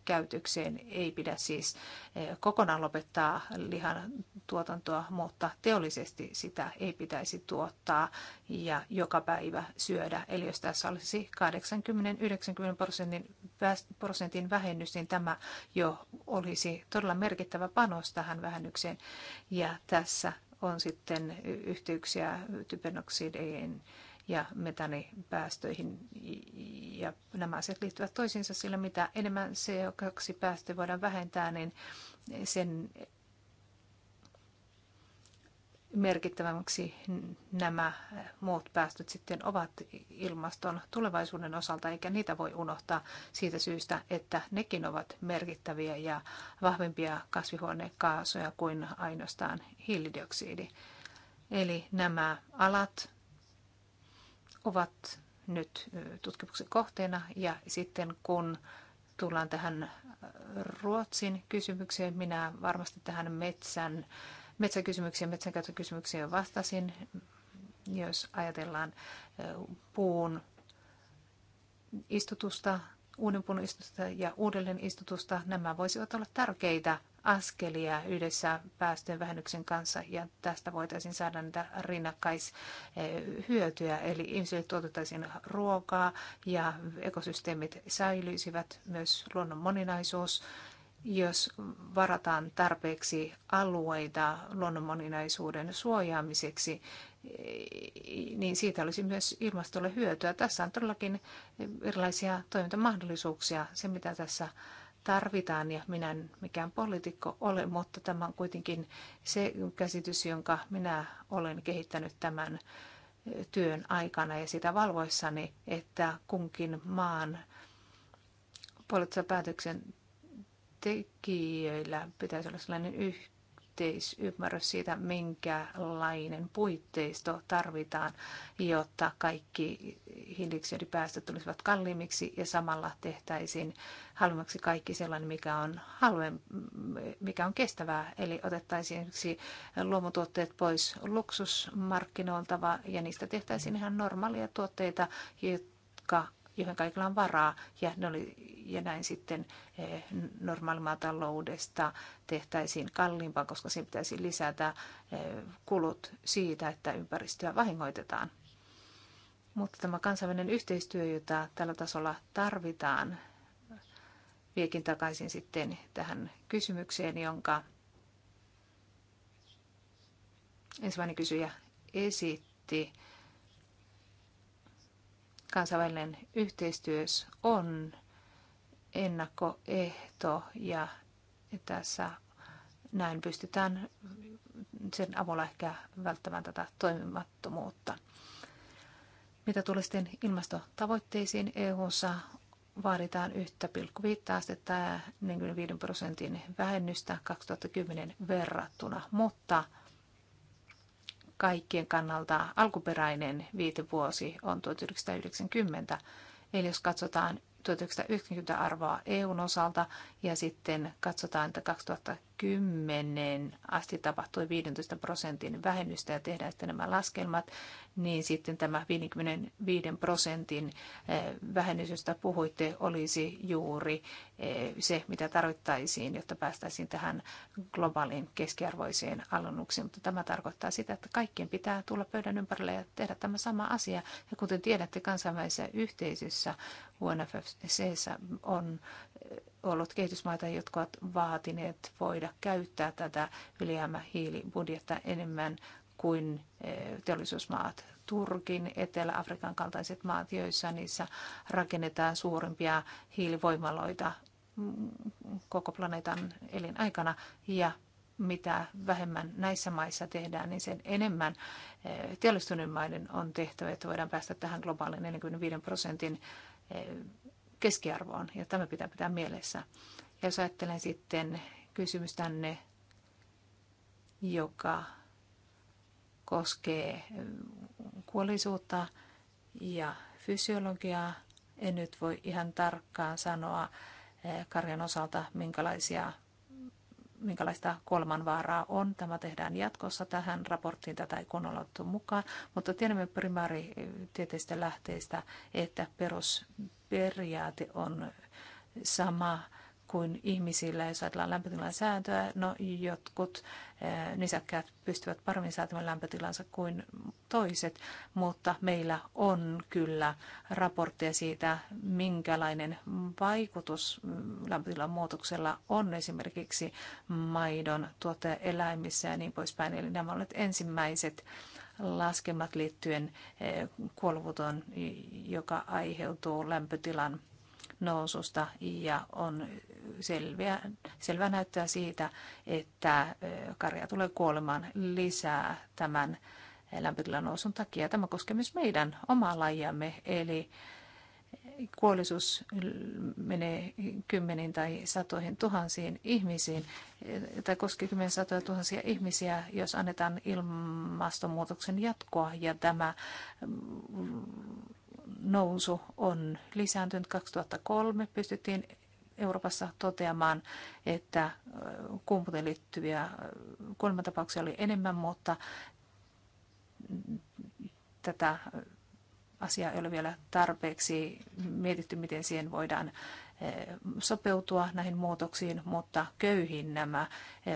käytökseen. Ei pidä siis eh, kokonaan lopettaa lihan tuotantoa, mutta teollisesti sitä ei pitäisi tuottaa ja joka päivä syödä. Eli jos tässä olisi 80-90 prosentin, vähennys, niin tämä jo olisi todella merkittävä panos tähän vähennykseen. Ja tässä on sitten yhteyksiä typenoksideihin ja metanipäästöihin, ja nämä asiat liittyvät toisiinsa, sillä mitä enemmän CO2-päästöjä voidaan vähentää, niin sen merkittävämmäksi nämä muut päästöt sitten ovat ilmaston tulevaisuuden osalta, eikä niitä voi unohtaa siitä syystä, että nekin ovat merkittäviä ja vahvempia kasvihuonekaasuja kuin ainoastaan hiilidioksidi. Eli nämä alat ovat nyt tutkimuksen kohteena. Ja sitten kun tullaan tähän Ruotsin kysymykseen, minä varmasti tähän metsän, metsäkysymykseen, metsänkäyttökysymykseen vastasin, jos ajatellaan puun istutusta, uuden puun istutusta ja uudelleen istutusta, nämä voisivat olla tärkeitä askelia yhdessä päästöjen vähennyksen kanssa ja tästä voitaisiin saada niitä rinnakkaishyötyjä. Eli ihmisille tuotettaisiin ruokaa ja ekosysteemit säilyisivät, myös luonnon moninaisuus jos varataan tarpeeksi alueita luonnon moninaisuuden suojaamiseksi, niin siitä olisi myös ilmastolle hyötyä. Tässä on todellakin erilaisia toimintamahdollisuuksia. Se, mitä tässä tarvitaan ja minä en mikään poliitikko ole, mutta tämä on kuitenkin se käsitys, jonka minä olen kehittänyt tämän e, työn aikana ja sitä valvoissani, että kunkin maan päätöksen tekijöillä pitäisi olla sellainen yh- yhteisymmärrys siitä, minkälainen puitteisto tarvitaan, jotta kaikki hiilidioksidipäästöt tulisivat kalliimmiksi ja samalla tehtäisiin halvemmaksi kaikki sellainen, mikä on, halvem, mikä on kestävää. Eli otettaisiin esimerkiksi luomutuotteet pois luksusmarkkinoilta ja niistä tehtäisiin ihan normaaleja tuotteita, jotka johon kaikilla on varaa. Ja, ne oli, ja näin sitten eh, normaalimaataloudesta tehtäisiin kalliimpaa, koska siinä pitäisi lisätä eh, kulut siitä, että ympäristöä vahingoitetaan. Mutta tämä kansainvälinen yhteistyö, jota tällä tasolla tarvitaan, viekin takaisin sitten tähän kysymykseen, jonka ensimmäinen kysyjä esitti kansainvälinen yhteistyö on ennakkoehto ja tässä näin pystytään sen avulla ehkä välttämään tätä toimimattomuutta. Mitä tulee sitten ilmastotavoitteisiin EU:ssa vaaditaan 1,5 astetta ja 45 prosentin vähennystä 2010 verrattuna, mutta kaikkien kannalta alkuperäinen viitevuosi on 1990. Eli jos katsotaan 1990 arvoa EUn osalta ja sitten katsotaan, että 2010 asti tapahtui 15 prosentin vähennystä ja tehdään sitten nämä laskelmat, niin sitten tämä 55 prosentin eh, vähennys, josta puhuitte, olisi juuri eh, se, mitä tarvittaisiin, jotta päästäisiin tähän globaaliin keskiarvoiseen alennukseen. Mutta tämä tarkoittaa sitä, että kaikkien pitää tulla pöydän ympärille ja tehdä tämä sama asia. Ja kuten tiedätte, kansainvälisessä yhteisössä UNFCC on ollut kehitysmaita, jotka ovat vaatineet voida käyttää tätä ylijäämähiilibudjetta enemmän kuin eh, teollisuusmaat. Turkin, Etelä-Afrikan kaltaiset maat, joissa niissä rakennetaan suurimpia hiilivoimaloita mm, koko planeetan elinaikana. Ja mitä vähemmän näissä maissa tehdään, niin sen enemmän eh, teollistuneiden maiden on tehtävä, että voidaan päästä tähän globaaliin 45 prosentin eh, keskiarvoon, ja tämä pitää pitää mielessä. Ja jos ajattelen sitten tänne, joka koskee mm, kuolisuutta ja fysiologiaa, en nyt voi ihan tarkkaan sanoa eh, karjan osalta, minkälaisia minkälaista kuolemanvaaraa on. Tämä tehdään jatkossa tähän raporttiin, tätä ei kunnolla otettu mukaan, mutta tiedämme primääritieteistä lähteistä, että perusperiaate on sama kuin ihmisillä, jos ajatellaan lämpötilan sääntöä. No jotkut eh, nisäkkäät pystyvät paremmin säätämään lämpötilansa kuin toiset, mutta meillä on kyllä raportteja siitä, minkälainen vaikutus mm, lämpötilan muutoksella on esimerkiksi maidon tuottajaeläimissä ja niin poispäin. Eli nämä ovat ensimmäiset laskemat liittyen eh, kuoluvuton, joka aiheutuu lämpötilan noususta ja on selviä, selvä näyttöä siitä, että karja tulee kuolemaan lisää tämän lämpötilan nousun takia. Tämä koskee myös meidän omaa lajiamme, eli kuollisuus menee kymmeniin tai satoihin tuhansiin ihmisiin, tai koskee kymmeniä satoja tuhansia ihmisiä, jos annetaan ilmastonmuutoksen jatkoa, ja tämä nousu on lisääntynyt. 2003 pystyttiin Euroopassa toteamaan, että kumpuuteen liittyviä kuolemantapauksia oli enemmän, mutta tätä asiaa ei ole vielä tarpeeksi mietitty, miten siihen voidaan sopeutua näihin muutoksiin, mutta köyhiin nämä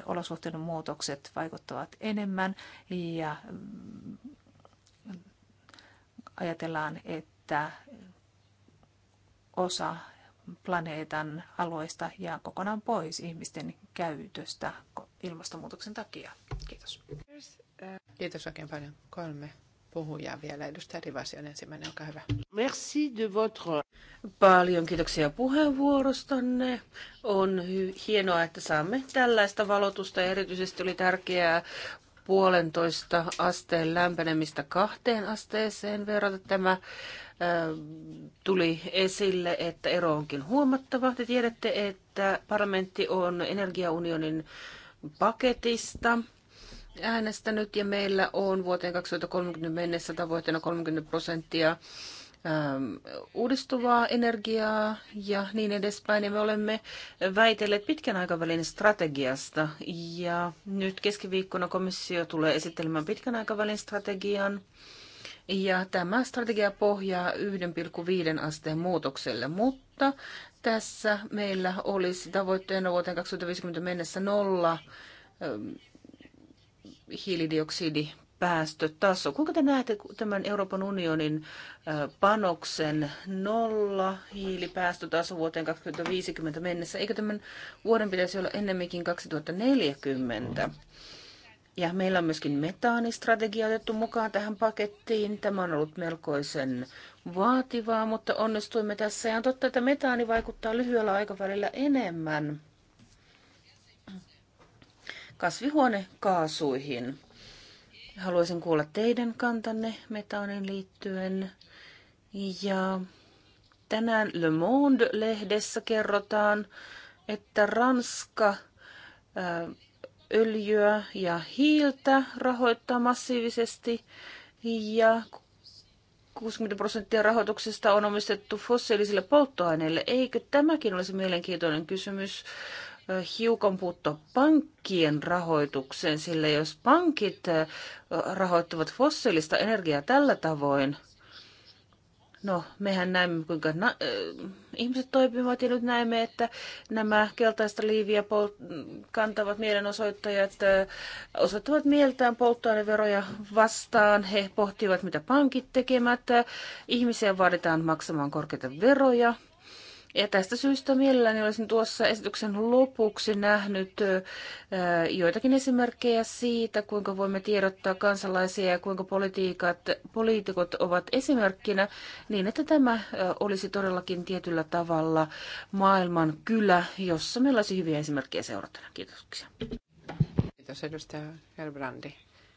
olosuhteiden muutokset vaikuttavat enemmän ja mm, ajatellaan, että että osa planeetan alueista jää kokonaan pois ihmisten käytöstä ilmastonmuutoksen takia. Kiitos. Kiitos oikein paljon. Kolme puhujaa vielä. Edustaja Rivasi on ensimmäinen, olkaa hyvä. Merci de votre... Paljon kiitoksia puheenvuorostanne. On hienoa, että saamme tällaista valotusta. Erityisesti oli tärkeää puolentoista asteen lämpenemistä kahteen asteeseen verrata tämä tuli esille, että ero onkin huomattava. Te tiedätte, että parlamentti on energiaunionin paketista äänestänyt ja meillä on vuoteen 2030 mennessä tavoitteena 30 prosenttia uudistuvaa energiaa ja niin edespäin. Ja me olemme väitelleet pitkän aikavälin strategiasta ja nyt keskiviikkona komissio tulee esittelemään pitkän aikavälin strategian. Ja tämä strategia pohjaa 1,5 asteen muutokselle, mutta tässä meillä olisi tavoitteena vuoteen 2050 mennessä nolla ähm, hiilidioksidipäästötaso. Kuinka te näette tämän Euroopan unionin äh, panoksen nolla hiilipäästötaso vuoteen 2050 mennessä? Eikö tämän vuoden pitäisi olla ennemminkin 2040? Ja meillä on myöskin metaanistrategia otettu mukaan tähän pakettiin. Tämä on ollut melkoisen vaativaa, mutta onnistuimme tässä. Ja on totta, että metaani vaikuttaa lyhyellä aikavälillä enemmän kasvihuonekaasuihin. Haluaisin kuulla teidän kantanne metaanin liittyen. Ja tänään Le Monde-lehdessä kerrotaan, että Ranska äh, öljyä ja hiiltä rahoittaa massiivisesti ja 60 prosenttia rahoituksesta on omistettu fossiilisille polttoaineille. Eikö tämäkin olisi mielenkiintoinen kysymys hiukan puuttua pankkien rahoitukseen, sillä jos pankit rahoittavat fossiilista energiaa tällä tavoin, No, mehän näemme, kuinka na- äh, ihmiset toimivat ja nyt näemme, että nämä keltaista liiviä pol- kantavat mielenosoittajat äh, osoittavat mieltään polttoaineveroja vastaan. He pohtivat, mitä pankit tekevät. Ihmisiä vaaditaan maksamaan korkeita veroja. Ja tästä syystä mielelläni olisin tuossa esityksen lopuksi nähnyt joitakin esimerkkejä siitä, kuinka voimme tiedottaa kansalaisia ja kuinka politiikat, poliitikot ovat esimerkkinä, niin että tämä olisi todellakin tietyllä tavalla maailman kylä, jossa meillä olisi hyviä esimerkkejä seurattuna. Kiitoksia. Kiitos edustaja Herbrandi.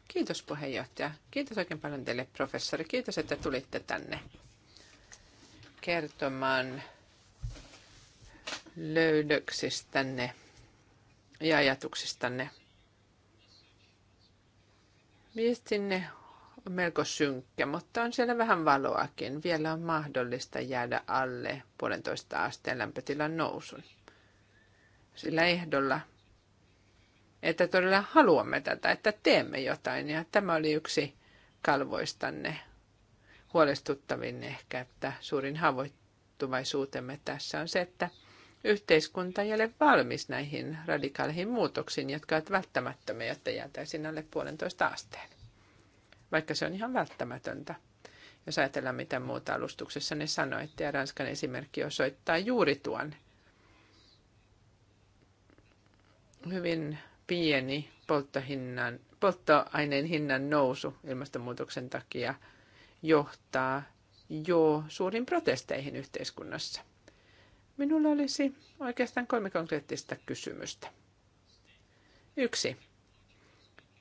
Kiitos puheenjohtaja. Kiitos oikein paljon teille professori. Kiitos, että tulitte tänne kertomaan löydöksistänne ja ajatuksistanne. Viestinne on melko synkkä, mutta on siellä vähän valoakin. Vielä on mahdollista jäädä alle puolentoista asteen lämpötilan nousun. Sillä ehdolla, että todella haluamme tätä, että teemme jotain. Ja tämä oli yksi kalvoistanne huolestuttavin ehkä, että suurin haavoittuvaisuutemme tässä on se, että – yhteiskunta ei ole valmis näihin radikaaleihin muutoksiin, jotka ovat välttämättömiä, jotta jäätäisiin alle puolentoista asteen. Vaikka se on ihan välttämätöntä. Jos ajatellaan, mitä muuta alustuksessa ne sanoitte, ja Ranskan esimerkki osoittaa juuri tuon hyvin pieni polttohinnan, polttoaineen hinnan nousu ilmastonmuutoksen takia johtaa jo suurin protesteihin yhteiskunnassa. Minulla olisi oikeastaan kolme konkreettista kysymystä. Yksi.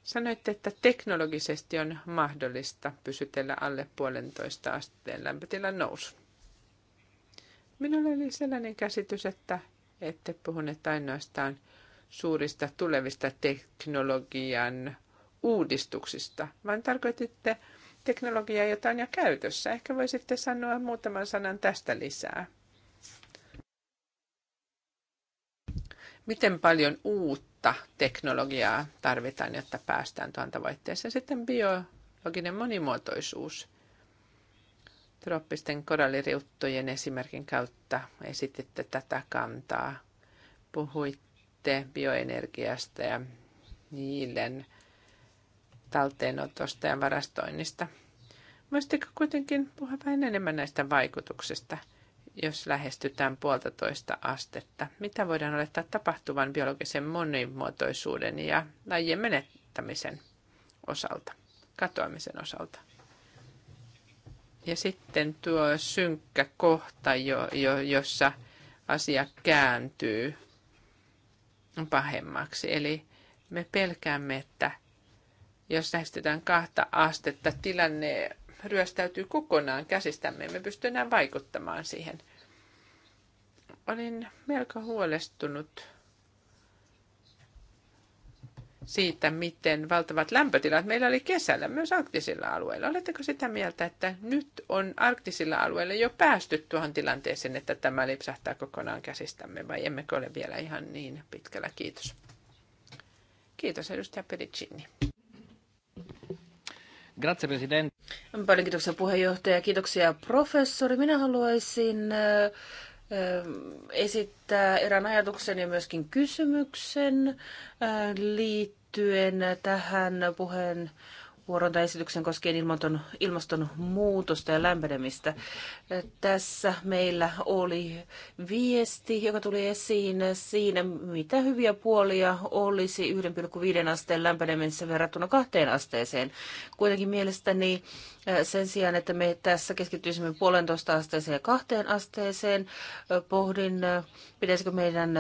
Sanoitte, että teknologisesti on mahdollista pysytellä alle puolentoista asteen lämpötilan nousun. Minulla oli sellainen käsitys, että ette puhuneet ainoastaan suurista tulevista teknologian uudistuksista, vaan tarkoititte teknologiaa, jota on jo käytössä. Ehkä voisitte sanoa muutaman sanan tästä lisää. miten paljon uutta teknologiaa tarvitaan, jotta päästään tuon tavoitteeseen. Sitten biologinen monimuotoisuus. Trooppisten koralliriuttojen esimerkin kautta esititte tätä kantaa. Puhuitte bioenergiasta ja hiilen talteenotosta ja varastoinnista. Voisitteko kuitenkin puhua vähän enemmän näistä vaikutuksista – jos lähestytään puolitoista astetta? Mitä voidaan olettaa tapahtuvan biologisen monimuotoisuuden ja lajien menettämisen osalta, katoamisen osalta? Ja sitten tuo synkkä kohta, jo, jo, jossa asia kääntyy pahemmaksi. Eli me pelkäämme, että jos lähestytään kahta astetta, tilanne ryöstäytyy kokonaan käsistämme, me pysty enää vaikuttamaan siihen olin melko huolestunut siitä, miten valtavat lämpötilat meillä oli kesällä myös arktisilla alueilla. Oletteko sitä mieltä, että nyt on arktisilla alueilla jo päästy tuohon tilanteeseen, että tämä lipsahtaa kokonaan käsistämme vai emmekö ole vielä ihan niin pitkällä? Kiitos. Kiitos edustaja Pedicini. Grazie, Presidente. Paljon kiitoksia puheenjohtaja. Kiitoksia professori. Minä haluaisin esittää erään ajatuksen ja myöskin kysymyksen liittyen tähän puheen esityksen koskien ilmaston, ilmastonmuutosta ja lämpenemistä. Tässä meillä oli viesti, joka tuli esiin siinä, mitä hyviä puolia olisi 1,5 asteen lämpenemisessä verrattuna kahteen asteeseen. Kuitenkin mielestäni sen sijaan, että me tässä keskittyisimme puolentoista asteeseen ja kahteen asteeseen, pohdin, pitäisikö meidän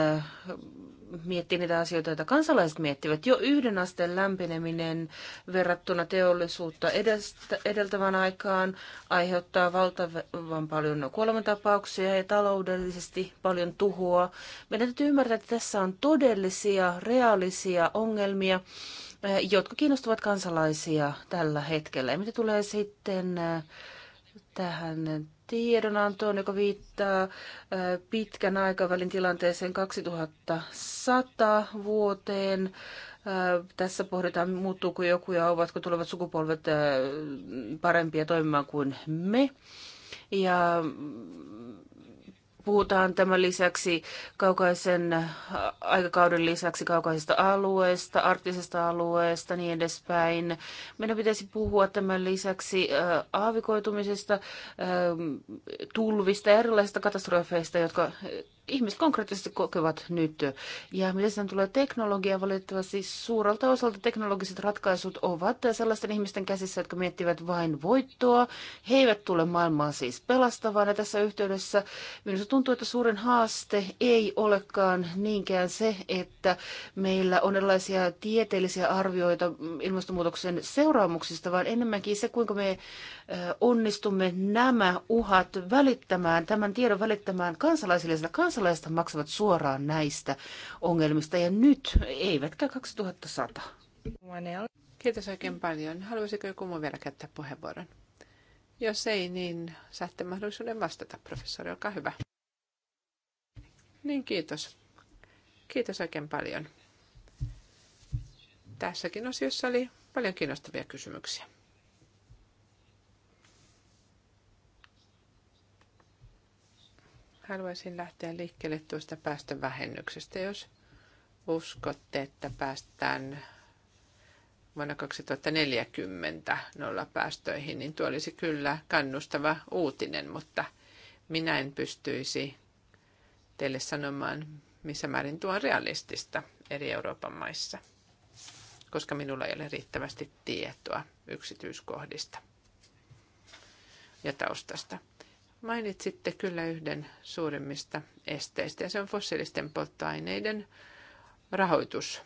miettii niitä asioita, joita kansalaiset miettivät. Jo yhden asteen lämpeneminen verrattuna teollisuutta edestä, edeltävän aikaan aiheuttaa valtavan paljon kuolemantapauksia ja taloudellisesti paljon tuhoa. Meidän täytyy ymmärtää, että tässä on todellisia, reaalisia ongelmia, eh, jotka kiinnostavat kansalaisia tällä hetkellä. Ja mitä tulee sitten eh, tähän tiedonantoon, joka viittaa pitkän aikavälin tilanteeseen 2100 vuoteen. Tässä pohditaan, muuttuuko joku ja ovatko tulevat sukupolvet parempia toimimaan kuin me. Ja puhutaan tämän lisäksi kaukaisen äh, aikakauden lisäksi kaukaisista alueista, arktisesta alueesta, niin edespäin. Meidän pitäisi puhua tämän lisäksi äh, aavikoitumisesta, ähm, tulvista ja erilaisista katastrofeista, jotka ihmiset konkreettisesti kokevat nyt. Ja mitä sen tulee teknologiaa, valitettavasti suurelta osalta teknologiset ratkaisut ovat sellaisten ihmisten käsissä, jotka miettivät vain voittoa. He eivät tule maailmaa siis pelastavaan. Ja tässä yhteydessä minusta tuntuu, että suurin haaste ei olekaan niinkään se, että meillä on erilaisia tieteellisiä arvioita ilmastonmuutoksen seuraamuksista, vaan enemmänkin se, kuinka me onnistumme nämä uhat välittämään, tämän tiedon välittämään kansalaisille, sillä kansalaisille kansalaiset maksavat suoraan näistä ongelmista ja nyt, eivätkä 2100. Kiitos oikein paljon. Haluaisiko joku muu vielä käyttää puheenvuoron? Jos ei, niin saatte mahdollisuuden vastata, professori. Olkaa hyvä. Niin, kiitos. Kiitos oikein paljon. Tässäkin osiossa oli paljon kiinnostavia kysymyksiä. haluaisin lähteä liikkeelle tuosta päästövähennyksestä. Jos uskotte, että päästään vuonna 2040 nolla päästöihin, niin tuo olisi kyllä kannustava uutinen, mutta minä en pystyisi teille sanomaan, missä määrin tuo on realistista eri Euroopan maissa, koska minulla ei ole riittävästi tietoa yksityiskohdista ja taustasta. Mainitsitte kyllä yhden suurimmista esteistä, ja se on fossiilisten polttoaineiden rahoitus,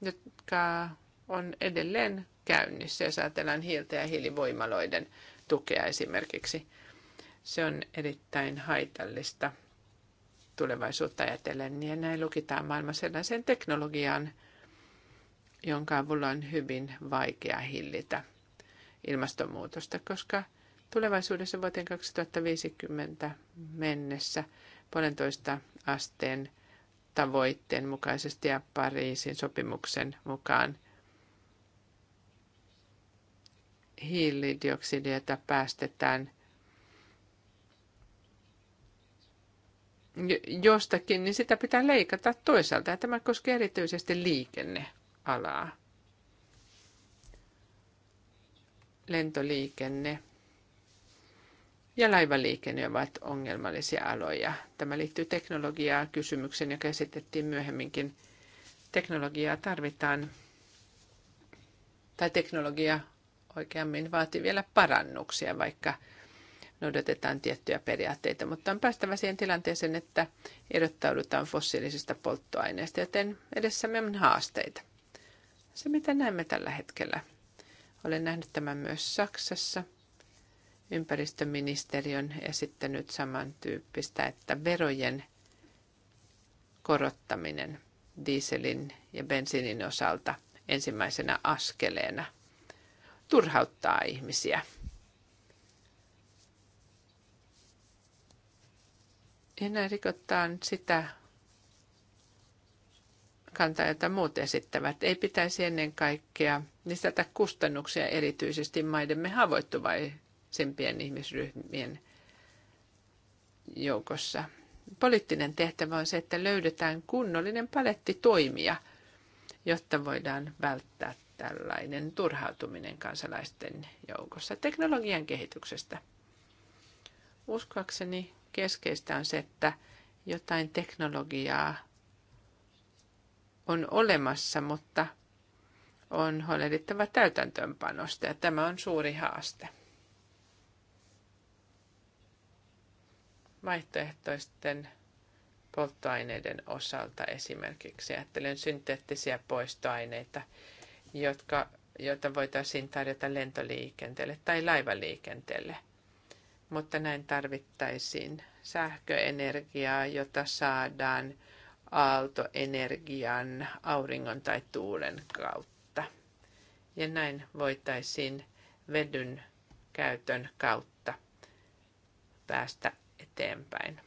jotka on edelleen käynnissä, ja ajatellaan hiiltä ja hiilivoimaloiden tukea esimerkiksi. Se on erittäin haitallista tulevaisuutta ajatellen, ja näin lukitaan maailma sellaiseen teknologiaan, jonka avulla on hyvin vaikea hillitä ilmastonmuutosta, koska – tulevaisuudessa vuoteen 2050 mennessä puolentoista asteen tavoitteen mukaisesti ja Pariisin sopimuksen mukaan hiilidioksidia päästetään jostakin, niin sitä pitää leikata toisaalta. Ja tämä koskee erityisesti liikennealaa. Lentoliikenne ja laivaliikenne ovat ongelmallisia aloja. Tämä liittyy teknologiaa kysymykseen, joka esitettiin myöhemminkin. Teknologiaa tarvitaan, tai teknologia oikeammin vaatii vielä parannuksia, vaikka noudatetaan tiettyjä periaatteita, mutta on päästävä siihen tilanteeseen, että erottaudutaan fossiilisista polttoaineista, joten edessämme on haasteita. Se, mitä näemme tällä hetkellä. Olen nähnyt tämän myös Saksassa – ympäristöministeriön esittänyt samantyyppistä, että verojen korottaminen dieselin ja bensiinin osalta ensimmäisenä askeleena turhauttaa ihmisiä. Ja näin rikotaan sitä kantaa, jota muut esittävät. Ei pitäisi ennen kaikkea lisätä kustannuksia erityisesti maidemme haavoittuvaisiin sempien ihmisryhmien joukossa. Poliittinen tehtävä on se, että löydetään kunnollinen paletti toimia, jotta voidaan välttää tällainen turhautuminen kansalaisten joukossa teknologian kehityksestä. Uskoakseni keskeistä on se, että jotain teknologiaa on olemassa, mutta on huolehdittava täytäntöönpanosta ja tämä on suuri haaste. vaihtoehtoisten polttoaineiden osalta esimerkiksi. Ajattelen synteettisiä poistoaineita, jotka, joita voitaisiin tarjota lentoliikenteelle tai laivaliikenteelle. Mutta näin tarvittaisiin sähköenergiaa, jota saadaan aaltoenergian, auringon tai tuulen kautta. Ja näin voitaisiin vedyn käytön kautta päästä eteenpäin.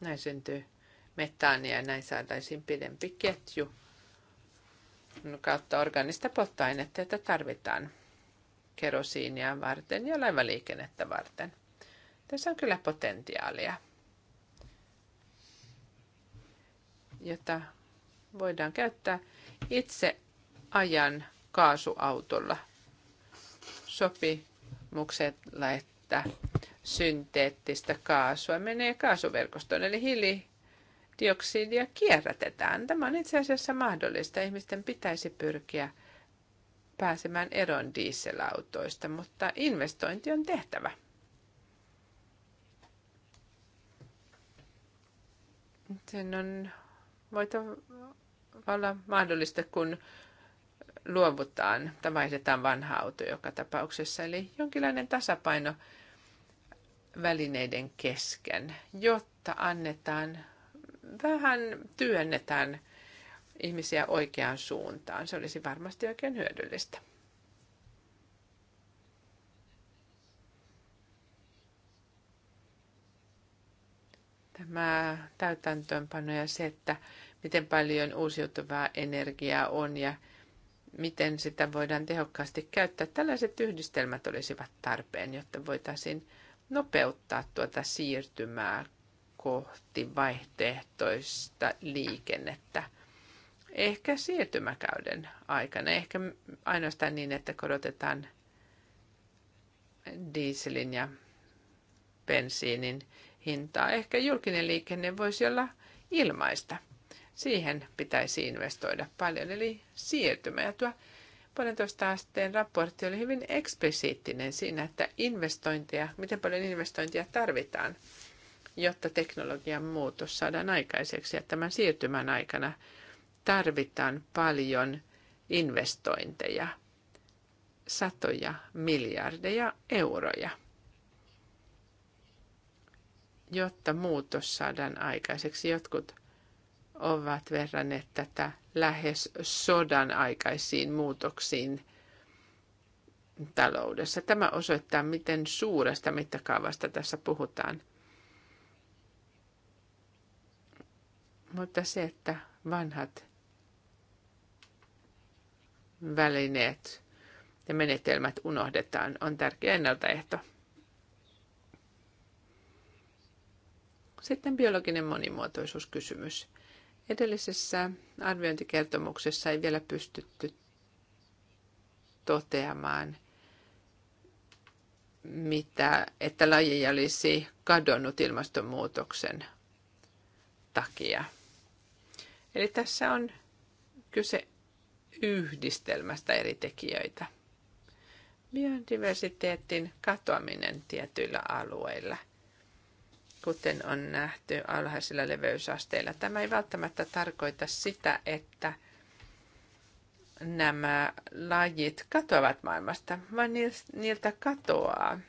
Näin syntyy metaani ja näin saataisiin pidempi ketju kautta organista polttoainetta, jota tarvitaan kerosiinia varten ja laivaliikennettä varten. Tässä on kyllä potentiaalia, jota voidaan käyttää itse ajan kaasuautolla sopimuksella, että synteettistä kaasua menee kaasuverkostoon, eli hiilidioksidia kierrätetään. Tämä on itse asiassa mahdollista. Ihmisten pitäisi pyrkiä pääsemään eroon dieselautoista, mutta investointi on tehtävä. Sen on voitava olla mahdollista, kun luovutaan tai vaihdetaan vanha auto joka tapauksessa. Eli jonkinlainen tasapaino välineiden kesken, jotta annetaan, vähän työnnetään ihmisiä oikeaan suuntaan. Se olisi varmasti oikein hyödyllistä. Tämä täytäntöönpano ja se, että miten paljon uusiutuvaa energiaa on ja miten sitä voidaan tehokkaasti käyttää. Tällaiset yhdistelmät olisivat tarpeen, jotta voitaisiin nopeuttaa tuota siirtymää kohti vaihtoehtoista liikennettä. Ehkä siirtymäkäyden aikana, ehkä ainoastaan niin, että korotetaan dieselin ja bensiinin hintaa. Ehkä julkinen liikenne voisi olla ilmaista. Siihen pitäisi investoida paljon, eli siirtymä. Ja tuo 12 asteen raportti oli hyvin eksplisiittinen siinä, että investointeja, miten paljon investointia tarvitaan, jotta teknologian muutos saadaan aikaiseksi. Ja tämän siirtymän aikana tarvitaan paljon investointeja, satoja miljardeja euroja, jotta muutos saadaan aikaiseksi. Jotkut ovat verranneet tätä lähes sodan aikaisiin muutoksiin taloudessa. Tämä osoittaa, miten suuresta mittakaavasta tässä puhutaan. Mutta se, että vanhat välineet ja menetelmät unohdetaan, on tärkeä ennaltaehto. Sitten biologinen monimuotoisuuskysymys. Edellisessä arviointikertomuksessa ei vielä pystytty toteamaan, mitä, että laji olisi kadonnut ilmastonmuutoksen takia. Eli tässä on kyse yhdistelmästä eri tekijöitä. Biodiversiteetin katoaminen tietyillä alueilla – kuten on nähty alhaisilla leveysasteilla. Tämä ei välttämättä tarkoita sitä, että nämä lajit katoavat maailmasta, vaan niiltä katoaa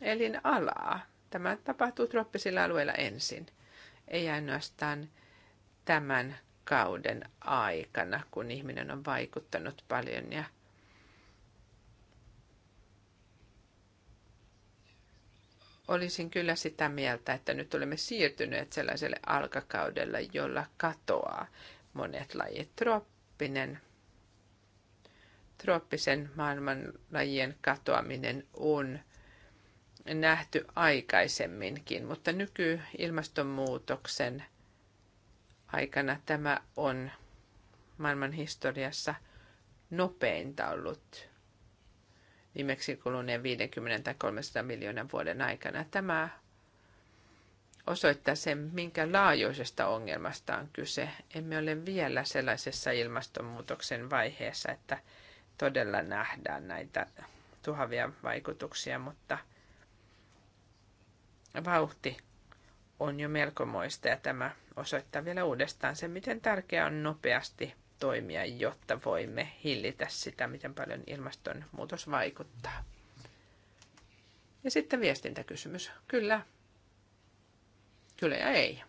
elinalaa. Tämä tapahtuu trooppisilla alueilla ensin, ei ainoastaan tämän kauden aikana, kun ihminen on vaikuttanut paljon ja olisin kyllä sitä mieltä, että nyt olemme siirtyneet sellaiselle alkakaudelle, jolla katoaa monet lajit. Trooppinen, trooppisen maailman lajien katoaminen on nähty aikaisemminkin, mutta nykyilmastonmuutoksen aikana tämä on maailman historiassa nopeinta ollut viimeksi niin kuluneen 50 tai 300 miljoonan vuoden aikana. Tämä osoittaa sen, minkä laajuisesta ongelmasta on kyse. Emme ole vielä sellaisessa ilmastonmuutoksen vaiheessa, että todella nähdään näitä tuhavia vaikutuksia, mutta vauhti on jo melkomoista ja tämä osoittaa vielä uudestaan sen, miten tärkeää on nopeasti – toimia, jotta voimme hillitä sitä, miten paljon ilmastonmuutos vaikuttaa. Ja sitten viestintäkysymys. Kyllä. Kyllä ja ei.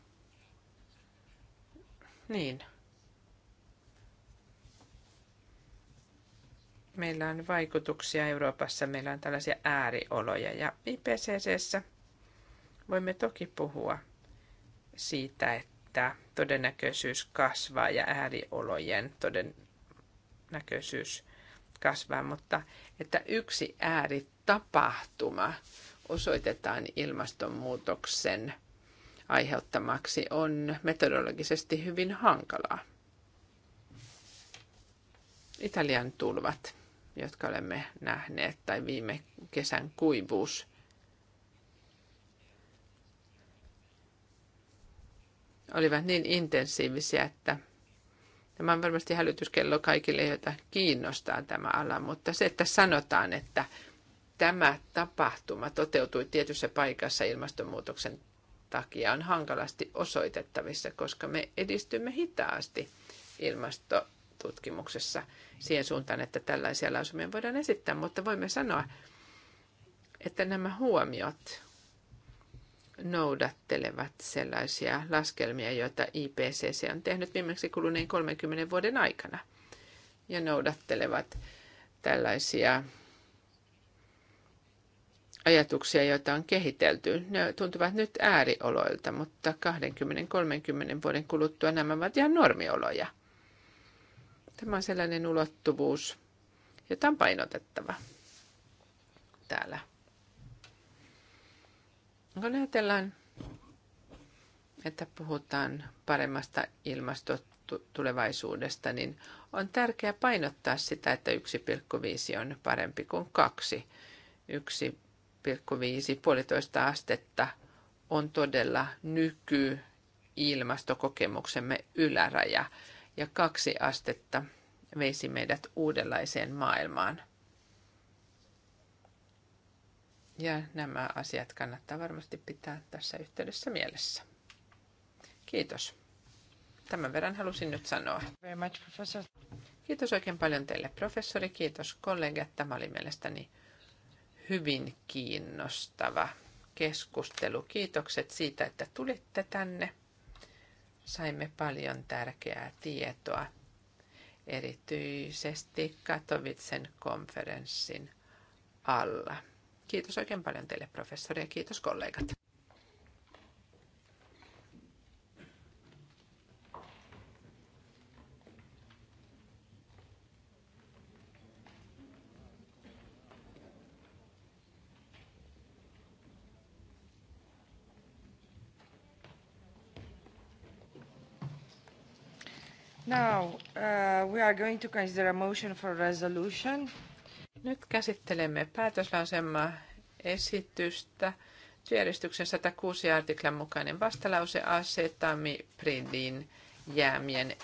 Niin. Meillä on vaikutuksia Euroopassa, meillä on tällaisia äärioloja ja IPCCssä voimme toki puhua siitä, että todennäköisyys kasvaa ja ääriolojen todennäköisyys kasvaa, mutta että yksi ääritapahtuma osoitetaan ilmastonmuutoksen aiheuttamaksi on metodologisesti hyvin hankalaa. Italian tulvat, jotka olemme nähneet, tai viime kesän kuivuus – olivat niin intensiivisiä, että tämä on varmasti hälytyskello kaikille, joita kiinnostaa tämä ala, mutta se, että sanotaan, että tämä tapahtuma toteutui tietyssä paikassa ilmastonmuutoksen takia, on hankalasti osoitettavissa, koska me edistymme hitaasti ilmastotutkimuksessa siihen suuntaan, että tällaisia lausumia voidaan esittää, mutta voimme sanoa, että nämä huomiot noudattelevat sellaisia laskelmia, joita IPCC on tehnyt viimeksi kuluneen 30 vuoden aikana. Ja noudattelevat tällaisia ajatuksia, joita on kehitelty. Ne tuntuvat nyt äärioloilta, mutta 20-30 vuoden kuluttua nämä ovat ihan normioloja. Tämä on sellainen ulottuvuus, jota on painotettava täällä kun ajatellaan, että puhutaan paremmasta ilmastotulevaisuudesta, niin on tärkeää painottaa sitä, että 1,5 on parempi kuin 2. 1,5 puolitoista astetta on todella nyky ilmastokokemuksemme yläraja ja kaksi astetta veisi meidät uudenlaiseen maailmaan. Ja nämä asiat kannattaa varmasti pitää tässä yhteydessä mielessä. Kiitos. Tämän verran halusin nyt sanoa. Very much, professor. Kiitos oikein paljon teille, professori. Kiitos kollegat. Tämä oli mielestäni hyvin kiinnostava keskustelu. Kiitokset siitä, että tulitte tänne. Saimme paljon tärkeää tietoa, erityisesti Katowicen konferenssin alla. Kiitos oikein paljon teille professori ja kiitos kollegat. Now, uh, we are going to consider a motion for resolution. Nyt käsittelemme päätöslausemaa esitystä. Työjärjestyksen 106 artiklan mukainen vastalause asetamipridin jäämien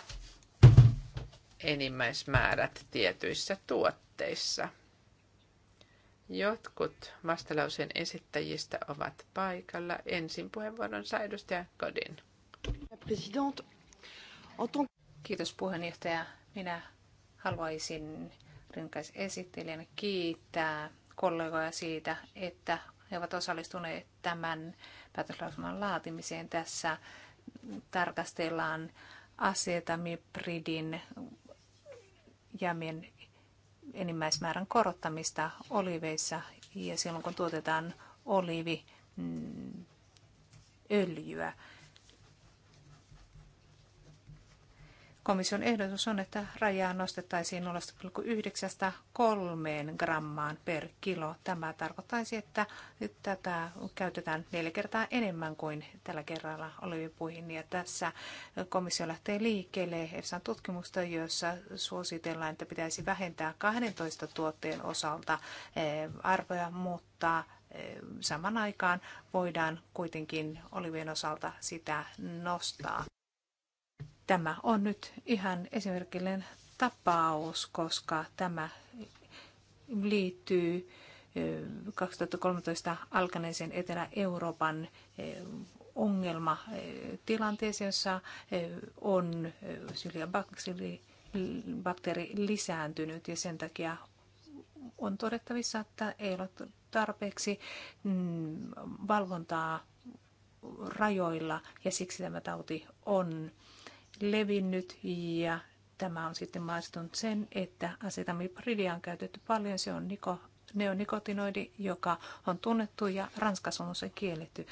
enimmäismäärät tietyissä tuotteissa. Jotkut vastalauseen esittäjistä ovat paikalla. Ensin puheenvuoron saa edustaja Kodin. Kiitos puheenjohtaja. Minä haluaisin kanssa esittelijänä kiittää kollegoja siitä, että he ovat osallistuneet tämän päätöslausuman laatimiseen. Tässä tarkastellaan ja jämien enimmäismäärän korottamista oliveissa ja silloin kun tuotetaan oliiviöljyä. Komission ehdotus on, että rajaa nostettaisiin 0,9 kolmeen grammaan per kilo. Tämä tarkoittaisi, että nyt tätä käytetään neljä kertaa enemmän kuin tällä kerralla olivipuihin. Ja tässä komissio lähtee liikkeelle EFSAn tutkimusta, jossa suositellaan, että pitäisi vähentää 12 tuotteen osalta eh, arvoja, mutta eh, saman aikaan voidaan kuitenkin olivien osalta sitä nostaa. Tämä on nyt ihan esimerkillinen tapaus, koska tämä liittyy 2013 alkaneeseen Etelä-Euroopan ongelmatilanteeseen, jossa on syliabakteeri lisääntynyt ja sen takia on todettavissa, että ei ole tarpeeksi mm, valvontaa rajoilla ja siksi tämä tauti on levinnyt ja tämä on sitten maistunut sen, että asetamipridia on käytetty paljon. Se on niko, neonikotinoidi, joka on tunnettu ja Ranskassa on se kielletty.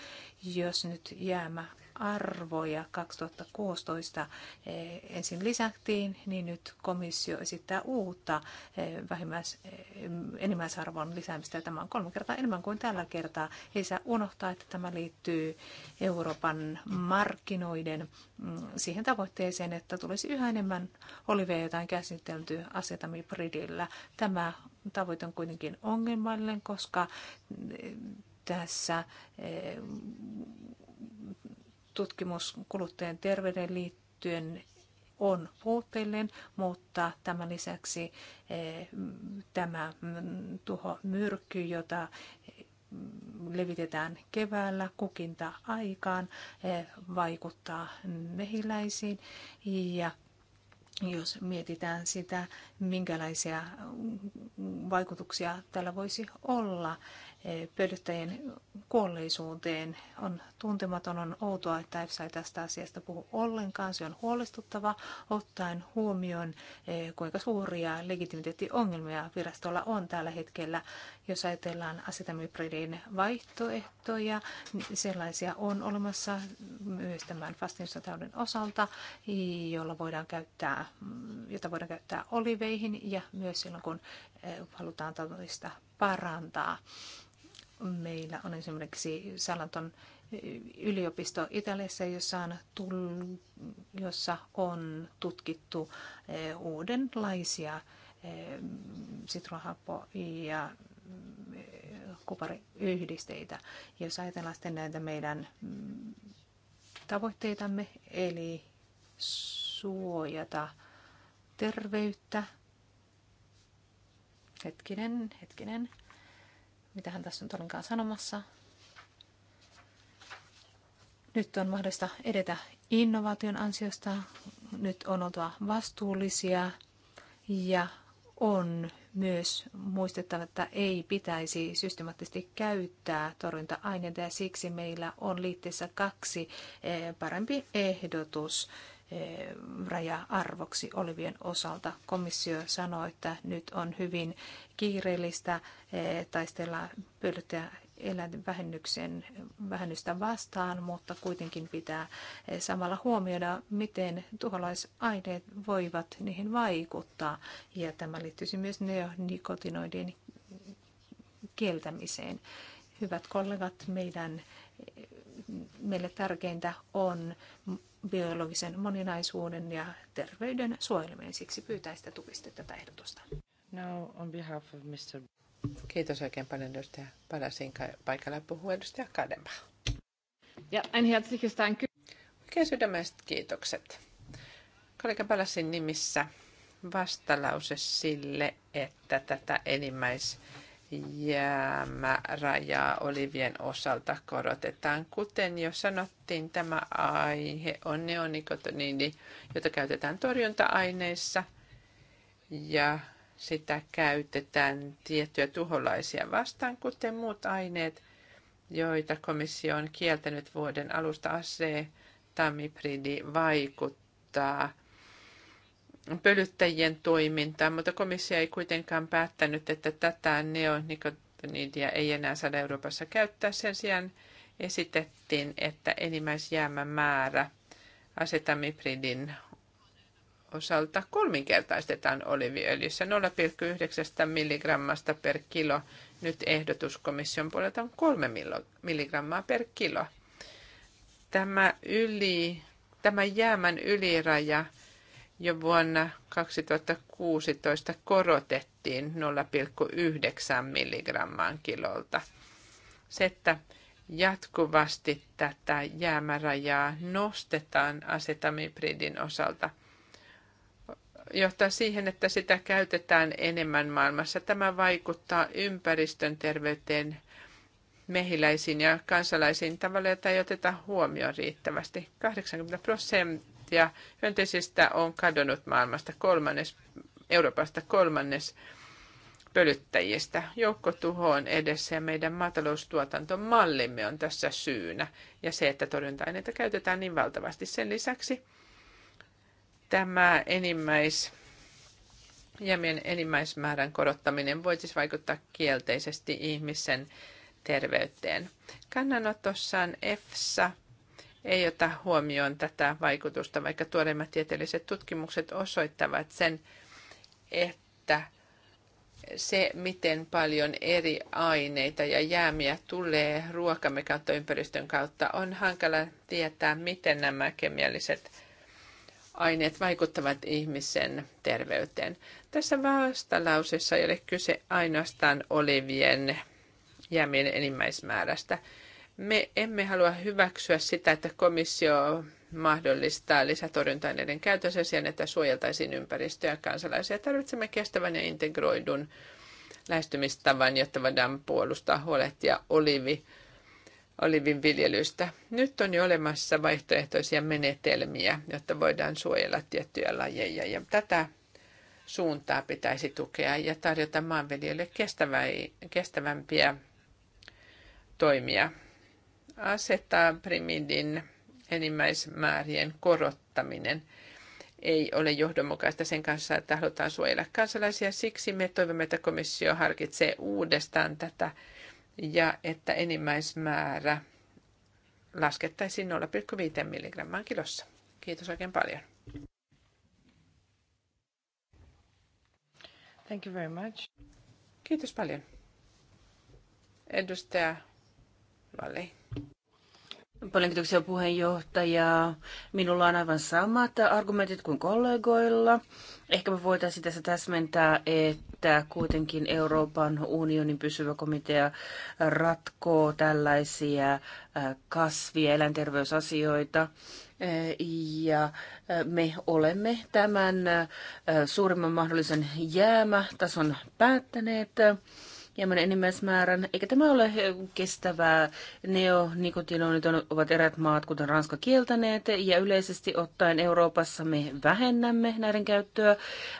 Jos nyt jäämä arvoja 2016 e, ensin lisättiin, niin nyt komissio esittää uutta e, vähimmäis, e, enimmäisarvon lisäämistä. Tämä on kolme kertaa enemmän kuin tällä kertaa. Ei saa unohtaa, että tämä liittyy Euroopan markkinoiden mm, siihen tavoitteeseen, että tulisi yhä enemmän oliveja, jotain käsitelty asetamibridillä. Tämä tavoite on kuitenkin ongelmallinen, koska mm, tässä tutkimus kuluttajien terveyden liittyen on puutteellinen, mutta tämän lisäksi eh, tämä mm, tuho myrkky, jota mm, levitetään keväällä kukinta-aikaan, eh, vaikuttaa mehiläisiin ja jos mietitään sitä, minkälaisia mm, vaikutuksia tällä voisi olla pölyttäjien kuolleisuuteen. On tuntematon, on outoa, että EFSA ei tästä asiasta puhu ollenkaan. Se on huolestuttava ottaen huomioon, eh, kuinka suuria legitimiteettiongelmia virastolla on tällä hetkellä. Jos ajatellaan asetamibridin vaihtoehtoja, niin sellaisia on olemassa myös tämän fastinsotauden osalta, jolla voidaan käyttää, jota voidaan käyttää oliveihin ja myös silloin, kun eh, halutaan taloudellista parantaa meillä on esimerkiksi Salaton eh, yliopisto Italiassa, jossa on, jossa on tutkittu eh, uudenlaisia eh, sitruhappo- ja kupariyhdisteitä. Jos ajatellaan sitten näitä meidän mm, tavoitteitamme, eli suojata terveyttä. Hetkinen, hetkinen mitä hän tässä nyt olinkaan sanomassa. Nyt on mahdollista edetä innovaation ansiosta. Nyt on oltava vastuullisia ja on myös muistettava, että ei pitäisi systemaattisesti käyttää torjunta-aineita ja siksi meillä on liitteessä kaksi eh, parempi ehdotus Eh, raja-arvoksi olevien osalta. Komissio sanoi, että nyt on hyvin kiireellistä eh, taistella pölyttäjä eläinten vähennyksen, vähennystä vastaan, mutta kuitenkin pitää eh, samalla huomioida, miten tuholaisaineet voivat niihin vaikuttaa. Ja tämä liittyisi myös neonikotinoidien kieltämiseen. Hyvät kollegat, meidän meille tärkeintä on biologisen moninaisuuden ja terveyden suojeleminen. Siksi pyytäisin, sitä tukista tätä ehdotusta. Now on behalf of Mr. Kiitos oikein paljon edustaja Palasin paikalla puhuu edustaja Kadema. Ja en herzliches Oikein sydämestä kiitokset. Kollega Palasin nimissä vastalause sille, että tätä enimmäis jäämäraja olivien osalta korotetaan. Kuten jo sanottiin, tämä aihe on neonikotoniini, jota käytetään torjunta-aineissa ja sitä käytetään tiettyjä tuholaisia vastaan, kuten muut aineet, joita komissio on kieltänyt vuoden alusta. Ase tamipridi vaikuttaa pölyttäjien toimintaa, mutta komissio ei kuitenkaan päättänyt, että tätä neonikotinidia ei enää saada Euroopassa käyttää. Sen sijaan esitettiin, että enimmäisjäämän määrä asetamipridin osalta kolminkertaistetaan oliviöljyssä 0,9 milligrammasta per kilo. Nyt ehdotus komission puolelta on 3 milligrammaa per kilo. Tämä, yli, tämä jäämän yliraja – jo vuonna 2016 korotettiin 0,9 milligrammaan kilolta. Se, että jatkuvasti tätä jäämärajaa nostetaan asetamipridin osalta, johtaa siihen, että sitä käytetään enemmän maailmassa. Tämä vaikuttaa ympäristön terveyteen mehiläisiin ja kansalaisiin tavalla, jota ei oteta huomioon riittävästi. 80 prosenttia prosenttia hyönteisistä on kadonnut maailmasta kolmannes, Euroopasta kolmannes pölyttäjistä. Joukkotuho on edessä ja meidän maataloustuotantomallimme on tässä syynä ja se, että torjunta-aineita käytetään niin valtavasti. Sen lisäksi tämä enimmäis jämien enimmäismäärän korottaminen voi siis vaikuttaa kielteisesti ihmisen terveyteen. Kannanotossaan EFSA – ei ota huomioon tätä vaikutusta, vaikka tuoreimmat tieteelliset tutkimukset osoittavat sen, että se, miten paljon eri aineita ja jäämiä tulee ruokamme kautta ympäristön kautta, on hankala tietää, miten nämä kemialliset aineet vaikuttavat ihmisen terveyteen. Tässä vastalauseessa ei ole kyse ainoastaan olivien jäämien enimmäismäärästä. Me emme halua hyväksyä sitä, että komissio mahdollistaa lisätorjunta-aineiden käytön sen sijaan, että suojeltaisiin ympäristöä ja kansalaisia. Tarvitsemme kestävän ja integroidun lähestymistavan, jotta voidaan puolustaa huolehtia olivi, olivin viljelystä. Nyt on jo olemassa vaihtoehtoisia menetelmiä, jotta voidaan suojella tiettyjä lajeja. Ja tätä suuntaa pitäisi tukea ja tarjota maanviljelijöille kestävämpiä toimia asettaa primidin enimmäismäärien korottaminen ei ole johdonmukaista sen kanssa, että halutaan suojella kansalaisia. Siksi me toivomme, että komissio harkitsee uudestaan tätä ja että enimmäismäärä laskettaisiin 0,5 mg kilossa. Kiitos oikein paljon. Thank you very much. Kiitos paljon. Edustaja Valley. Paljon kiitoksia puheenjohtaja. Minulla on aivan samat argumentit kuin kollegoilla. Ehkä me voitaisiin tässä täsmentää, että kuitenkin Euroopan unionin pysyvä komitea ratkoo tällaisia kasvi- ja eläinterveysasioita. Ja me olemme tämän suurimman mahdollisen jäämätason päättäneet hieman enimmäismäärän, eikä tämä ole kestävää. Neonikotinoidit ovat erät maat, kuten Ranska, kieltäneet, ja yleisesti ottaen Euroopassa me vähennämme näiden käyttöä,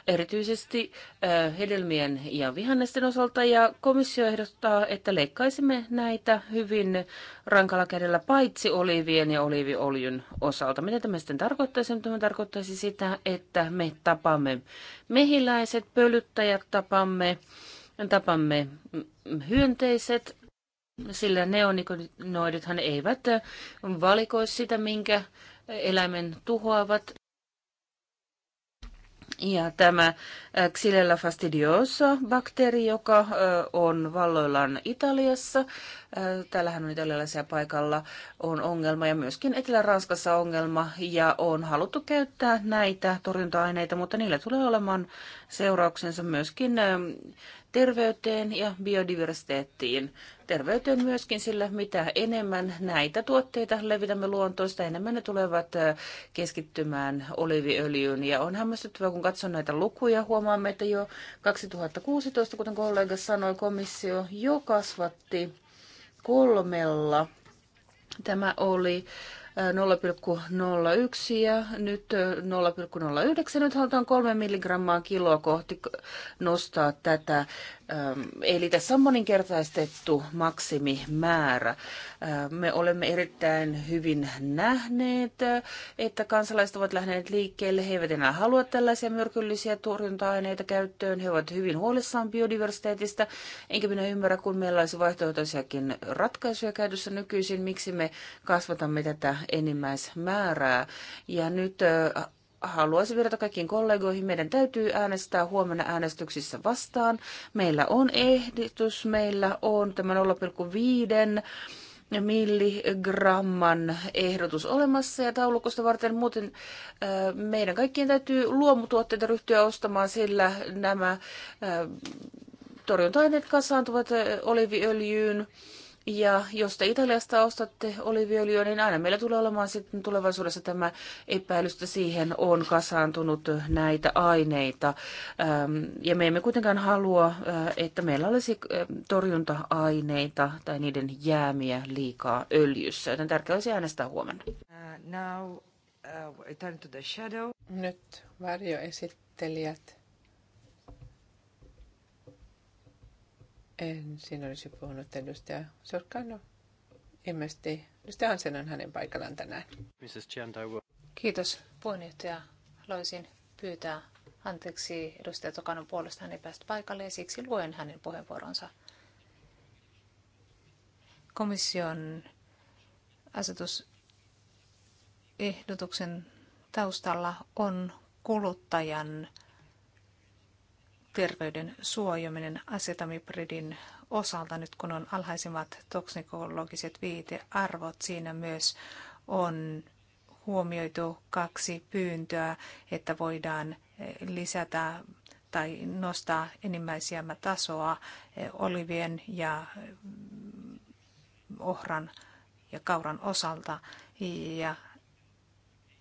erityisesti äh, hedelmien ja vihannesten osalta, ja komissio ehdottaa, että leikkaisimme näitä hyvin rankalla kädellä, paitsi olivien ja oliiviöljyn osalta. Mitä tämä sitten tarkoittaisi? No, tämä tarkoittaisi sitä, että me tapamme mehiläiset, pölyttäjät tapamme, tapamme hyönteiset, sillä neonikonoidithan eivät valikoi sitä, minkä eläimen tuhoavat. Ja tämä Xylella fastidiosa bakteeri, joka on valloillaan Italiassa, täällähän on italialaisia paikalla, on ongelma ja myöskin Etelä-Ranskassa ongelma ja on haluttu käyttää näitä torjunta-aineita, mutta niillä tulee olemaan seurauksensa myöskin ähm, terveyteen ja biodiversiteettiin. Terveyteen myöskin, sillä mitä enemmän näitä tuotteita levitämme luontoista, enemmän ne tulevat äh, keskittymään oliviöljyyn. Ja on hämmästyttävää, kun katson näitä lukuja, huomaamme, että jo 2016, kuten kollega sanoi, komissio jo kasvatti kolmella. Tämä oli 0,01 ja nyt 0,09. Nyt halutaan 3 milligrammaa kiloa kohti nostaa tätä Ähm, eli tässä on moninkertaistettu maksimimäärä. Äh, me olemme erittäin hyvin nähneet, että kansalaiset ovat lähteneet liikkeelle. He eivät enää halua tällaisia myrkyllisiä torjunta-aineita käyttöön. He ovat hyvin huolissaan biodiversiteetistä. Enkä minä ymmärrä, kun meillä olisi vaihtoehtoisiakin ratkaisuja käytössä nykyisin, miksi me kasvatamme tätä enimmäismäärää. Ja nyt äh, haluaisin vedota kaikkiin kollegoihin. Meidän täytyy äänestää huomenna äänestyksissä vastaan. Meillä on ehdotus, meillä on tämä 0,5 milligramman ehdotus olemassa ja taulukosta varten muuten meidän kaikkien täytyy luomutuotteita ryhtyä ostamaan, sillä nämä torjunta-aineet kasaantuvat oliviöljyyn ja jos te Italiasta ostatte oliviöljyä, niin aina meillä tulee olemaan sitten tulevaisuudessa tämä epäilystä siihen on kasaantunut näitä aineita. Ähm, ja me emme kuitenkaan halua, äh, että meillä olisi äh, torjunta-aineita tai niiden jäämiä liikaa öljyssä, joten tärkeää olisi äänestää huomenna. Uh, now, uh, turn to the shadow. Nyt varjoesittelijät. siinä olisi puhunut edustaja Sorkano. Ilmeisesti edustaja Hansen on hänen paikallaan tänään. Mrs. Kiitos puheenjohtaja. Haluaisin pyytää anteeksi edustaja Tokanon puolesta. Hän ei päästä paikalle ja siksi luen hänen puheenvuoronsa. Komission asetusehdotuksen taustalla on kuluttajan terveyden suojaminen asetamipridin osalta, nyt kun on alhaisimmat toksikologiset viitearvot, siinä myös on huomioitu kaksi pyyntöä, että voidaan eh, lisätä tai nostaa tasoa eh, olivien ja mm, ohran ja kauran osalta. Ja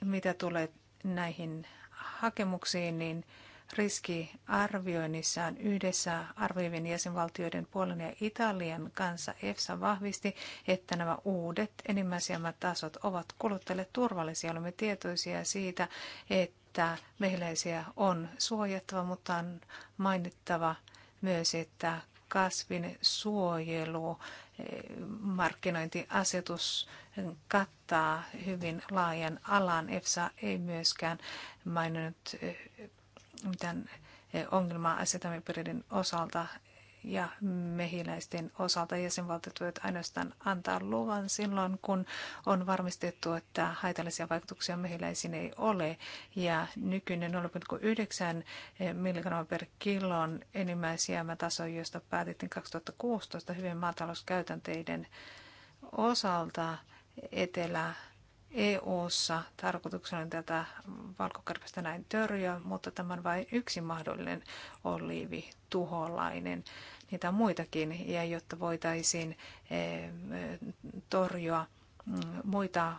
mitä tulee näihin hakemuksiin, niin riskiarvioinnissaan yhdessä arvioivien jäsenvaltioiden Puolan ja Italian kanssa EFSA vahvisti, että nämä uudet tasot ovat kuluttajille turvallisia. Olemme tietoisia siitä, että mehiläisiä on suojattava, mutta on mainittava myös, että kasvin suojelu eh, markkinointiasetus kattaa hyvin laajan alan. EFSA ei myöskään maininnut eh, mitään eh, ongelmaa asetamipiirien osalta ja mehiläisten osalta jäsenvaltiot voivat ainoastaan antaa luvan silloin, kun on varmistettu, että haitallisia vaikutuksia mehiläisiin ei ole. Ja nykyinen 0,9 eh, mg per kilon enimmäisjäämätaso, josta päätettiin 2016 hyvin maatalouskäytänteiden osalta etelä EU:ssa tarkoituksena on tätä valkokärpästä näin törjää, mutta tämän vain yksi mahdollinen oliivi tuholainen. Niitä on muitakin, ja jotta voitaisiin e, torjua mm, muita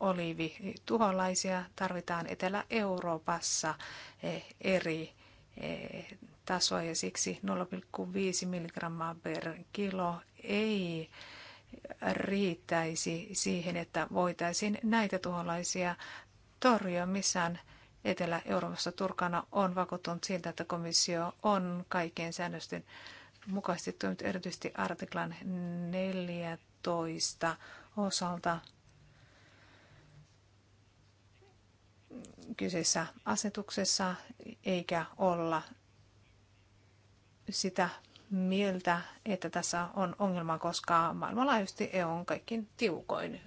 oliivituholaisia, tarvitaan Etelä-Euroopassa e, eri e, tasoja, siksi 0,5 mg per kilo ei riittäisi siihen, että voitaisiin näitä tuholaisia torjua missään Etelä-Euroopassa. Turkana on vakuuttunut siltä, että komissio on kaikkien säännösten mukaisesti toiminut erityisesti artiklan 14 osalta kyseessä asetuksessa, eikä olla sitä mieltä, että tässä on ongelma, koska maailmanlaajuisesti EU on kaikkein tiukoin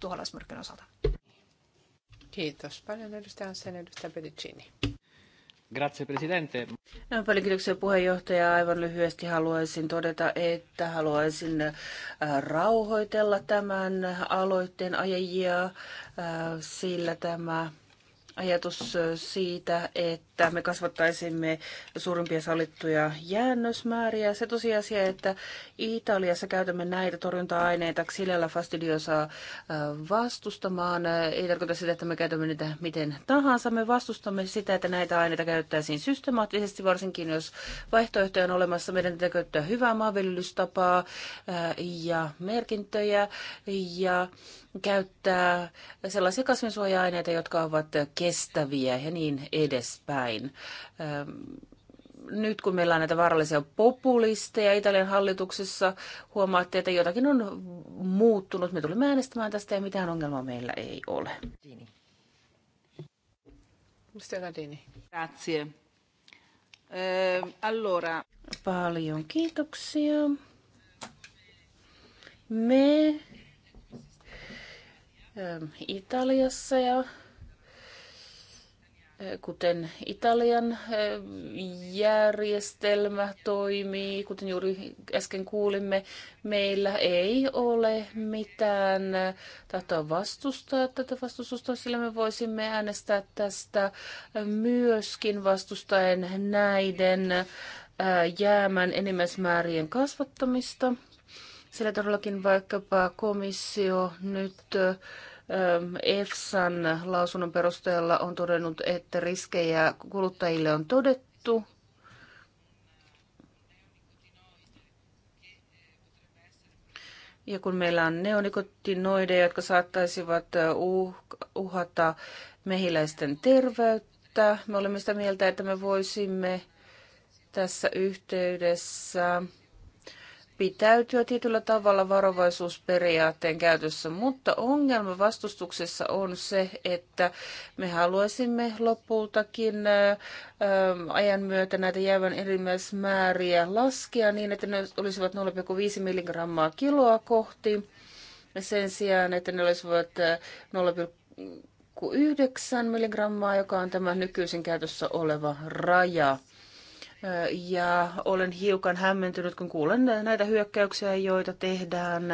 tuholaismyrkyn osalta. Kiitos paljon edustaja Hansen, edustaja Pedicini. Grazie, presidente. No, paljon kiitoksia puheenjohtaja. Aivan lyhyesti haluaisin todeta, että haluaisin äh, rauhoitella tämän aloitteen ajajia, äh, sillä tämä ajatus siitä, että me kasvattaisimme suurimpia sallittuja jäännösmääriä. Se tosiasia, että Italiassa käytämme näitä torjunta-aineita Xylella fastidiosaa vastustamaan, ei tarkoita sitä, että me käytämme niitä miten tahansa. Me vastustamme sitä, että näitä aineita käyttäisiin systemaattisesti, varsinkin jos vaihtoehtoja on olemassa. Meidän pitää käyttää hyvää maanviljelystapaa ja merkintöjä ja käyttää sellaisia kasvinsuoja-aineita, jotka ovat kestäviä ja niin edespäin. Ähm, nyt kun meillä on näitä vaarallisia populisteja Italian hallituksessa, huomaatte, että jotakin on muuttunut. Me tulemme äänestämään tästä ja mitään ongelmaa meillä ei ole. Dini. Dini. Grazie. Eh, allora. Paljon kiitoksia. Me ähm, Italiassa ja kuten Italian eh, järjestelmä toimii, kuten juuri äsken kuulimme, meillä ei ole mitään tahtoa vastustaa tätä vastustusta, sillä me voisimme äänestää tästä myöskin vastustaen näiden eh, jäämän enimmäismäärien kasvattamista. Sillä todellakin vaikkapa komissio nyt eh, EFSAn lausunnon perusteella on todennut, että riskejä kuluttajille on todettu. Ja kun meillä on neonikotinoideja, jotka saattaisivat uh-, uhata mehiläisten terveyttä, me olemme sitä mieltä, että me voisimme tässä yhteydessä pitäytyä tietyllä tavalla varovaisuusperiaatteen käytössä, mutta ongelma vastustuksessa on se, että me haluaisimme lopultakin ajan myötä näitä jäävän erimmäismääriä laskea niin, että ne olisivat 0,5 milligrammaa kiloa kohti sen sijaan, että ne olisivat 0,9 milligrammaa, joka on tämä nykyisin käytössä oleva raja ja olen hiukan hämmentynyt, kun kuulen näitä hyökkäyksiä, joita tehdään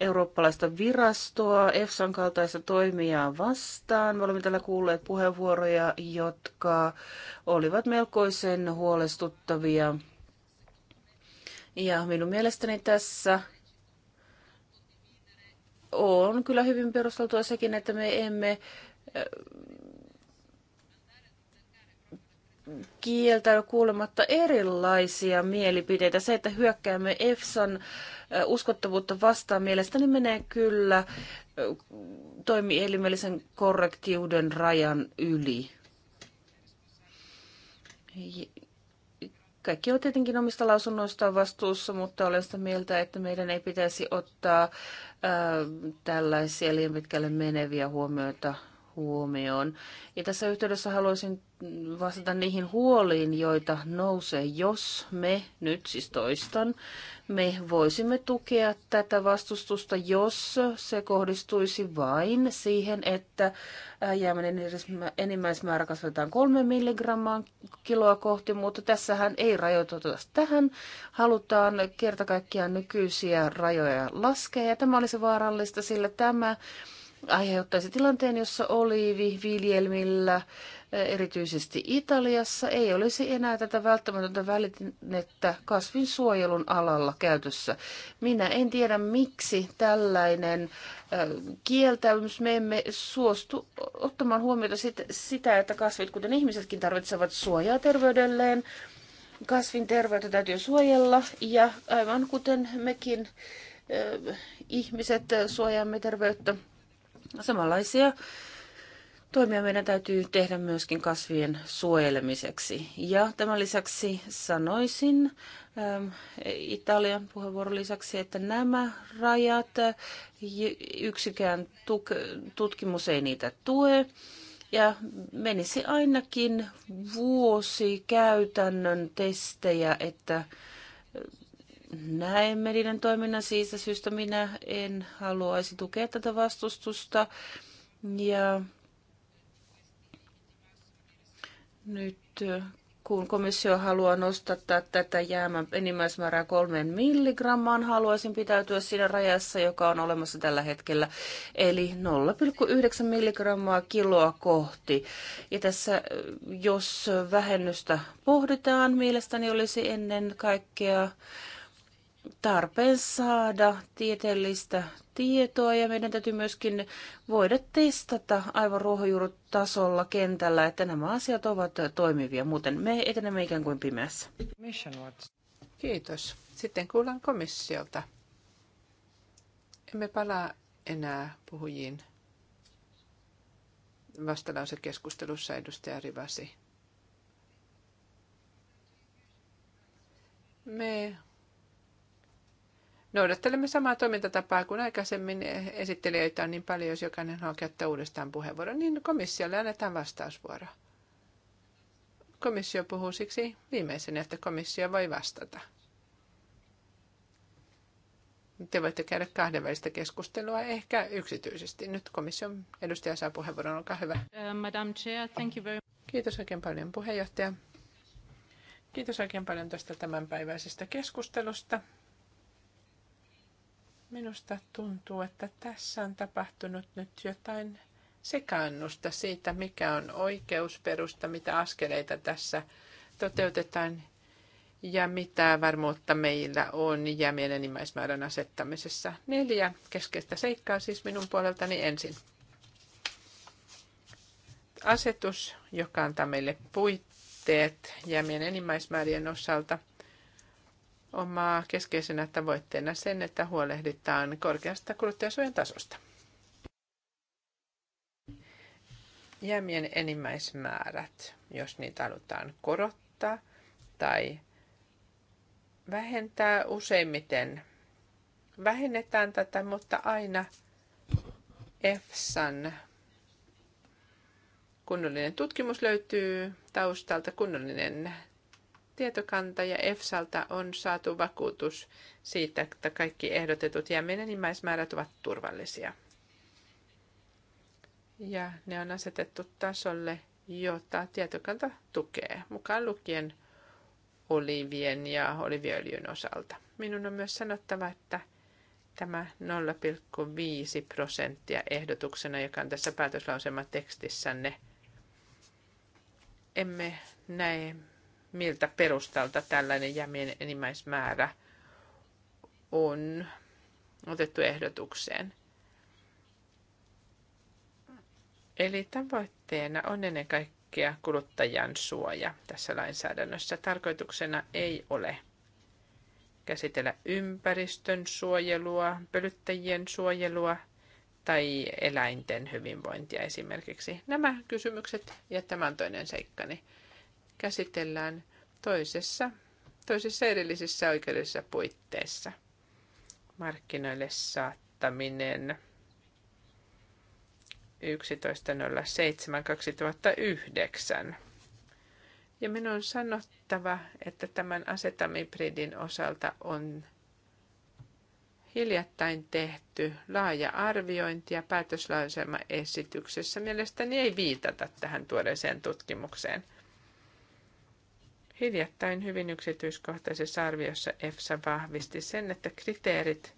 eurooppalaista virastoa, EFSAn kaltaista toimijaa vastaan. Me olemme täällä kuulleet puheenvuoroja, jotka olivat melkoisen huolestuttavia. Ja minun mielestäni tässä on kyllä hyvin perusteltua sekin, että me emme kieltäydy kuulematta erilaisia mielipiteitä. Se, että hyökkäämme EFSAn uskottavuutta vastaan mielestäni menee kyllä toimielimellisen korrektiuden rajan yli. Kaikki on tietenkin omista lausunnoistaan vastuussa, mutta olen sitä mieltä, että meidän ei pitäisi ottaa äh, tällaisia liian pitkälle meneviä huomioita huomioon. Ja tässä yhteydessä haluaisin vastata niihin huoliin, joita nousee, jos me nyt siis toistan, me voisimme tukea tätä vastustusta, jos se kohdistuisi vain siihen, että jääminen enimmäismäärä kasvatetaan kolme milligrammaa kiloa kohti, mutta tässähän ei rajoituta tähän. Halutaan kertakaikkiaan nykyisiä rajoja laskea ja tämä olisi vaarallista, sillä tämä aiheuttaisi tilanteen, jossa oliivi viljelmillä erityisesti Italiassa, ei olisi enää tätä välttämätöntä välinettä kasvinsuojelun alalla käytössä. Minä en tiedä, miksi tällainen kieltäymys. Me emme suostu ottamaan huomiota sitä, että kasvit, kuten ihmisetkin, tarvitsevat suojaa terveydelleen. Kasvin terveyttä täytyy suojella ja aivan kuten mekin ihmiset suojaamme terveyttä samanlaisia Toimia meidän täytyy tehdä myöskin kasvien suojelemiseksi. Ja tämän lisäksi sanoisin ähm, Italian puheenvuoron lisäksi, että nämä rajat, yksikään tuk- tutkimus ei niitä tue. Ja menisi ainakin vuosi käytännön testejä, että äh, näemme niiden toiminnan. Siitä syystä minä en haluaisi tukea tätä vastustusta. Ja Nyt kun komissio haluaa nostattaa tätä jäämän enimmäismäärää kolmeen milligrammaan, haluaisin pitäytyä siinä rajassa, joka on olemassa tällä hetkellä, eli 0,9 milligrammaa kiloa kohti. Ja tässä, jos vähennystä pohditaan, mielestäni olisi ennen kaikkea tarpeen saada tieteellistä tietoa ja meidän täytyy myöskin voida testata aivan ruohonjuuritasolla kentällä, että nämä asiat ovat toimivia. Muuten me etenemme ikään kuin pimeässä. Kiitos. Sitten kuullaan komissiolta. Emme palaa enää puhujiin vastalausekeskustelussa edustaja Rivasi. Me noudattelemme samaa toimintatapaa kuin aikaisemmin. Esittelijöitä on niin paljon, jos jokainen haluaa käyttää uudestaan puheenvuoron, niin komissiolle annetaan vastausvuoro. Komissio puhuu siksi viimeisenä, että komissio voi vastata. Te voitte käydä kahdenvälistä keskustelua ehkä yksityisesti. Nyt komission edustaja saa puheenvuoron, olkaa hyvä. Uh, Kiitos oikein paljon puheenjohtaja. Kiitos oikein paljon tästä tämänpäiväisestä keskustelusta. Minusta tuntuu, että tässä on tapahtunut nyt jotain sekaannusta siitä, mikä on oikeusperusta, mitä askeleita tässä toteutetaan ja mitä varmuutta meillä on ja mielenimaismäärän asettamisessa. Neljä keskeistä seikkaa siis minun puoleltani ensin. Asetus, joka antaa meille puitteet jämien enimmäismäärien osalta – omaa keskeisenä tavoitteena sen, että huolehditaan korkeasta kuluttajasuojan tasosta. Jämien enimmäismäärät, jos niitä halutaan korottaa tai vähentää useimmiten. Vähennetään tätä, mutta aina EFSAn kunnollinen tutkimus löytyy taustalta, kunnollinen tietokanta ja EFSAlta on saatu vakuutus siitä, että kaikki ehdotetut jäämien enimmäismäärät ovat turvallisia. Ja ne on asetettu tasolle, jota tietokanta tukee, mukaan lukien olivien ja oliviöljyn osalta. Minun on myös sanottava, että tämä 0,5 prosenttia ehdotuksena, joka on tässä päätöslauselman tekstissänne, emme näe miltä perustalta tällainen jämien enimmäismäärä on otettu ehdotukseen. Eli tavoitteena on ennen kaikkea kuluttajan suoja tässä lainsäädännössä. Tarkoituksena ei ole käsitellä ympäristön suojelua, pölyttäjien suojelua tai eläinten hyvinvointia esimerkiksi. Nämä kysymykset ja on toinen seikkani. Niin käsitellään toisessa, toisessa erillisissä oikeudellisissa puitteessa. Markkinoille saattaminen 11.07.2009. Ja minun on sanottava, että tämän asetamibridin osalta on hiljattain tehty laaja arviointi ja päätöslauselma esityksessä mielestäni ei viitata tähän tuoreeseen tutkimukseen – Hiljattain hyvin yksityiskohtaisessa arviossa EFSA vahvisti sen, että kriteerit,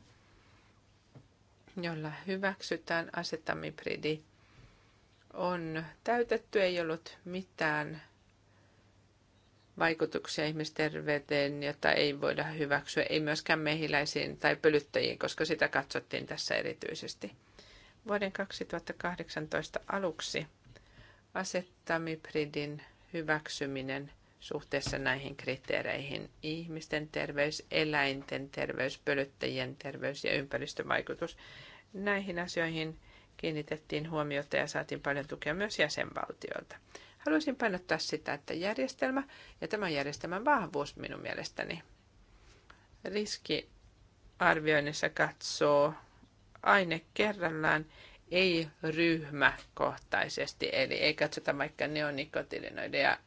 joilla hyväksytään asetamipridi, on täytetty, ei ollut mitään vaikutuksia ihmisterveyteen, jota ei voida hyväksyä, ei myöskään mehiläisiin tai pölyttäjiin, koska sitä katsottiin tässä erityisesti. Vuoden 2018 aluksi asettamipridin hyväksyminen – suhteessa näihin kriteereihin. Ihmisten terveys, eläinten terveys, pölyttäjien terveys ja ympäristövaikutus. Näihin asioihin kiinnitettiin huomiota ja saatiin paljon tukea myös jäsenvaltioilta. Haluaisin painottaa sitä, että järjestelmä ja tämän järjestelmän vahvuus minun mielestäni riskiarvioinnissa katsoo aine kerrallaan, ei ryhmäkohtaisesti, eli ei katsota vaikka neonikotinoideja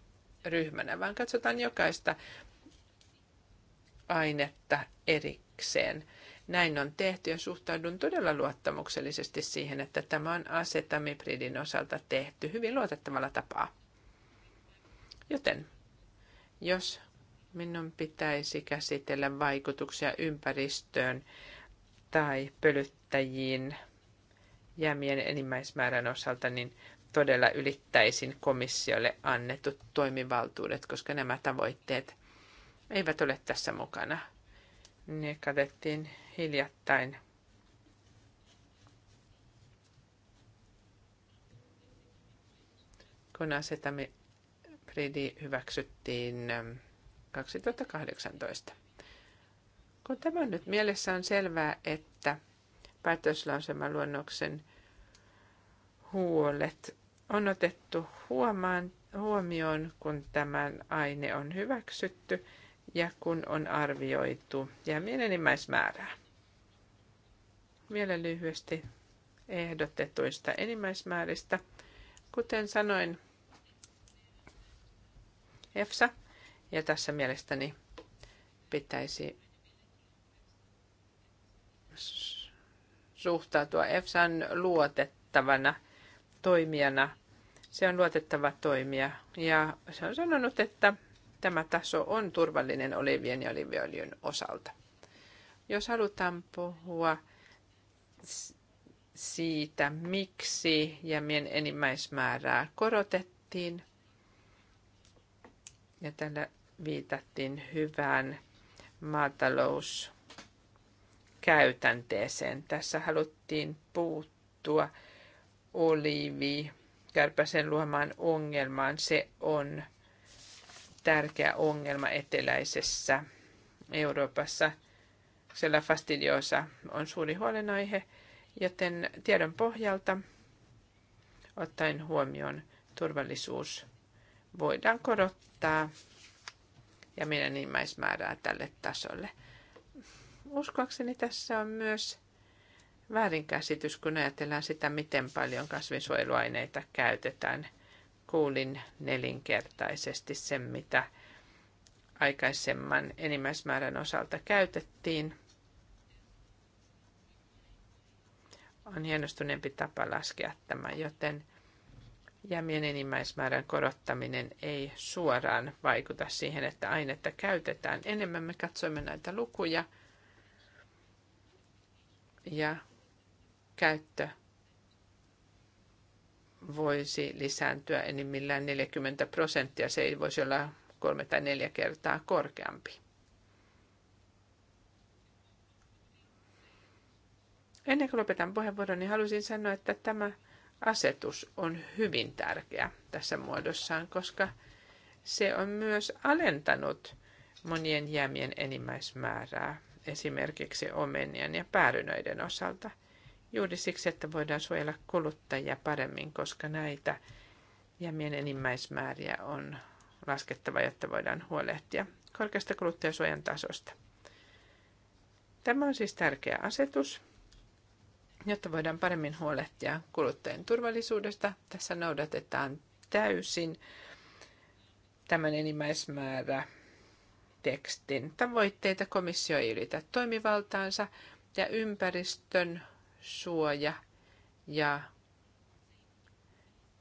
ryhmänä, vaan katsotaan jokaista ainetta erikseen. Näin on tehty ja suhtaudun todella luottamuksellisesti siihen, että tämä on asetamipridin osalta tehty hyvin luotettavalla tapaa. Joten jos minun pitäisi käsitellä vaikutuksia ympäristöön tai pölyttäjiin jämien enimmäismäärän osalta, niin todella ylittäisin komissiolle annetut toimivaltuudet, koska nämä tavoitteet eivät ole tässä mukana. Ne katettiin hiljattain kun asetamme Pridi hyväksyttiin 2018. Ähm, kun tämä on nyt mielessä, on selvää, että päätöslauselman luonnoksen huolet on otettu huomaan, huomioon, kun tämä aine on hyväksytty ja kun on arvioitu ja enimmäismäärää. Vielä lyhyesti ehdotetuista enimmäismääristä. Kuten sanoin, EFSA, ja tässä mielestäni pitäisi suhtautua EFSAn luotettavana toimijana – se on luotettava toimija ja se on sanonut, että tämä taso on turvallinen olivien ja oliviöljyn osalta. Jos halutaan puhua siitä, miksi jämien enimmäismäärää korotettiin, ja tällä viitattiin hyvään maatalouskäytänteeseen. Tässä haluttiin puuttua olivi kärpäsen luomaan ongelmaan. Se on tärkeä ongelma eteläisessä Euroopassa. Sillä fastidiosa on suuri huolenaihe, joten tiedon pohjalta ottaen huomioon turvallisuus voidaan korottaa ja minimimmäismäärää tälle tasolle. Uskoakseni tässä on myös väärinkäsitys, kun ajatellaan sitä, miten paljon kasvinsuojeluaineita käytetään. Kuulin nelinkertaisesti sen, mitä aikaisemman enimmäismäärän osalta käytettiin. On hienostuneempi tapa laskea tämä, joten jämien enimmäismäärän korottaminen ei suoraan vaikuta siihen, että ainetta käytetään. Enemmän me katsoimme näitä lukuja ja käyttö voisi lisääntyä enimmillään 40 prosenttia. Se ei voisi olla kolme tai neljä kertaa korkeampi. Ennen kuin lopetan puheenvuoron, niin haluaisin sanoa, että tämä asetus on hyvin tärkeä tässä muodossaan, koska se on myös alentanut monien jäämien enimmäismäärää, esimerkiksi omenien ja päärynöiden osalta juuri siksi, että voidaan suojella kuluttajia paremmin, koska näitä jämien enimmäismääriä on laskettava, jotta voidaan huolehtia korkeasta kuluttajasuojan tasosta. Tämä on siis tärkeä asetus, jotta voidaan paremmin huolehtia kuluttajien turvallisuudesta. Tässä noudatetaan täysin tämän enimmäismäärä tekstin tavoitteita. Komissio ei ylitä toimivaltaansa ja ympäristön suoja ja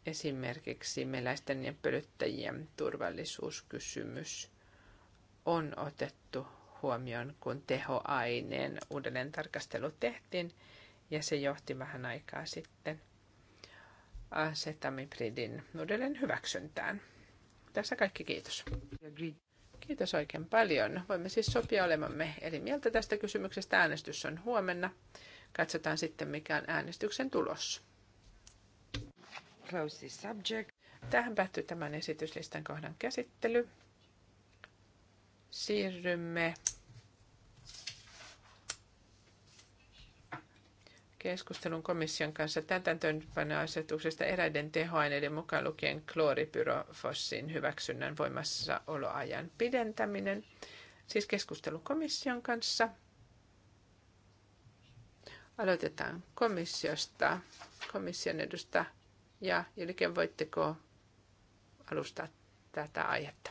esimerkiksi meläisten ja pölyttäjien turvallisuuskysymys on otettu huomioon, kun tehoaineen uudelleen tarkastelu tehtiin, ja se johti vähän aikaa sitten asetamipridin uudelleen hyväksyntään. Tässä kaikki kiitos. Kiitos oikein paljon. Voimme siis sopia olemamme eri mieltä tästä kysymyksestä. Äänestys on huomenna. Katsotaan sitten, mikä on äänestyksen tulos. Close subject. Tähän päättyy tämän esityslistan kohdan käsittely. Siirrymme keskustelun komission kanssa täytäntöönpanoasetuksesta eräiden tehoaineiden mukaan lukien klooripyrofossin hyväksynnän voimassaoloajan pidentäminen. Siis keskustelu komission kanssa. Aloitetaan komissiosta, komission edusta ja Jylken, voitteko alustaa tätä aihetta?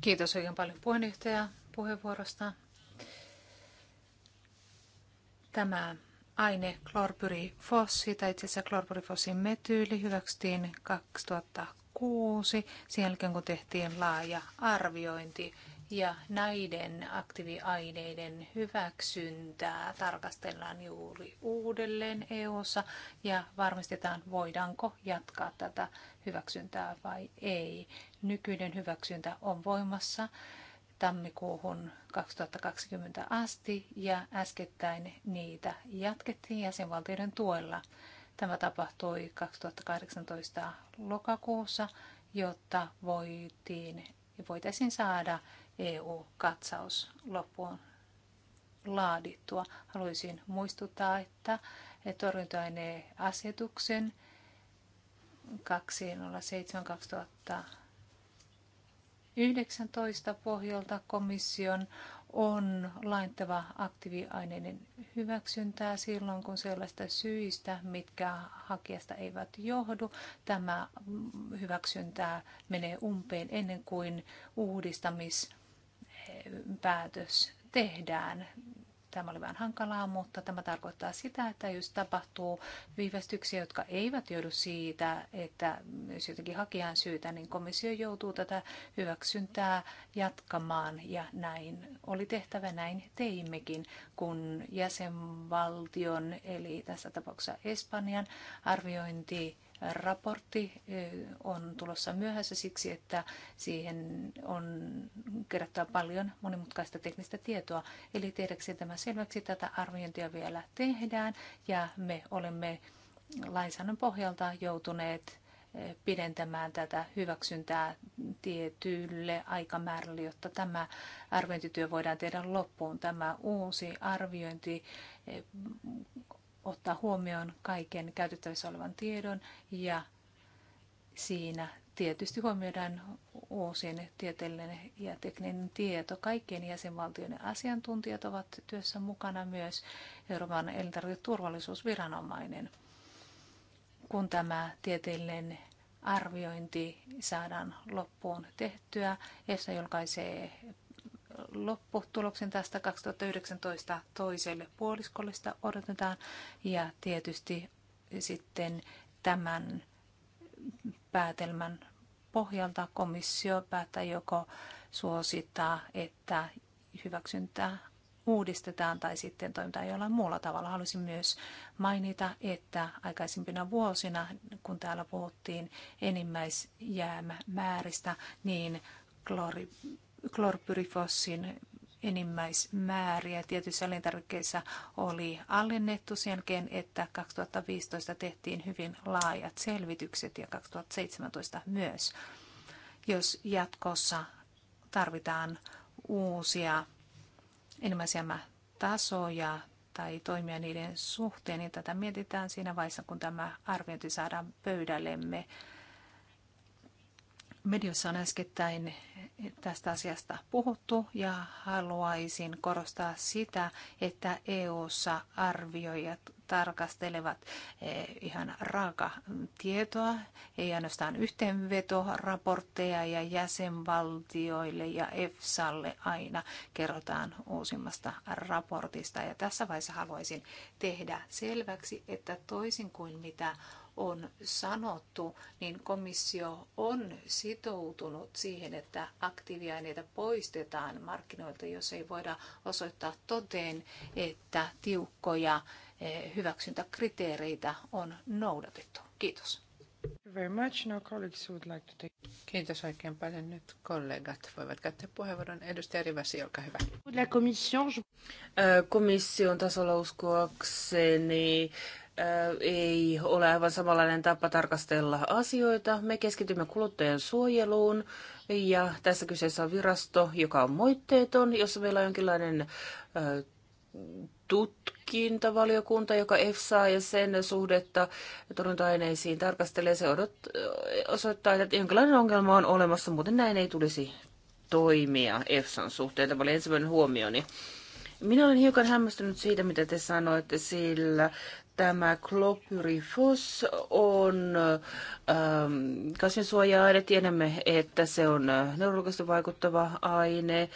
Kiitos oikein paljon puheenjohtaja puheenvuorosta. Tämä aine klorpyrifossi tai itse asiassa klorpyrifossin metyyli hyväksyttiin 2006 sen jälkeen, kun tehtiin laaja arviointi ja näiden aktiiviaineiden hyväksyntää tarkastellaan juuri uudelleen EU:ssa ja varmistetaan, voidaanko jatkaa tätä hyväksyntää vai ei. Nykyinen hyväksyntä on voimassa tammikuuhun 2020 asti ja äskettäin niitä jatkettiin jäsenvaltioiden tuella. Tämä tapahtui 2018 lokakuussa, jotta voitiin, voitaisiin saada EU-katsaus loppuun laadittua. Haluaisin muistuttaa, että torjuntoaineasetuksen 207-2019 pohjalta komission on laittava aktiiviaineiden hyväksyntää silloin, kun sellaista syistä, mitkä hakijasta eivät johdu, tämä hyväksyntää menee umpeen ennen kuin uudistamis päätös tehdään. Tämä oli vähän hankalaa, mutta tämä tarkoittaa sitä, että jos tapahtuu viivästyksiä, jotka eivät joudu siitä, että jos jotenkin hakijan syytä, niin komissio joutuu tätä hyväksyntää jatkamaan. Ja näin oli tehtävä, näin teimmekin, kun jäsenvaltion, eli tässä tapauksessa Espanjan arviointi raportti on tulossa myöhässä siksi, että siihen on kerättävä paljon monimutkaista teknistä tietoa. Eli tehdäkseen tämä selväksi, tätä arviointia vielä tehdään ja me olemme lainsäädännön pohjalta joutuneet pidentämään tätä hyväksyntää tietylle aikamäärälle, jotta tämä arviointityö voidaan tehdä loppuun. Tämä uusi arviointi ottaa huomioon kaiken käytettävissä olevan tiedon ja siinä tietysti huomioidaan uusien tieteellinen ja tekninen tieto. Kaikkien jäsenvaltioiden asiantuntijat ovat työssä mukana myös Euroopan elintarviketurvallisuusviranomainen. Kun tämä tieteellinen arviointi saadaan loppuun tehtyä, EFSA julkaisee lopputuloksen tästä 2019 toiselle puoliskolle sitä odotetaan. Ja tietysti sitten tämän päätelmän pohjalta komissio päättää joko suosittaa, että hyväksyntää uudistetaan tai sitten toimitaan jollain muulla tavalla. Haluaisin myös mainita, että aikaisimpina vuosina, kun täällä puhuttiin enimmäisjäämämääristä, niin klori, klorpyrifossin enimmäismääriä tietyissä elintarvikkeissa oli allennettu sen jälkeen, että 2015 tehtiin hyvin laajat selvitykset ja 2017 myös. Jos jatkossa tarvitaan uusia enimmäisjäämätasoja tai toimia niiden suhteen, niin tätä mietitään siinä vaiheessa, kun tämä arviointi saadaan pöydällemme Mediossa on äskettäin tästä asiasta puhuttu ja haluaisin korostaa sitä, että EU:ssa arvioijat tarkastelevat eh, ihan raaka tietoa, ei ainoastaan yhteenvetoraportteja ja jäsenvaltioille ja EFSAlle aina kerrotaan uusimmasta raportista. Ja tässä vaiheessa haluaisin tehdä selväksi, että toisin kuin mitä on sanottu, niin komissio on sitoutunut siihen, että aktiiviaineita poistetaan markkinoilta, jos ei voida osoittaa toteen, että tiukkoja eh, hyväksyntäkriteereitä on noudatettu. Kiitos. Kiitos oikein paljon. Nyt kollegat voivat käyttää puheenvuoron. Edustaja Rivasi, olkaa hyvä. Komission tasolla uskoakseni ei ole aivan samanlainen tapa tarkastella asioita. Me keskitymme kuluttajan suojeluun ja tässä kyseessä on virasto, joka on moitteeton, jossa meillä on jonkinlainen tutkintavaliokunta, joka EFSA ja sen suhdetta torjunta-aineisiin tarkastelee. Se odot, osoittaa, että jonkinlainen ongelma on olemassa, muuten näin ei tulisi toimia EFSAn suhteen. Tämä oli ensimmäinen huomioni. Niin minä olen hiukan hämmästynyt siitä, mitä te sanoitte, sillä tämä klopyrifos on ähm, kasvinsuoja-aine. Tiedämme, että se on äh, neurologisesti vaikuttava aine, äh,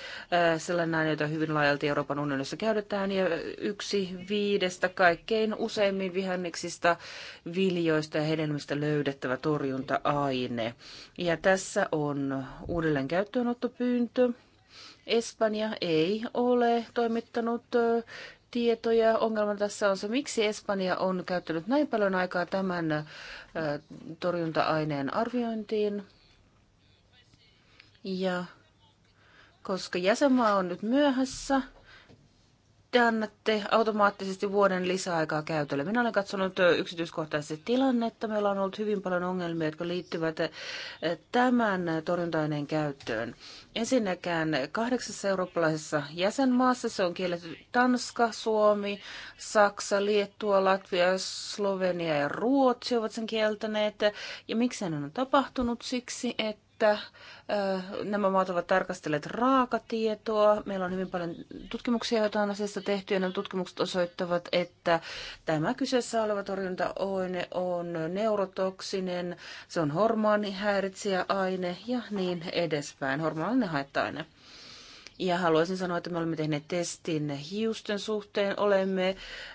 sellainen aine, jota hyvin laajalti Euroopan unionissa käytetään. Ja yksi viidestä kaikkein useimmin vihanneksista viljoista ja hedelmistä löydettävä torjunta-aine. Ja tässä on uudelleen käyttöönottopyyntö. pyyntö Espanja ei ole toimittanut tietoja. Ongelma tässä on se, miksi Espanja on käyttänyt näin paljon aikaa tämän torjunta-aineen arviointiin. Ja koska jäsenmaa on nyt myöhässä, te annatte automaattisesti vuoden lisäaikaa käytölle. Minä olen katsonut yksityiskohtaisesti tilannetta. Meillä on ollut hyvin paljon ongelmia, jotka liittyvät eh, tämän torjunta-aineen käyttöön. Ensinnäkään kahdeksassa eurooppalaisessa jäsenmaassa se on kielletty Tanska, Suomi, Saksa, Liettua, Latvia, Slovenia ja Ruotsi ovat sen kieltäneet. Ja miksi se on tapahtunut? Siksi, että että nämä maat ovat tarkastelleet raakatietoa. Meillä on hyvin paljon tutkimuksia, joita on asiassa tehty, ja nämä tutkimukset osoittavat, että tämä kyseessä oleva torjunta-aine on neurotoksinen, se on hormonihäiritsijäaine ja niin edespäin, hormonallinen haitta-aine. Ja haluaisin sanoa, että me olemme tehneet testin hiusten suhteen. Olemme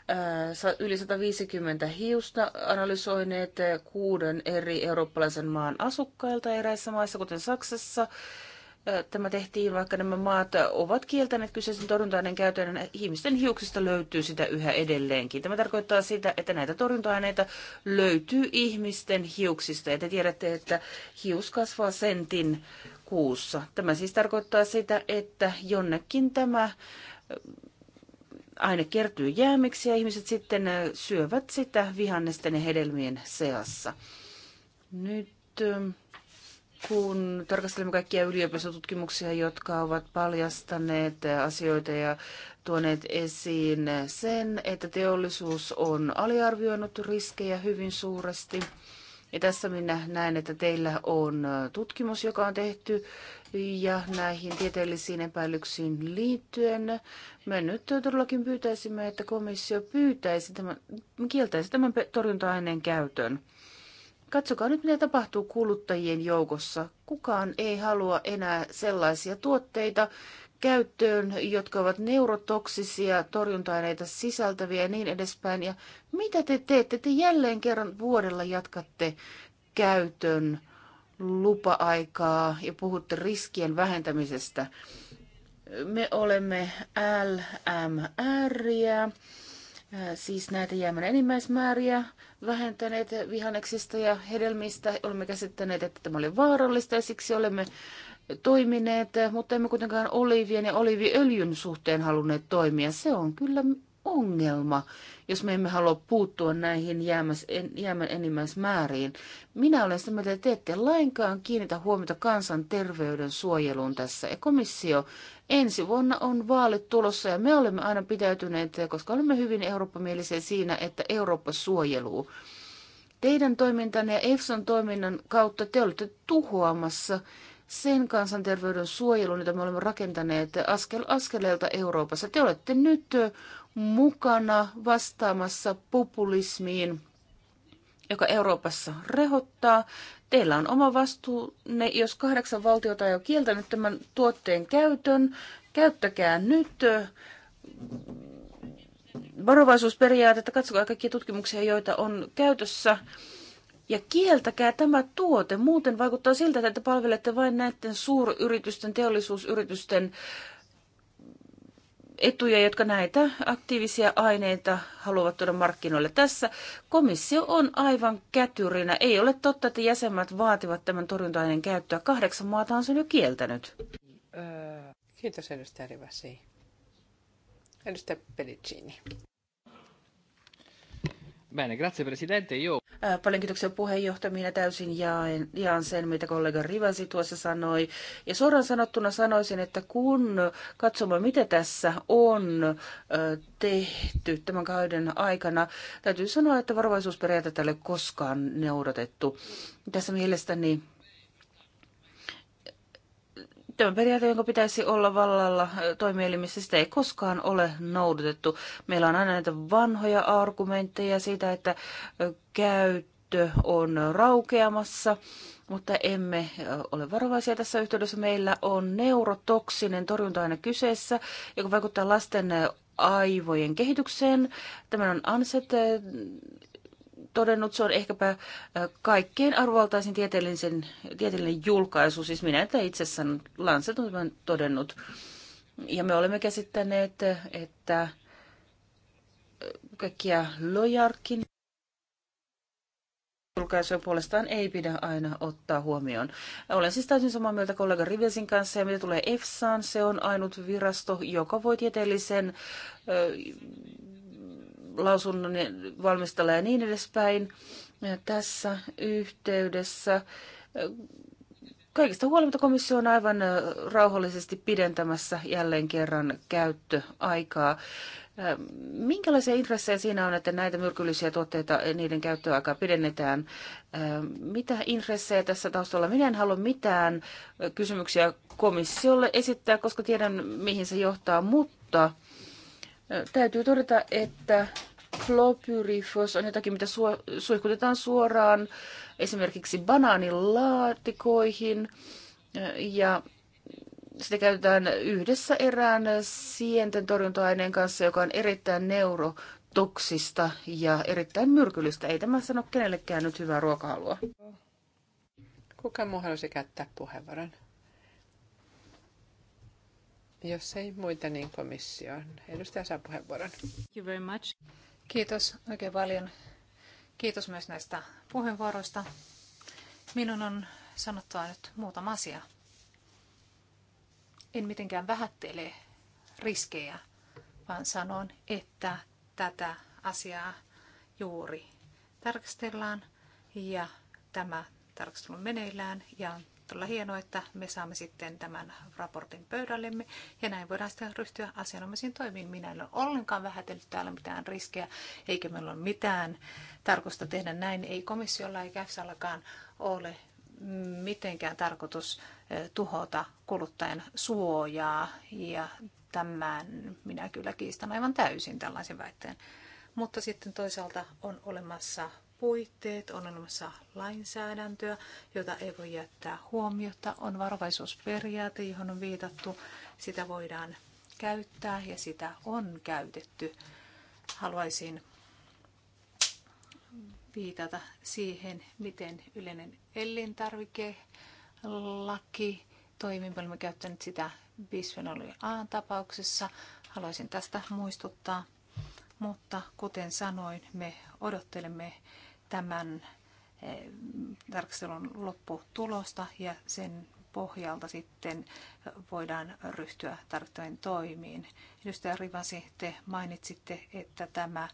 äh, yli 150 hiusta analysoineet äh, kuuden eri eurooppalaisen maan asukkailta eräissä maissa, kuten Saksassa. Äh, tämä tehtiin, vaikka nämä maat ovat kieltäneet kyseisen torjunta-aineen käytön, ihmisten hiuksista löytyy sitä yhä edelleenkin. Tämä tarkoittaa sitä, että näitä torjunta-aineita löytyy ihmisten hiuksista. Ja te tiedätte, että hius kasvaa sentin kuussa. Tämä siis tarkoittaa sitä, että jonnekin tämä aine kertyy jäämiksi ja ihmiset sitten syövät sitä vihannesten ja hedelmien seassa. Nyt kun tarkastelemme kaikkia yliopistotutkimuksia, jotka ovat paljastaneet asioita ja tuoneet esiin sen, että teollisuus on aliarvioinut riskejä hyvin suuresti – ja tässä minä näen, että teillä on tutkimus, joka on tehty ja näihin tieteellisiin epäilyksiin liittyen. Me nyt todellakin pyytäisimme, että komissio pyytäisi tämän, kieltäisi tämän torjunta-aineen käytön. Katsokaa nyt, mitä tapahtuu kuluttajien joukossa. Kukaan ei halua enää sellaisia tuotteita, käyttöön, jotka ovat neurotoksisia, torjunta-aineita sisältäviä ja niin edespäin. Ja mitä te teette? Te jälleen kerran vuodella jatkatte käytön lupa-aikaa ja puhutte riskien vähentämisestä. Me olemme LMR, siis näitä jäämän enimmäismääriä vähentäneet vihanneksista ja hedelmistä. Olemme käsittäneet, että tämä oli vaarallista ja siksi olemme toimineet, mutta emme kuitenkaan olivien ja oliiviöljyn suhteen halunneet toimia. Se on kyllä ongelma, jos me emme halua puuttua näihin jäämän enimmäismääriin. Minä olen sitä mieltä, että te ette lainkaan kiinnitä huomiota kansan terveyden suojeluun tässä. Ja komissio, ensi vuonna on vaalit tulossa ja me olemme aina pitäytyneet, koska olemme hyvin eurooppamielisiä siinä, että Eurooppa suojeluu. Teidän toimintanne ja EFSAn toiminnan kautta te olette tuhoamassa sen kansanterveyden suojelun, jota me olemme rakentaneet askel askeleelta Euroopassa. Te olette nyt mukana vastaamassa populismiin, joka Euroopassa rehottaa. Teillä on oma ne, jos kahdeksan valtiota ei ole kieltänyt tämän tuotteen käytön. Käyttäkää nyt varovaisuusperiaatetta, katsokaa kaikkia tutkimuksia, joita on käytössä ja kieltäkää tämä tuote, muuten vaikuttaa siltä, että palvelette vain näiden suuryritysten, teollisuusyritysten etuja, jotka näitä aktiivisia aineita haluavat tuoda markkinoille. Tässä komissio on aivan kätyrinä. Ei ole totta, että jäsenmaat vaativat tämän torjunta-aineen käyttöä. Kahdeksan maata on sen jo kieltänyt. Kiitos edustaja Rivasi. Edustaja Pedicini. Bene, grazie presidente. Io... Äh, paljon kiitoksia puheenjohtaja. Minä täysin jaan, jaan sen, mitä kollega Rivasi tuossa sanoi. Ja suoraan sanottuna sanoisin, että kun katsomme, mitä tässä on äh, tehty tämän kauden aikana, täytyy sanoa, että varovaisuusperiaate tälle ole koskaan neudotettu. Tässä mielestäni Tämä periaate, jonka pitäisi olla vallalla toimielimissä, sitä ei koskaan ole noudatettu. Meillä on aina näitä vanhoja argumentteja siitä, että käyttö on raukeamassa, mutta emme ole varovaisia tässä yhteydessä. Meillä on neurotoksinen torjunta aina kyseessä, joka vaikuttaa lasten aivojen kehitykseen. Tämä on anset todennut, se on ehkäpä kaikkein arvovaltaisin tieteellisen, tieteellinen julkaisu, siis minä tätä itse asiassa Lancet on todennut. Ja me olemme käsittäneet, että kaikkia Lojarkin julkaisuja puolestaan ei pidä aina ottaa huomioon. Olen siis täysin samaa mieltä kollega Rivesin kanssa ja mitä tulee EFSAan, se on ainut virasto, joka voi tieteellisen lausunnon valmistella ja niin edespäin. Ja tässä yhteydessä kaikista huolimatta komissio on aivan rauhallisesti pidentämässä jälleen kerran käyttöaikaa. Minkälaisia intressejä siinä on, että näitä myrkyllisiä tuotteita, niiden käyttöaikaa pidennetään? Mitä intressejä tässä taustalla? Minä en halua mitään kysymyksiä komissiolle esittää, koska tiedän, mihin se johtaa, mutta Täytyy todeta, että klopyrifos on jotakin, mitä suihkutetaan suoraan esimerkiksi banaanilaatikoihin eh, ja sitä käytetään yhdessä erään sienten torjunta-aineen kanssa, joka on erittäin neurotoksista ja erittäin myrkyllistä. Ei tämä sano kenellekään nyt hyvää ruokahalua. Kuka muu halusi käyttää puheenvuoron? Jos ei muita, niin komission. Edustaja saa puheenvuoron. Thank you very much. Kiitos oikein paljon. Kiitos myös näistä puheenvuoroista. Minun on sanottava nyt muutama asia. En mitenkään vähättele riskejä, vaan sanon, että tätä asiaa juuri tarkastellaan ja tämä tarkastelu meneillään ja todella hienoa, että me saamme sitten tämän raportin pöydällemme ja näin voidaan sitten ryhtyä asianomaisiin toimiin. Minä en ole ollenkaan vähätellyt täällä mitään riskejä, eikä meillä ole mitään tarkoista tehdä näin. Ei komissiolla eikä EFSAllakaan ole mitenkään tarkoitus eh, tuhota kuluttajan suojaa ja tämän minä kyllä kiistän aivan täysin tällaisen väitteen. Mutta sitten toisaalta on olemassa puitteet, on olemassa lainsäädäntöä, jota ei voi jättää huomiota, on varovaisuusperiaate, johon on viitattu, sitä voidaan käyttää ja sitä on käytetty. Haluaisin viitata siihen, miten yleinen elintarvikelaki toimii. Me olemme käyttäneet sitä bisfenoli A-tapauksessa. Haluaisin tästä muistuttaa. Mutta kuten sanoin, me odottelemme tämän eh, tarkastelun lopputulosta ja sen pohjalta sitten voidaan ryhtyä tarvittaviin toimiin. Edustaja Rivasi, te mainitsitte, että tämä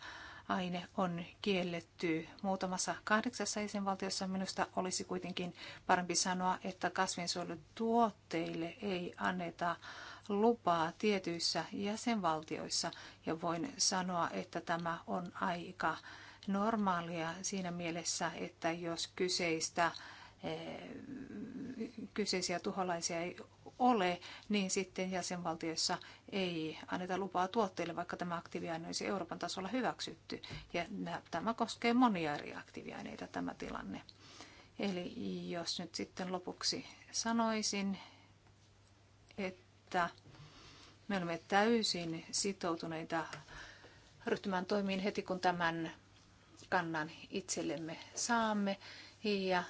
aine on kielletty muutamassa kahdeksassa jäsenvaltiossa. Minusta olisi kuitenkin parempi sanoa, että kasvinsuojelutuotteille ei anneta lupaa tietyissä jäsenvaltioissa. Ja voin sanoa, että tämä on aika normaalia siinä mielessä, että jos kyseistä, eh, kyseisiä tuholaisia ei ole, niin sitten jäsenvaltioissa ei anneta lupaa tuotteille, vaikka tämä aktiiviaine olisi Euroopan tasolla hyväksytty. Ja tämä koskee monia eri aktiiviaineita tämä tilanne. Eli jos nyt sitten lopuksi sanoisin, että me olemme täysin sitoutuneita ryhtymään toimiin heti, kun tämän kannan itsellemme saamme ja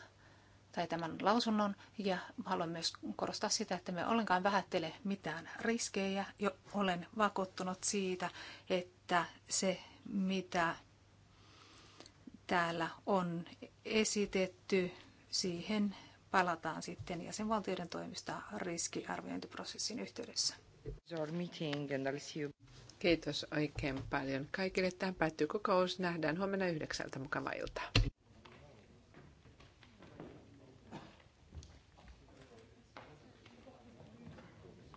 tai tämän lausunnon ja haluan myös korostaa sitä, että me ollenkaan vähättele mitään riskejä Jo olen vakuuttunut siitä, että se mitä täällä on esitetty, siihen palataan sitten jäsenvaltioiden toimista riskiarviointiprosessin yhteydessä. Kiitos oikein paljon kaikille. Tähän päättyy kokous. Nähdään huomenna yhdeksältä mukavaa iltaa.